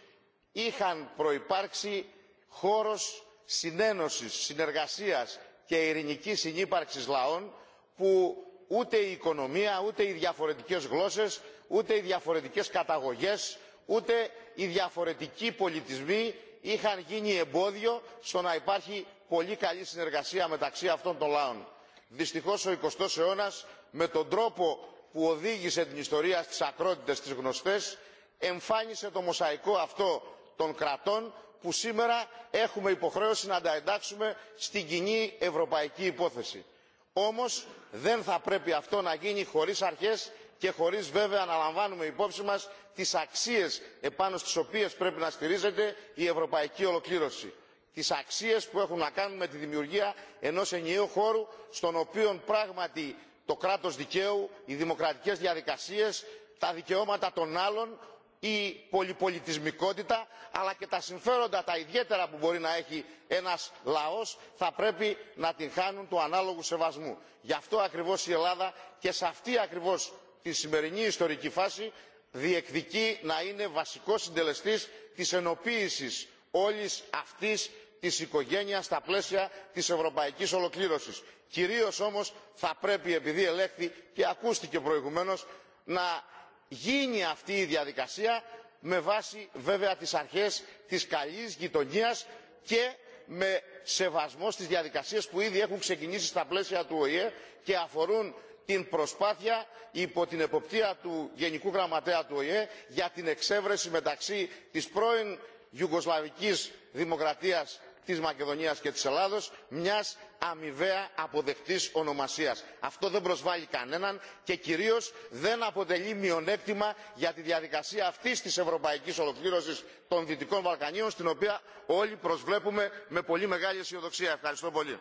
Speaker 6: είχαν προϋπάρξει χώρος συνένωσης συνεργασίας και ειρηνικής συνύπαρξης λαών που ούτε η οικονομία ούτε οι διαφορετικές γλώσσες ούτε οι διαφορετικές καταγωγές ούτε οι διαφορετικοί πολιτισμοί είχαν γίνει εμπόδιο στο να υπάρχει πολύ καλή συνεργασία μεταξύ αυτών των λαών. δυστυχώς ο 20ος αιώνας με τον τρόπο που οδήγησε την ιστορία στις ακρότητες τις γνωστές εμφάνισε το μοσαϊκό αυτό των κρατών που σήμερα έχουμε υποχρέωση να τα εντάξουμε στην κοινή ευρωπαϊκή υπόθεση. όμως δεν θα πρέπει αυτό να γίνει χωρίς αρχές και χωρίς βέβαια να λαμβάνουμε υπόψη μας τις αξίες επάνω στις οποίες πρέπει να στηρίζεται η ευρωπαϊκή ολοκλήρωση τις αξίες που έχουν να κάνουν με τη δημιουργία ενός ενιαίου χώρου στον οποίο πράγματι το κράτος δικαίου οι δημοκρατικές διαδικασίες τα δικαιώματα των άλλων η πολυπολιτισμικότητα αλλά και τα συμφέροντα τα ιδιαίτερα που μπορεί να έχει ένας λαός θα πρέπει να την χάνουν του ανάλογου σεβασμού. γι' αυτό ακριβώς η ελλάδα και σε αυτή ακριβώς τη σημερινή ιστορική φάση διεκδικεί να είναι βασικός συντελεστής της ενοποίησης όλης αυτής της οικογένειας στα πλαίσια της ευρωπαϊκής ολοκλήρωσης. κυρίως όμως θα πρέπει επειδή ελέγχθη και ακούστηκε προηγουμένως να γίνει αυτή η διαδικασία με βάση βέβαια τις αρχές της καλής γειτονίας και με σεβασμό στις διαδικασίες που ήδη έχουν ξεκινήσει στα πλαίσια του οηε και αφορούν την προσπάθεια υπό την εποπτεία του γενικού γραμματέα του οηε για την εξέβρεση μεταξύ της πρώην ιουγκοσλαβικής δημοκρατίας της μακεδονίας και της ελλάδος μιας αμοιβαία αποδεκτής ονομασίας. αυτό δεν προσβάλλει κανέναν και κυρίως δεν αποτελεί μειονέκτημα για τη διαδικασία αυτής της ευρωπαϊκής ολοκλήρωσης των δυτικών βαλκανίων στην οποία όλοι προσβλέπουμε με πολύ μεγάλη αισιοδοξία. ευχαριστώ πολύ.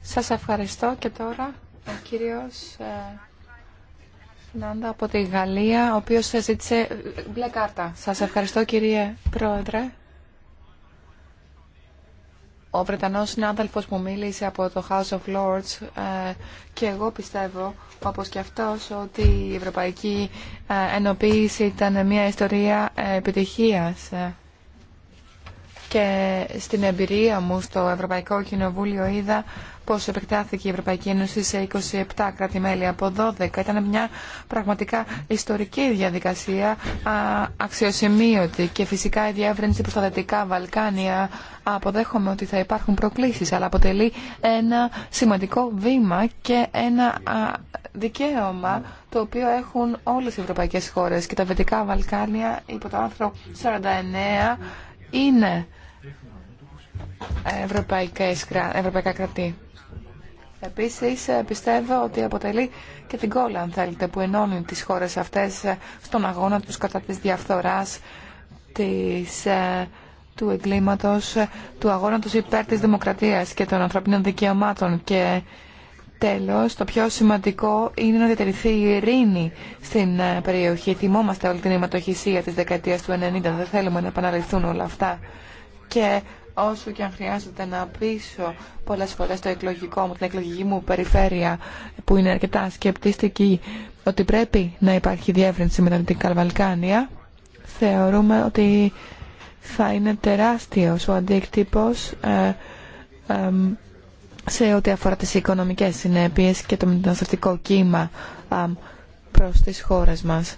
Speaker 4: Σας ευχαριστώ και τώρα ο κύριος ε, ναντά από τη Γαλλία, ο οποίο σας ζήτησε μπλε κάρτα. σα ευχαριστώ κύριε Πρόεδρε. Ο Βρετανό συνάδελφο που μίλησε από το House of Lords ε, και εγώ πιστεύω, όπω και αυτό ότι η Ευρωπαϊκή ε, Ενοποίηση ήταν μια ιστορία επιτυχία και στην εμπειρία μου στο Ευρωπαϊκό Κοινοβούλιο είδα πώς επεκτάθηκε η Ευρωπαϊκή Ένωση σε 27 κρατη από 12. Ήταν μια πραγματικά ιστορική διαδικασία, αξιοσημείωτη και φυσικά η διεύρυνση προς τα Δυτικά Βαλκάνια αποδέχομαι ότι θα υπάρχουν προκλήσεις, αλλά αποτελεί ένα σημαντικό βήμα και ένα δικαίωμα το οποίο έχουν όλες οι ευρωπαϊκές χώρες και τα Δυτικά Βαλκάνια υπό το άρθρο 49 είναι ευρωπαϊκά κρατή. Επίσης ε, πιστεύω ότι αποτελεί και την κόλλα αν θέλετε που ενώνει τις χώρες αυτές ε, στον αγώνα τους κατά της διαφθοράς της, ε, του εγκλήματος, του αγώνα τους υπέρ της δημοκρατίας και των ανθρωπίνων δικαιωμάτων και τέλος το πιο σημαντικό είναι να διατηρηθεί η ειρήνη στην περιοχή. Θυμόμαστε όλη την αιματοχυσία της δεκαετίας του 90, δεν θέλουμε να επαναληφθούν όλα αυτά και όσο και αν χρειάζεται να πείσω πολλές φορές το εκλογικό μου, την εκλογική μου περιφέρεια που είναι αρκετά σκεπτιστική ότι πρέπει να υπάρχει διεύρυνση με τα Βαλκάνια, θεωρούμε ότι θα είναι τεράστιος ο αντίκτυπος ε, σε ό,τι αφορά τις οικονομικές συνέπειες και το μεταναστευτικό κύμα προς τις χώρες μας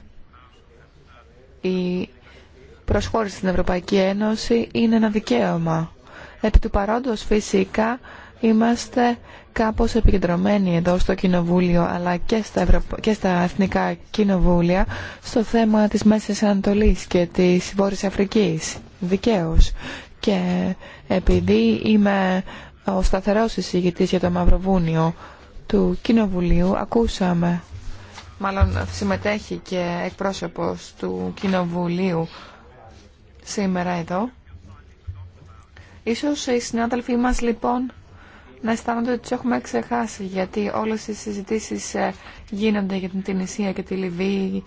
Speaker 4: προσχώρηση στην Ευρωπαϊκή Ένωση είναι ένα δικαίωμα. Επί του παρόντος φυσικά είμαστε κάπως επικεντρωμένοι εδώ στο Κοινοβούλιο αλλά και στα, Εθνικά Κοινοβούλια στο θέμα της Μέσης Ανατολής και της Βόρειας Αφρικής, δικαίως. Και επειδή είμαι ο σταθερός εισηγητής για το Μαυροβούνιο του Κοινοβουλίου, ακούσαμε, μάλλον συμμετέχει και εκπρόσωπος του Κοινοβουλίου σήμερα εδώ. Ίσως οι συνάδελφοί μας λοιπόν να αισθάνονται ότι τους έχουμε ξεχάσει γιατί όλες οι συζητήσεις ε, γίνονται για την Τινησία και τη Λιβύη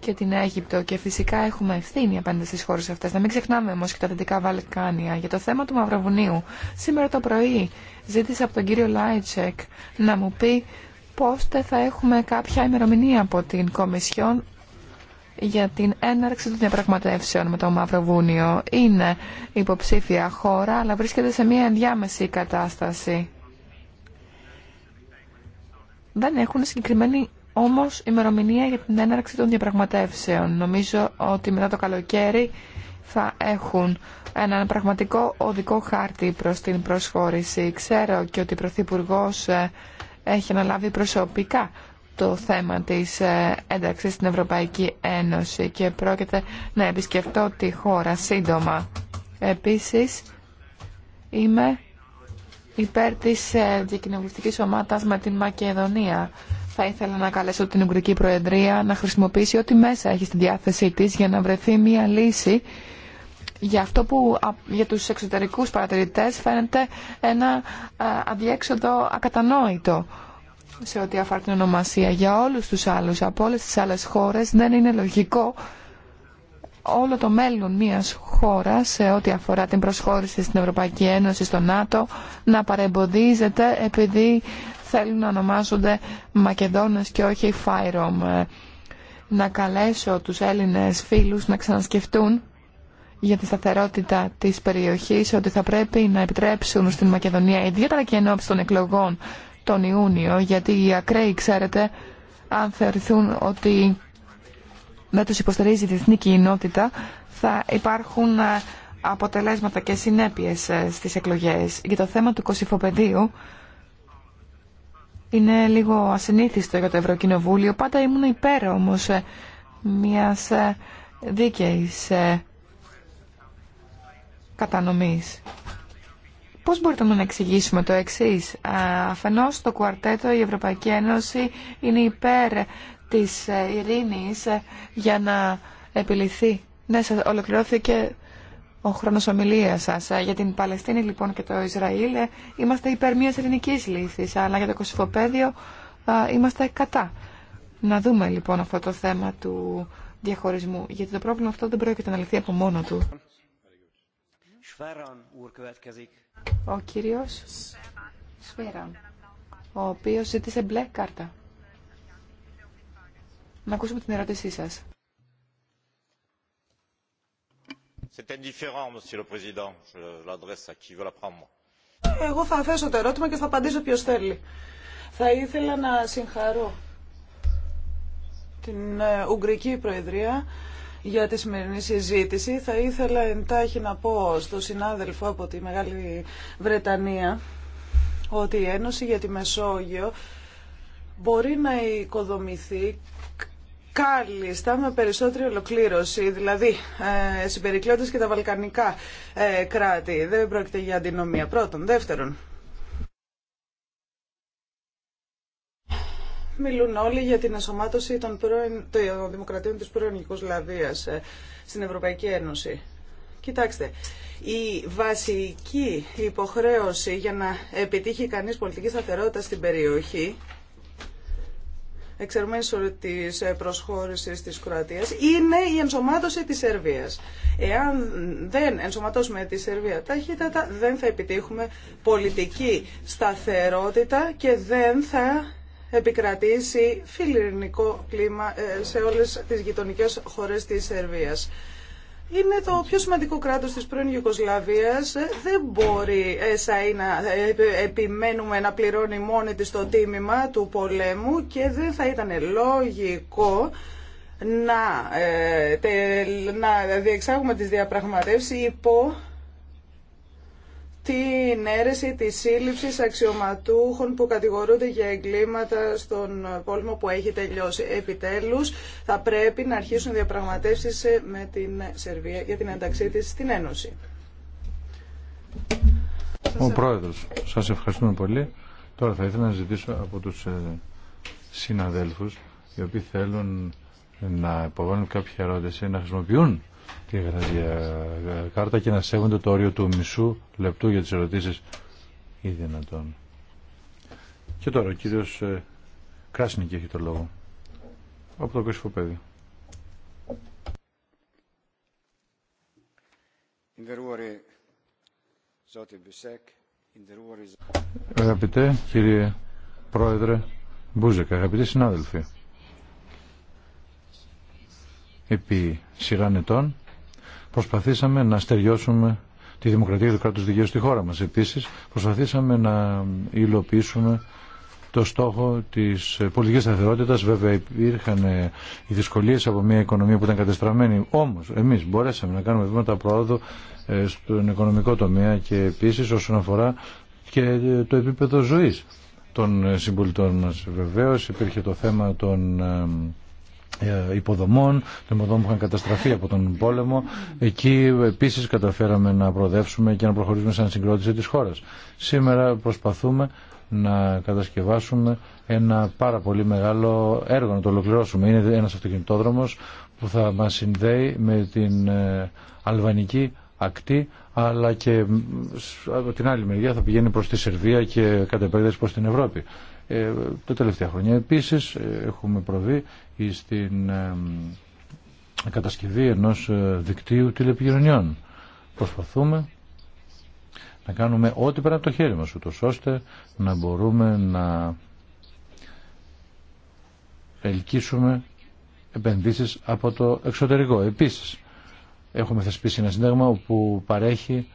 Speaker 4: και την Αίγυπτο και φυσικά έχουμε ευθύνη απέναντι στις χώρες αυτές. Να μην ξεχνάμε όμως και τα Δυτικά Βαλκάνια για το θέμα του Μαυροβουνίου. Σήμερα το πρωί ζήτησα από τον κύριο Λάιτσεκ να μου πει πώς θα έχουμε κάποια ημερομηνία από την Κομισιόν για την έναρξη των διαπραγματεύσεων με το Μαυροβούνιο. Είναι υποψήφια χώρα, αλλά βρίσκεται σε μια ενδιάμεση κατάσταση. Δεν έχουν συγκεκριμένη όμως ημερομηνία για την έναρξη των διαπραγματεύσεων. Νομίζω ότι μετά το καλοκαίρι θα έχουν έναν πραγματικό οδικό χάρτη προς την προσχώρηση. Ξέρω και ότι ο Πρωθυπουργός ε, έχει αναλάβει προσωπικά το θέμα της ε, ένταξης στην Ευρωπαϊκή Ένωση και πρόκειται να επισκεφτώ τη χώρα σύντομα. Επίσης, είμαι υπέρ της ε, Διακοινωνιστικής ομάδας με την Μακεδονία. Θα ήθελα να καλέσω την Ουγγρική Προεδρία να χρησιμοποιήσει ό,τι μέσα έχει στη διάθεσή της για να βρεθεί μια λύση για αυτό που για τους εξωτερικούς παρατηρητές φαίνεται ένα ε, αδιέξοδο ακατανόητο σε ό,τι αφορά την ονομασία για όλους τους άλλους από όλες τις άλλες χώρες δεν είναι λογικό όλο το μέλλον μιας χώρας σε ό,τι αφορά την προσχώρηση στην Ευρωπαϊκή Ένωση, στο ΝΑΤΟ να παρεμποδίζεται επειδή θέλουν να ονομάζονται Μακεδόνες και όχι Φάιρομ. Να καλέσω τους Έλληνες φίλους να ξανασκεφτούν για τη σταθερότητα της περιοχής ότι θα πρέπει να επιτρέψουν στην Μακεδονία ιδιαίτερα και ενώπιση των εκλογών τον Ιούνιο, γιατί οι ακραίοι, ξέρετε, αν θεωρηθούν ότι δεν τους υποστηρίζει η διεθνή κοινότητα, θα υπάρχουν ε, αποτελέσματα και συνέπειες ε, στις εκλογές. Για το θέμα του Κωσυφοπεδίου είναι λίγο ασυνήθιστο για το Ευρωκοινοβούλιο. Πάντα ήμουν υπέρ όμως ε, μιας δίκαιης κατανομής. Πώς μπορείτε να εξηγήσουμε το εξής. Αφενός το κουαρτέτο η Ευρωπαϊκή Ένωση είναι υπέρ της ε, ειρήνης ε, για να επιληθεί. Ναι, σας ολοκληρώθηκε ο χρόνος ομιλίας σας. Ε, για την Παλαιστίνη λοιπόν και το Ισραήλ είμαστε υπέρ μιας ελληνικής λύσης, αλλά για το κοσυφοπαίδιο είμαστε κατά. Να δούμε λοιπόν αυτό το θέμα του διαχωρισμού, γιατί το πρόβλημα αυτό δεν πρόκειται να λυθεί από μόνο του. Ο κύριος Σφέραν, ο οποίος ζήτησε μπλε κάρτα. Να ακούσουμε την ερώτησή σας.
Speaker 2: Εγώ θα θέσω το ερώτημα και θα απαντήσω ποιος θέλει. Θα ήθελα να συγχαρώ την ε, Ουγγρική Προεδρία για τη σημερινή συζήτηση. Θα ήθελα εντάχει να πω στον συνάδελφο από τη Μεγάλη Βρετανία ότι η Ένωση για τη Μεσόγειο μπορεί να οικοδομηθεί κάλλιστα με περισσότερη ολοκλήρωση, δηλαδή ε, συμπερικλώντας και τα βαλκανικά ε, κράτη. Δεν πρόκειται για αντινομία. Πρώτον. Δεύτερον, μιλούν όλοι για την ενσωμάτωση των, πρώην, των δημοκρατίων της πρώην ε, στην Ευρωπαϊκή Ένωση. Κοιτάξτε, η βασική υποχρέωση για να επιτύχει κανείς πολιτική σταθερότητα στην περιοχή εξαιρμένης της ε, προσχώρησης της Κροατίας, είναι η ενσωμάτωση της Σερβίας. Εάν δεν ενσωματώσουμε τη Σερβία ταχύτατα, δεν θα επιτύχουμε πολιτική σταθερότητα και δεν θα επικρατήσει φιλιρινικό κλίμα ε, σε όλες τις γειτονικές χώρες της Σερβίας. Είναι το πιο σημαντικό κράτος της πρώην Ιουγκοσλαβίας. Δεν μπορεί έσα ε, να επιμένουμε να πληρώνει μόνη της το τίμημα του πολέμου και δεν θα ήταν λογικό να, ε, να διεξάγουμε τις διαπραγματεύσεις υπό την αίρεση της σύλληψης αξιωματούχων που κατηγορούνται για εγκλήματα στον πόλεμο που έχει τελειώσει. Επιτέλους, θα πρέπει να αρχίσουν διαπραγματεύσεις με την Σερβία για την ένταξή της στην Ένωση.
Speaker 1: Ο Πρόεδρος, σας ευχαριστούμε πολύ. Τώρα θα ήθελα να ζητήσω από τους ε, συναδέλφους οι οποίοι θέλουν να υποβάλουν κάποια ερώτηση, να χρησιμοποιούν κάρτα και να σέβονται το όριο του μισού λεπτού για τις ερωτήσεις ή δυνατόν. Και τώρα ο κύριος ε, Κράσνικη έχει το λόγο από το κρίσιμο παιδί. Αγαπητέ κύριε Πρόεδρε Μπούζεκ, αγαπητοί συνάδελφοι, επί σειρά ετών προσπαθήσαμε να στεριώσουμε τη δημοκρατία και του κράτους δικαίου στη χώρα μας. Επίση, προσπαθήσαμε να υλοποιήσουμε το στόχο της πολιτικής σταθερότητα. Βέβαια υπήρχαν ε, οι δυσκολίες από μια οικονομία που ήταν κατεστραμμένη. Όμως εμείς μπορέσαμε να κάνουμε βήματα προόδου ε, στον οικονομικό τομέα και επίση όσον αφορά και ε, το επίπεδο ζωή των συμπολιτών μα. Βεβαίω, υπήρχε το θέμα των ε, υποδομών, των υποδομών που είχαν καταστραφεί από τον πόλεμο. Εκεί επίσης καταφέραμε να προοδεύσουμε και να προχωρήσουμε σαν συγκρότηση της χώρας. Σήμερα προσπαθούμε να κατασκευάσουμε ένα πάρα πολύ μεγάλο έργο, να το ολοκληρώσουμε. Είναι ένας αυτοκινητόδρομος που θα μας συνδέει με την ε, αλβανική ακτή, αλλά και από την άλλη μεριά θα πηγαίνει προς τη Σερβία και κατά επέκταση προς την Ευρώπη. Ε, τα τελευταία χρόνια επίσης ε, έχουμε προβεί ή στην κατασκευή ενός ε, δικτύου τηλεπικοινωνιών. Προσπαθούμε να κάνουμε ό,τι πέρα από το χέρι μας, ούτως ώστε να μπορούμε να ελκύσουμε επενδύσεις από το εξωτερικό. Επίσης, έχουμε θεσπίσει ένα σύνταγμα που παρέχει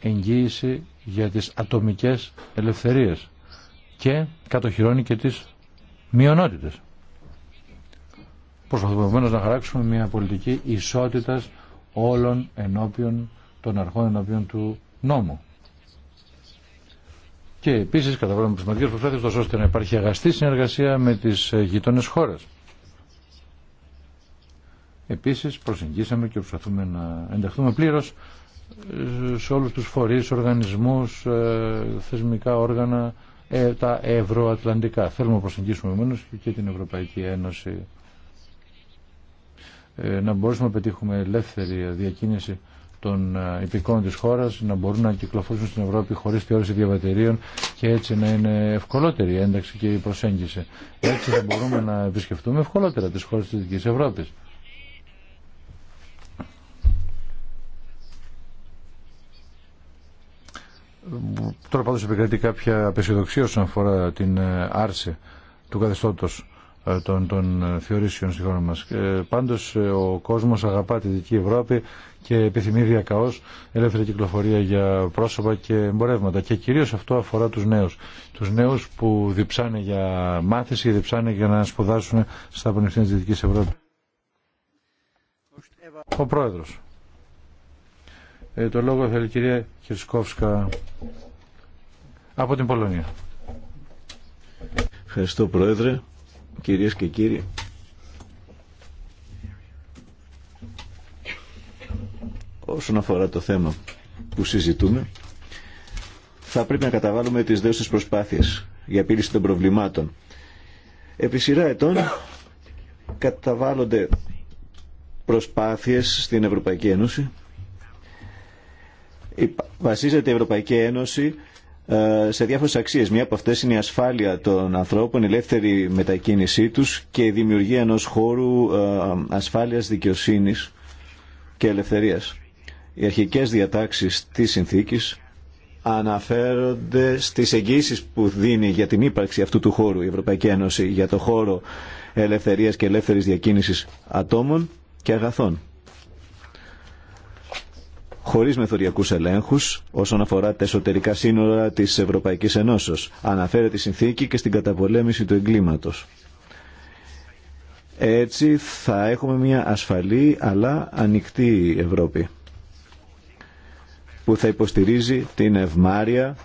Speaker 1: εγγύηση για τις ατομικές ελευθερίες και κατοχυρώνει και τις μειονότητες. Προσπαθούμε επομένω να χαράξουμε μια πολιτική ισότητας όλων ενώπιον των αρχών ενώπιον του νόμου. Και επίση καταβάλουμε σημαντικέ προσπάθειε ώστε να υπάρχει αγαστή συνεργασία με τι ε, γειτόνε χώρε. Επίση προσεγγίσαμε και προσπαθούμε να ενταχθούμε πλήρω ε, σε όλου του φορεί, οργανισμού, ε, θεσμικά όργανα, τα ευρωατλαντικά. Θέλουμε να προσεγγίσουμε επομένω και την Ευρωπαϊκή Ένωση. Ε, να μπορέσουμε να πετύχουμε ελεύθερη διακίνηση των ε, υπηκών της χώρας να μπορούν να κυκλοφορήσουν στην Ευρώπη χωρίς όρεση διαβατηρίων και έτσι να είναι ευκολότερη η ένταξη και η προσέγγιση. Έτσι θα μπορούμε να επισκεφτούμε ευκολότερα τις χώρες της Δυτικής Ευρώπης. Τώρα πάντως επικρατεί κάποια απεσιοδοξία όσον αφορά την ε, άρση του καθεστώτος ε, των, των ε, θεωρήσεων στη χώρα μας. Ε, πάντως ο κόσμος αγαπά τη Δυτική Ευρώπη και επιθυμεί διακαώς ελεύθερη κυκλοφορία για πρόσωπα και εμπορεύματα και κυρίως αυτό αφορά τους νέους. Τους νέους που διψάνε για μάθηση, διψάνε για να σπουδάσουν στα πανεπιστήμια της Δυτικής Ευρώπη. Ο Πρόεδρος. Ε, το λόγο θέλει η κυρία Χερσκόφσκα από την Πολωνία.
Speaker 3: Ευχαριστώ Πρόεδρε κυρίες και κύριοι. Όσον αφορά το θέμα που συζητούμε, θα πρέπει να καταβάλουμε τις δέουσες προσπάθειες για επίλυση των προβλημάτων. Επί σειρά ετών καταβάλλονται προσπάθειες στην Ευρωπαϊκή Ένωση. Βασίζεται η Ευρωπαϊκή Ένωση ε, σε διάφορες αξίες. Μία από αυτές είναι η ασφάλεια των ανθρώπων, η ελεύθερη μετακίνησή τους και η δημιουργία ενός χώρου ε, ασφάλειας, δικαιοσύνης και ελευθερίας. Οι αρχικές διατάξεις της συνθήκης αναφέρονται στις εγγύσεις που δίνει για την ύπαρξη αυτού του χώρου η Ευρωπαϊκή Ένωση για το χώρο ελευθερίας και ελεύθερης διακίνησης ατόμων και αγαθών χωρίς μεθοριακούς ελέγχους όσον αφορά τα εσωτερικά σύνορα της Ευρωπαϊκής Ενώσεως. Αναφέρεται η συνθήκη και στην καταπολέμηση του εγκλήματος. Έτσι θα έχουμε μια ασφαλή αλλά ανοιχτή Ευρώπη που θα υποστηρίζει την ευμάρεια,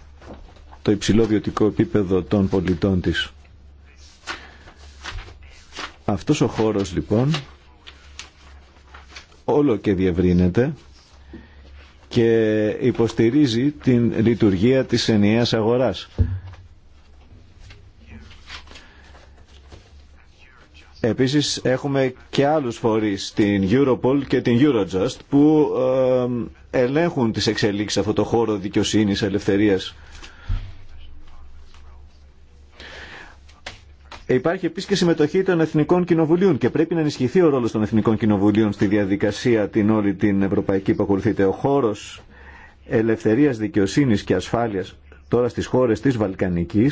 Speaker 3: το υψηλό βιωτικό επίπεδο των πολιτών της. Αυτός ο χώρος λοιπόν όλο και διευρύνεται και υποστηρίζει την λειτουργία της ενιαίας αγοράς. Επίσης έχουμε και άλλους φορείς, την Europol και την Eurojust, που ε, ελέγχουν τις εξελίξεις σε αυτό το χώρο δικαιοσύνης, ελευθερίας Υπάρχει επίση και συμμετοχή των Εθνικών Κοινοβουλίων και πρέπει να ενισχυθεί ο ρόλο των Εθνικών Κοινοβουλίων στη διαδικασία την όλη την ευρωπαϊκή που ακολουθείται. Ο χώρο ελευθερία, δικαιοσύνη και ασφάλεια τώρα στι χώρε τη Βαλκανική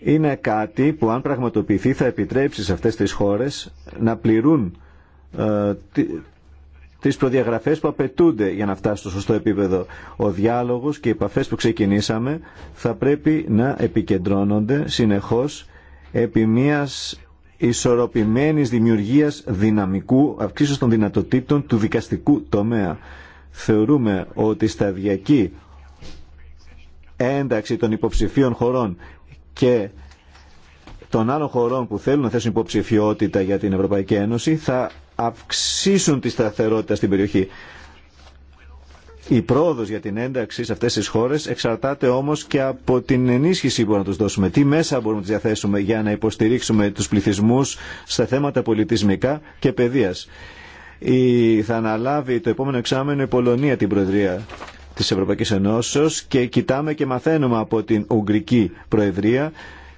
Speaker 3: είναι κάτι που αν πραγματοποιηθεί θα επιτρέψει σε αυτές τις χώρες να πληρούν ε, τις προδιαγραφές που απαιτούνται για να φτάσει στο σωστό επίπεδο. Ο διάλογος και οι επαφέ που ξεκινήσαμε θα πρέπει να επικεντρώνονται συνεχώς επί μιας ισορροπημένης δημιουργίας δυναμικού αυξήσεως των δυνατοτήτων του δικαστικού τομέα. Θεωρούμε ότι η σταδιακή ένταξη των υποψηφίων χωρών και των άλλων χωρών που θέλουν να θέσουν υποψηφιότητα για την Ευρωπαϊκή Ένωση θα αυξήσουν τη σταθερότητα στην περιοχή. Η πρόοδο για την ένταξη σε αυτέ τι χώρε εξαρτάται όμω και από την ενίσχυση που μπορούμε να του δώσουμε. Τι μέσα μπορούμε να του διαθέσουμε για να υποστηρίξουμε του πληθυσμού στα θέματα πολιτισμικά και παιδεία. Η... Θα αναλάβει το επόμενο εξάμενο η Πολωνία την Προεδρία τη Ευρωπαϊκή Ενώσεω και κοιτάμε και μαθαίνουμε από την Ουγγρική Προεδρία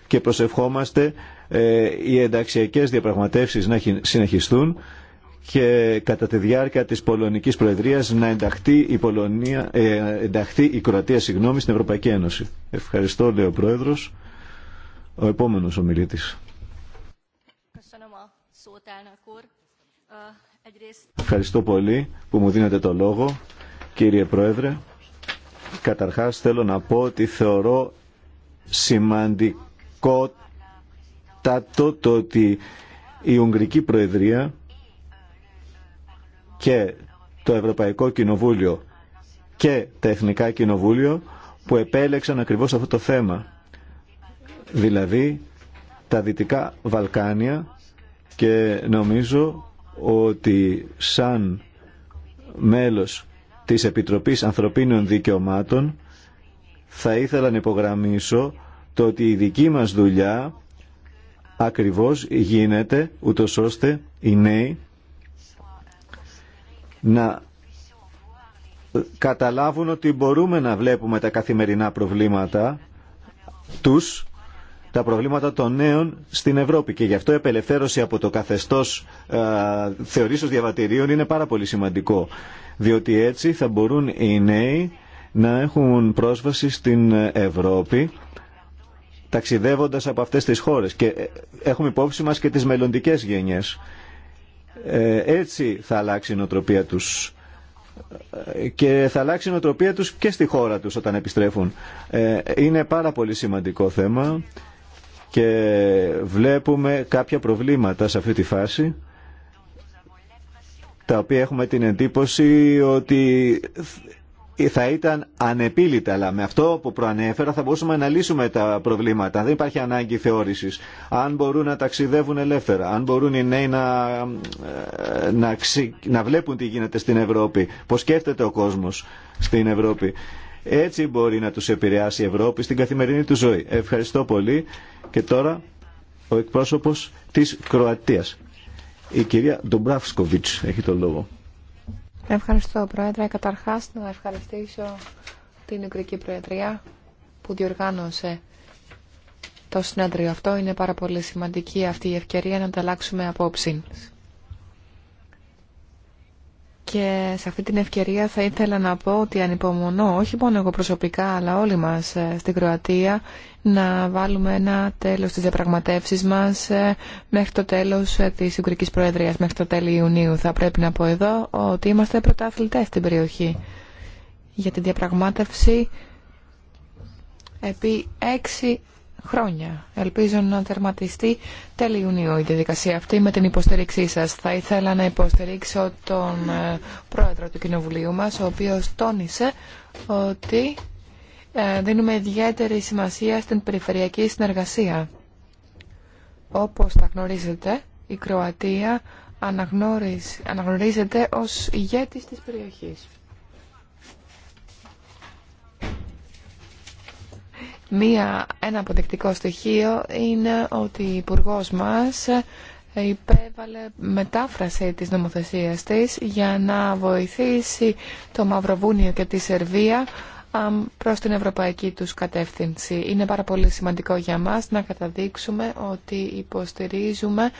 Speaker 3: και προσευχόμαστε ε, οι ενταξιακέ διαπραγματεύσει να συνεχιστούν και κατά τη διάρκεια της Πολωνικής Προεδρίας να ενταχθεί η, Πολωνία, ε, ενταχθεί η Κροατία συγγνώμη, στην Ευρωπαϊκή Ένωση. Ευχαριστώ, λέει ο Πρόεδρος. Ο επόμενος ομιλητής. Ευχαριστώ πολύ που μου δίνετε το λόγο, κύριε Πρόεδρε. Καταρχάς θέλω να πω ότι θεωρώ σημαντικότατο το ότι η Ουγγρική Προεδρία και το Ευρωπαϊκό Κοινοβούλιο και τα Εθνικά Κοινοβούλιο που επέλεξαν ακριβώς αυτό το θέμα. Δηλαδή τα Δυτικά Βαλκάνια και νομίζω ότι σαν μέλος της Επιτροπής Ανθρωπίνων Δικαιωμάτων θα ήθελα να υπογραμμίσω το ότι η δική μας δουλειά ακριβώς γίνεται ούτως ώστε οι νέοι να ε, καταλάβουν ότι μπορούμε να βλέπουμε τα καθημερινά προβλήματα τους, τα προβλήματα των νέων στην Ευρώπη και γι' αυτό η απελευθέρωση από το καθεστώς ε, θεωρήσεως διαβατηρίων είναι πάρα πολύ σημαντικό διότι έτσι θα μπορούν οι νέοι να έχουν πρόσβαση στην Ευρώπη ταξιδεύοντας από αυτές τις χώρες και ε, έχουμε υπόψη μας και τις μελλοντικές γενιές ε, έτσι θα αλλάξει η νοοτροπία τους και θα αλλάξει η νοοτροπία τους και στη χώρα τους όταν επιστρέφουν. Ε, είναι πάρα πολύ σημαντικό θέμα και βλέπουμε κάποια προβλήματα σε αυτή τη φάση τα οποία έχουμε την εντύπωση ότι ε, θα ήταν ανεπίλητα, αλλά με αυτό που προανέφερα θα μπορούσαμε να λύσουμε τα προβλήματα. Δεν υπάρχει ανάγκη θεώρηση. Αν μπορούν να ταξιδεύουν ελεύθερα, αν μπορούν οι νέοι να, ε, να, να βλέπουν τι γίνεται στην Ευρώπη, πώς σκέφτεται ο κόσμο στην Ευρώπη. Έτσι μπορεί να τους επηρεάσει η Ευρώπη στην καθημερινή του ζωή. Ευχαριστώ πολύ. Και τώρα ο εκπρόσωπο τη Κροατία. Η κυρία Ντομπράφσκοβιτς έχει το λόγο.
Speaker 4: Ευχαριστώ, Πρόεδρε. Καταρχάς, να ευχαριστήσω την Ουγγρική Προεδρία που διοργάνωσε το συνέδριο αυτό. Είναι πάρα πολύ σημαντική αυτή η ευκαιρία να ανταλλάξουμε απόψη. Και σε αυτή την ευκαιρία θα ήθελα να πω ότι ανυπομονώ, όχι μόνο εγώ προσωπικά, αλλά όλοι μας ε, στην Κροατία, να βάλουμε ένα τέλος στις διαπραγματεύσεις μας ε, μέχρι το τέλος ε, της Ουγγρικής Προεδρίας, μέχρι το τέλη Ιουνίου. Θα πρέπει να πω εδώ ότι είμαστε πρωταθλητές στην περιοχή για τη διαπραγμάτευση επί έξι χρόνια. Ελπίζω να τερματιστεί τέλη Ιουνίου η διαδικασία αυτή με την υποστήριξή σας. Θα ήθελα να υποστηρίξω τον ε, πρόεδρο του Κοινοβουλίου μας, ο οποίος τόνισε ότι ε, δίνουμε ιδιαίτερη σημασία στην περιφερειακή συνεργασία. Όπως θα γνωρίζετε, η Κροατία αναγνωρίζεται ως ηγέτης της περιοχής. Μία, ένα αποδεκτικό στοιχείο είναι ότι ο υπουργό μας υπέβαλε μετάφραση της νομοθεσίας της για να βοηθήσει το Μαυροβούνιο και τη Σερβία προς την ευρωπαϊκή τους κατεύθυνση. Είναι πάρα πολύ σημαντικό για μας να καταδείξουμε ότι υποστηρίζουμε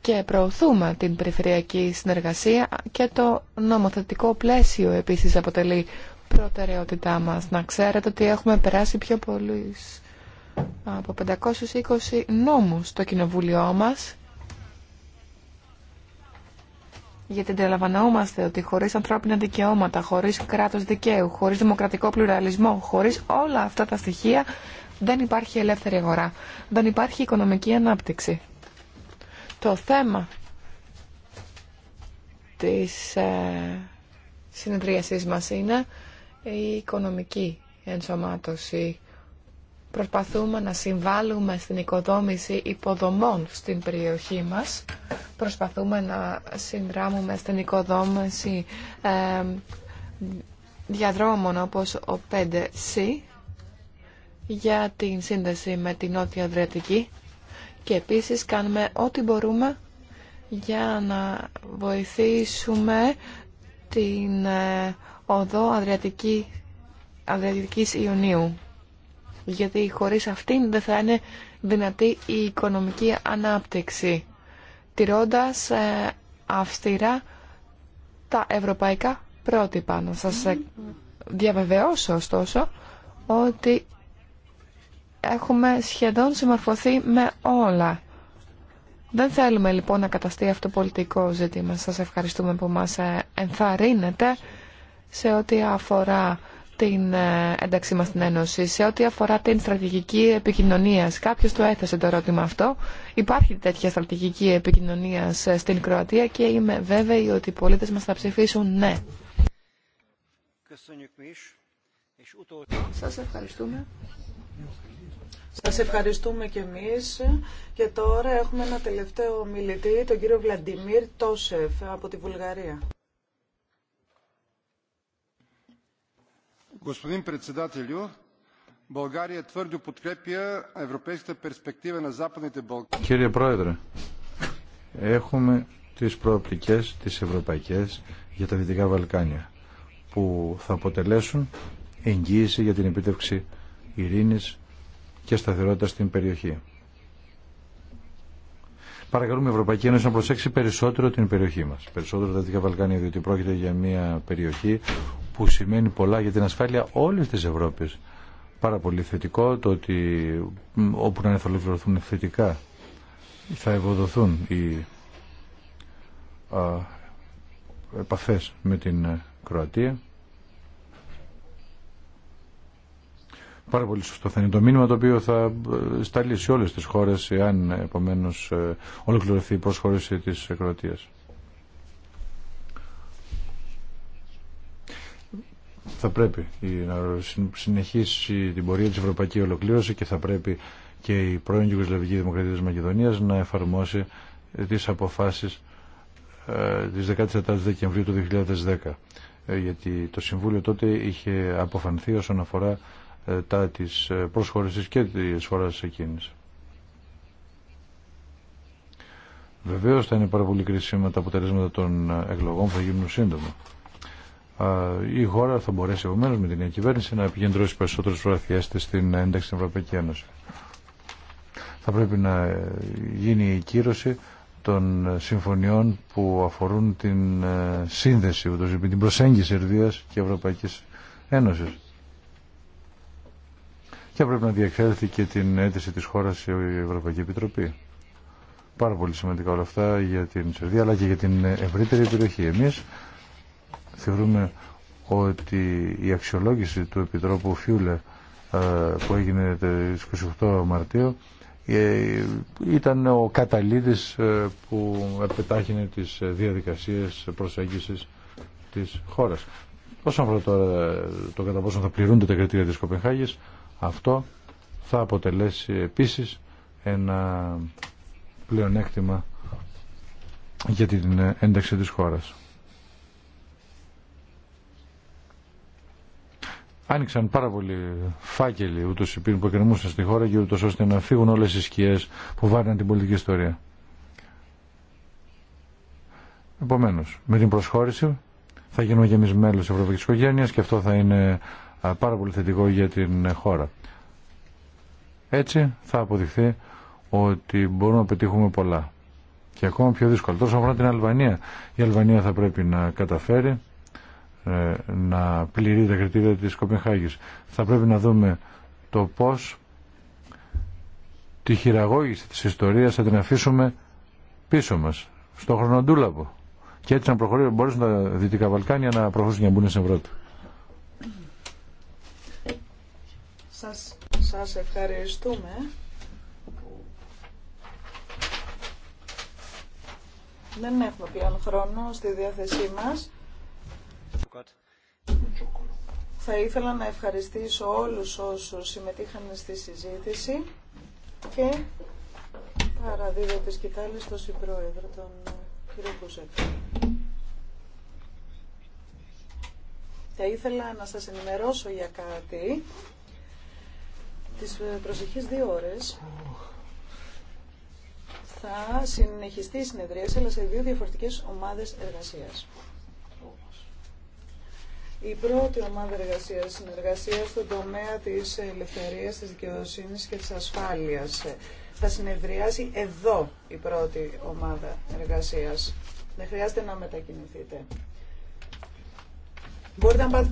Speaker 4: και προωθούμε την περιφερειακή συνεργασία και το νομοθετικό πλαίσιο επίσης αποτελεί προτεραιότητά μας. Να ξέρετε ότι έχουμε περάσει πιο πολλούς από 520 νόμους στο κοινοβούλιο μας γιατί αντιλαμβανόμαστε ότι χωρίς ανθρώπινα δικαιώματα, χωρίς κράτος δικαίου, χωρίς δημοκρατικό πλουραλισμό, χωρίς όλα αυτά τα στοιχεία δεν υπάρχει ελεύθερη αγορά, δεν υπάρχει οικονομική ανάπτυξη. Το θέμα της ε, συνεδρίασής μας είναι η οικονομική ενσωμάτωση. Προσπαθούμε να συμβάλλουμε στην οικοδόμηση υποδομών στην περιοχή μας. Προσπαθούμε να συνδράμουμε στην οικοδόμηση ε, διαδρόμων όπως ο 5C για την σύνδεση με την Νότια Αδριατική και επίσης κάνουμε ό,τι μπορούμε για να βοηθήσουμε την ε, οδό Αδριατική, Αδριατικής Ιωνίου. Γιατί χωρίς αυτήν δεν θα είναι δυνατή η οικονομική ανάπτυξη, τηρώντας ε, αυστηρά τα ευρωπαϊκά πρότυπα. Να σας ε, διαβεβαιώσω ωστόσο ότι έχουμε σχεδόν συμμορφωθεί με όλα. Δεν θέλουμε λοιπόν να καταστεί αυτό πολιτικό ζήτημα. Σας ευχαριστούμε που μας ε, ενθαρρύνετε σε ό,τι αφορά την ε, ένταξή μας στην Ένωση, σε ό,τι αφορά την στρατηγική επικοινωνίας. Κάποιος το έθεσε το ερώτημα αυτό. Υπάρχει τέτοια στρατηγική επικοινωνίας ε, στην Κροατία και είμαι βέβαιη ότι οι πολίτες μας θα ψηφίσουν ναι.
Speaker 2: Σας ευχαριστούμε. Σας ευχαριστούμε και εμείς. Και τώρα έχουμε ένα τελευταίο μιλητή, τον κύριο Βλαντιμίρ Τόσεφ από τη Βουλγαρία.
Speaker 6: Господин
Speaker 1: Κύριε Πρόεδρε, έχουμε τις προοπτικές, τις ευρωπαϊκές για τα Δυτικά Βαλκάνια που θα αποτελέσουν εγγύηση για την επίτευξη ειρήνης και σταθερότητα στην περιοχή. Παρακαλούμε η Ευρωπαϊκή Ένωση να προσέξει περισσότερο την περιοχή μας, περισσότερο τα Δυτικά Βαλκάνια, διότι πρόκειται για μια περιοχή που σημαίνει πολλά για την ασφάλεια όλη τη Ευρώπη. Πάρα πολύ θετικό το ότι όπου να ολοκληρωθούν θετικά θα ευοδοθούν οι α, επαφές με την ε, Κροατία. Πάρα πολύ σωστό θα είναι το μήνυμα το οποίο θα ε, σταλεί σε όλες τις χώρες εάν επομένως ε, ολοκληρωθεί η προσχώρηση της Κροατίας. θα πρέπει να συνεχίσει την πορεία της Ευρωπαϊκή Ολοκλήρωση και θα πρέπει και η πρώην Γιουγκοσλαβική Δημοκρατία της Μακεδονίας να εφαρμόσει ε, τις αποφάσεις ε, της 14 Δεκεμβρίου του 2010 ε, γιατί το Συμβούλιο τότε είχε αποφανθεί όσον αφορά τα της προσχώρησης και της φοράς εκείνης. Βεβαίως θα είναι πάρα πολύ κρίσιμα τα αποτελέσματα των εκλογών που θα γίνουν σύντομα η χώρα θα μπορέσει επομένω με την νέα κυβέρνηση να επικεντρώσει περισσότερε προαθειέ στην ένταξη στην Ευρωπαϊκή Ένωση. Θα πρέπει να ε, γίνει η κύρωση των ε, συμφωνιών που αφορούν την ε, σύνδεση, την προσέγγιση Ερδίας και Ευρωπαϊκής Ένωσης. Και πρέπει να διεξέλθει και την αίτηση της χώρας η Ευρωπαϊκή Επιτροπή. Πάρα πολύ σημαντικά όλα αυτά για την Σερβία αλλά και για την ευρύτερη περιοχή. Εμείς θεωρούμε ότι η αξιολόγηση του Επιτρόπου Φιούλε ε, που έγινε το 28 Μαρτίου ε, ήταν ο καταλήτης ε, που επετάχυνε τις διαδικασίες προσέγγισης της χώρας. Όσον αφορά το κατά πόσο θα πληρούνται τα κριτήρια της Κοπενχάγης, αυτό θα αποτελέσει επίσης ένα πλεονέκτημα για την ένταξη της χώρας. άνοιξαν πάρα πολλοί φάκελοι ούτως υπήρουν που εκκρεμούσαν στη χώρα και ούτω ώστε να φύγουν όλε οι σκιές που βάρναν την πολιτική ιστορία. Επομένω, με την προσχώρηση θα γίνουμε και εμεί μέλο τη ευρωπαϊκή οικογένεια και αυτό θα είναι πάρα πολύ θετικό για την χώρα. Έτσι θα αποδειχθεί ότι μπορούμε να πετύχουμε πολλά. Και ακόμα πιο δύσκολο. Τόσο αφορά την Αλβανία. Η Αλβανία θα πρέπει να καταφέρει ε, να πληρεί τα κριτήρια της Κοπενχάγης. Θα πρέπει να δούμε το πώς τη χειραγώγηση της ιστορίας θα την αφήσουμε πίσω μας, στο χρονοτούλαπο. Και έτσι να προχωρήσουν, μπορούν τα Δυτικά Βαλκάνια να προχωρήσουν για να μπουν σε Ευρώπη.
Speaker 2: Σας, σας ευχαριστούμε. Δεν έχουμε πλέον χρόνο στη διάθεσή μας. Θα ήθελα να ευχαριστήσω όλους όσους συμμετείχαν στη συζήτηση και παραδίδω τις κοιτάλες στον Συμπρόεδρο, τον κύριο Θα ήθελα να σας ενημερώσω για κάτι. Τις ε, προσεχείς δύο ώρες θα συνεχιστεί η συνεδρία σε δύο διαφορετικές ομάδες εργασίας. Η πρώτη ομάδα εργασίας εργασίας-συνεργασία στον τομέα της ελευθερίας, τη δικαιοσύνης και της ασφάλειας. Θα συνεδριάσει εδώ η πρώτη ομάδα εργασίας. Δεν χρειάζεται να μετακινηθείτε. The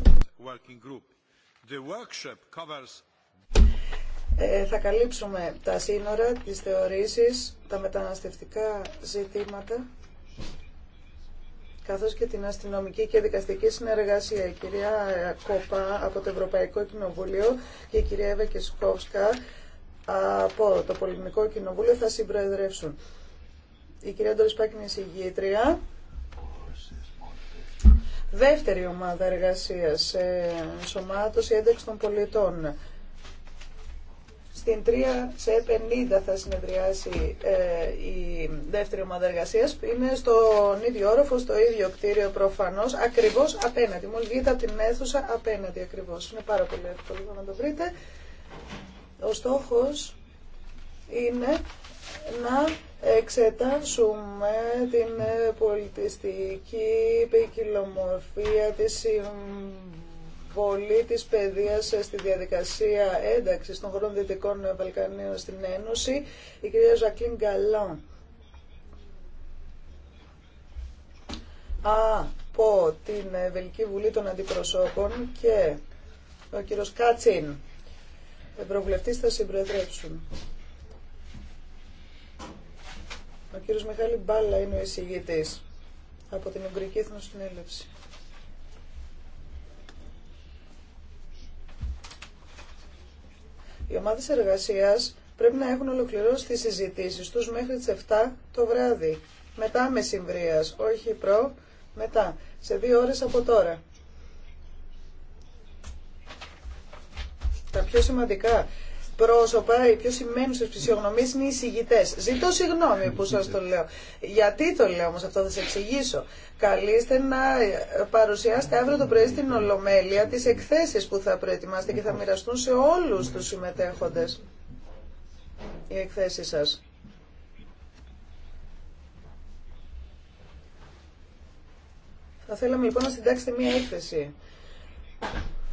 Speaker 2: ε, θα καλύψουμε τα σύνορα, τις θεωρήσεις, τα μεταναστευτικά ζητήματα καθώς και την αστυνομική και δικαστική συνεργασία. Η κυρία Κόπα από το Ευρωπαϊκό Κοινοβούλιο και η κυρία Εύα από το πολιτικό Κοινοβούλιο θα συμπροεδρεύσουν. Η κυρία Ντορισπάκη είναι συγγήτρια. Δεύτερη ομάδα εργασίας, ε, ενσωμάτωση ένταξη των πολιτών. Στην 3 σε 50 θα συνεδριάσει ε, η δεύτερη ομάδα εργασία. Είναι στον ίδιο όροφο, στο ίδιο κτίριο προφανώ, ακριβώ απέναντι. Μόλι βγείτε από την αίθουσα, απέναντι ακριβώ. Είναι πάρα πολύ εύκολο να το βρείτε. Ο στόχο είναι να εξετάσουμε την πολιτιστική ποικιλομορφία, τη συμβουλή πολίτης της παιδείας στη διαδικασία ένταξης των χωρών Δυτικών Βαλκανίων στην Ένωση, η κυρία Ζακλίν Γκαλάν. Από την Βελική Βουλή των Αντιπροσώπων και ο κύριος Κάτσιν, ευρωβουλευτής, θα συμπροεδρέψουν Ο κύριος Μιχάλη Μπάλα είναι ο εισηγητής από την Ουγγρική Εθνοσυνέλευση. Οι ομάδες εργασία πρέπει να έχουν ολοκληρώσει τι συζητήσει τους μέχρι τις 7 το βράδυ. Μετά μεσημβρίας, όχι προ, μετά, σε δύο ώρες από τώρα. Τα πιο σημαντικά πρόσωπα, οι πιο σημαίνουσες φυσιογνωμίε είναι οι εισηγητέ. Ζητώ συγγνώμη που σας το λέω. Γιατί το λέω όμω αυτό θα σα εξηγήσω. Καλείστε να παρουσιάσετε αύριο το πρωί στην Ολομέλεια τις εκθέσεις που θα προετοιμάσετε και θα μοιραστούν σε όλου του συμμετέχοντες οι εκθέσεις σας. Θα θέλαμε λοιπόν να συντάξετε μία έκθεση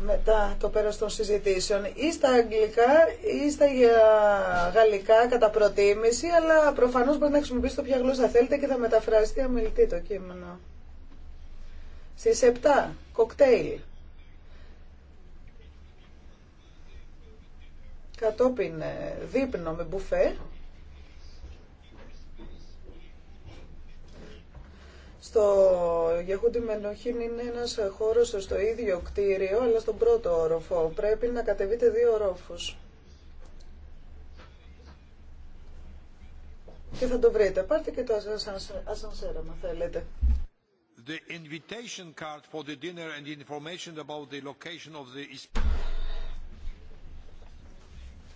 Speaker 2: μετά το πέρας των συζητήσεων ή στα αγγλικά ή στα ε, γαλλικά κατά προτίμηση αλλά προφανώς μπορείτε να χρησιμοποιήσετε όποια γλώσσα θέλετε και θα μεταφραστεί αμελητή το κείμενο. Στις 7, κοκτέιλ. Κατόπιν ε, δείπνο με μπουφέ. Στο Γεχούντι Μενοχήν είναι ένας χώρος στο ίδιο κτίριο, αλλά στον πρώτο όροφο. Πρέπει να κατεβείτε δύο ορόφους. Και θα το βρείτε. Πάρτε και το ασανσέρα, αν θέλετε.
Speaker 1: The invitation
Speaker 6: card for the dinner and information about the location of the...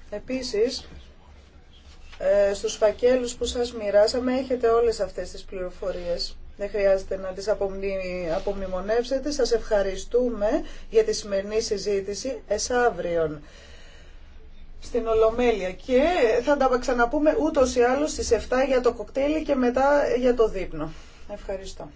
Speaker 2: Επίσης, ε, στους φακέλους που σας μοιράσαμε έχετε όλες αυτές τις πληροφορίες. Δεν χρειάζεται να τις απομνημονεύσετε. Σας ευχαριστούμε για τη σημερινή συζήτηση εσάβριον στην Ολομέλεια και θα τα ξαναπούμε ούτως ή άλλως στις 7 για το κοκτέιλι και μετά για το δείπνο. Ευχαριστώ.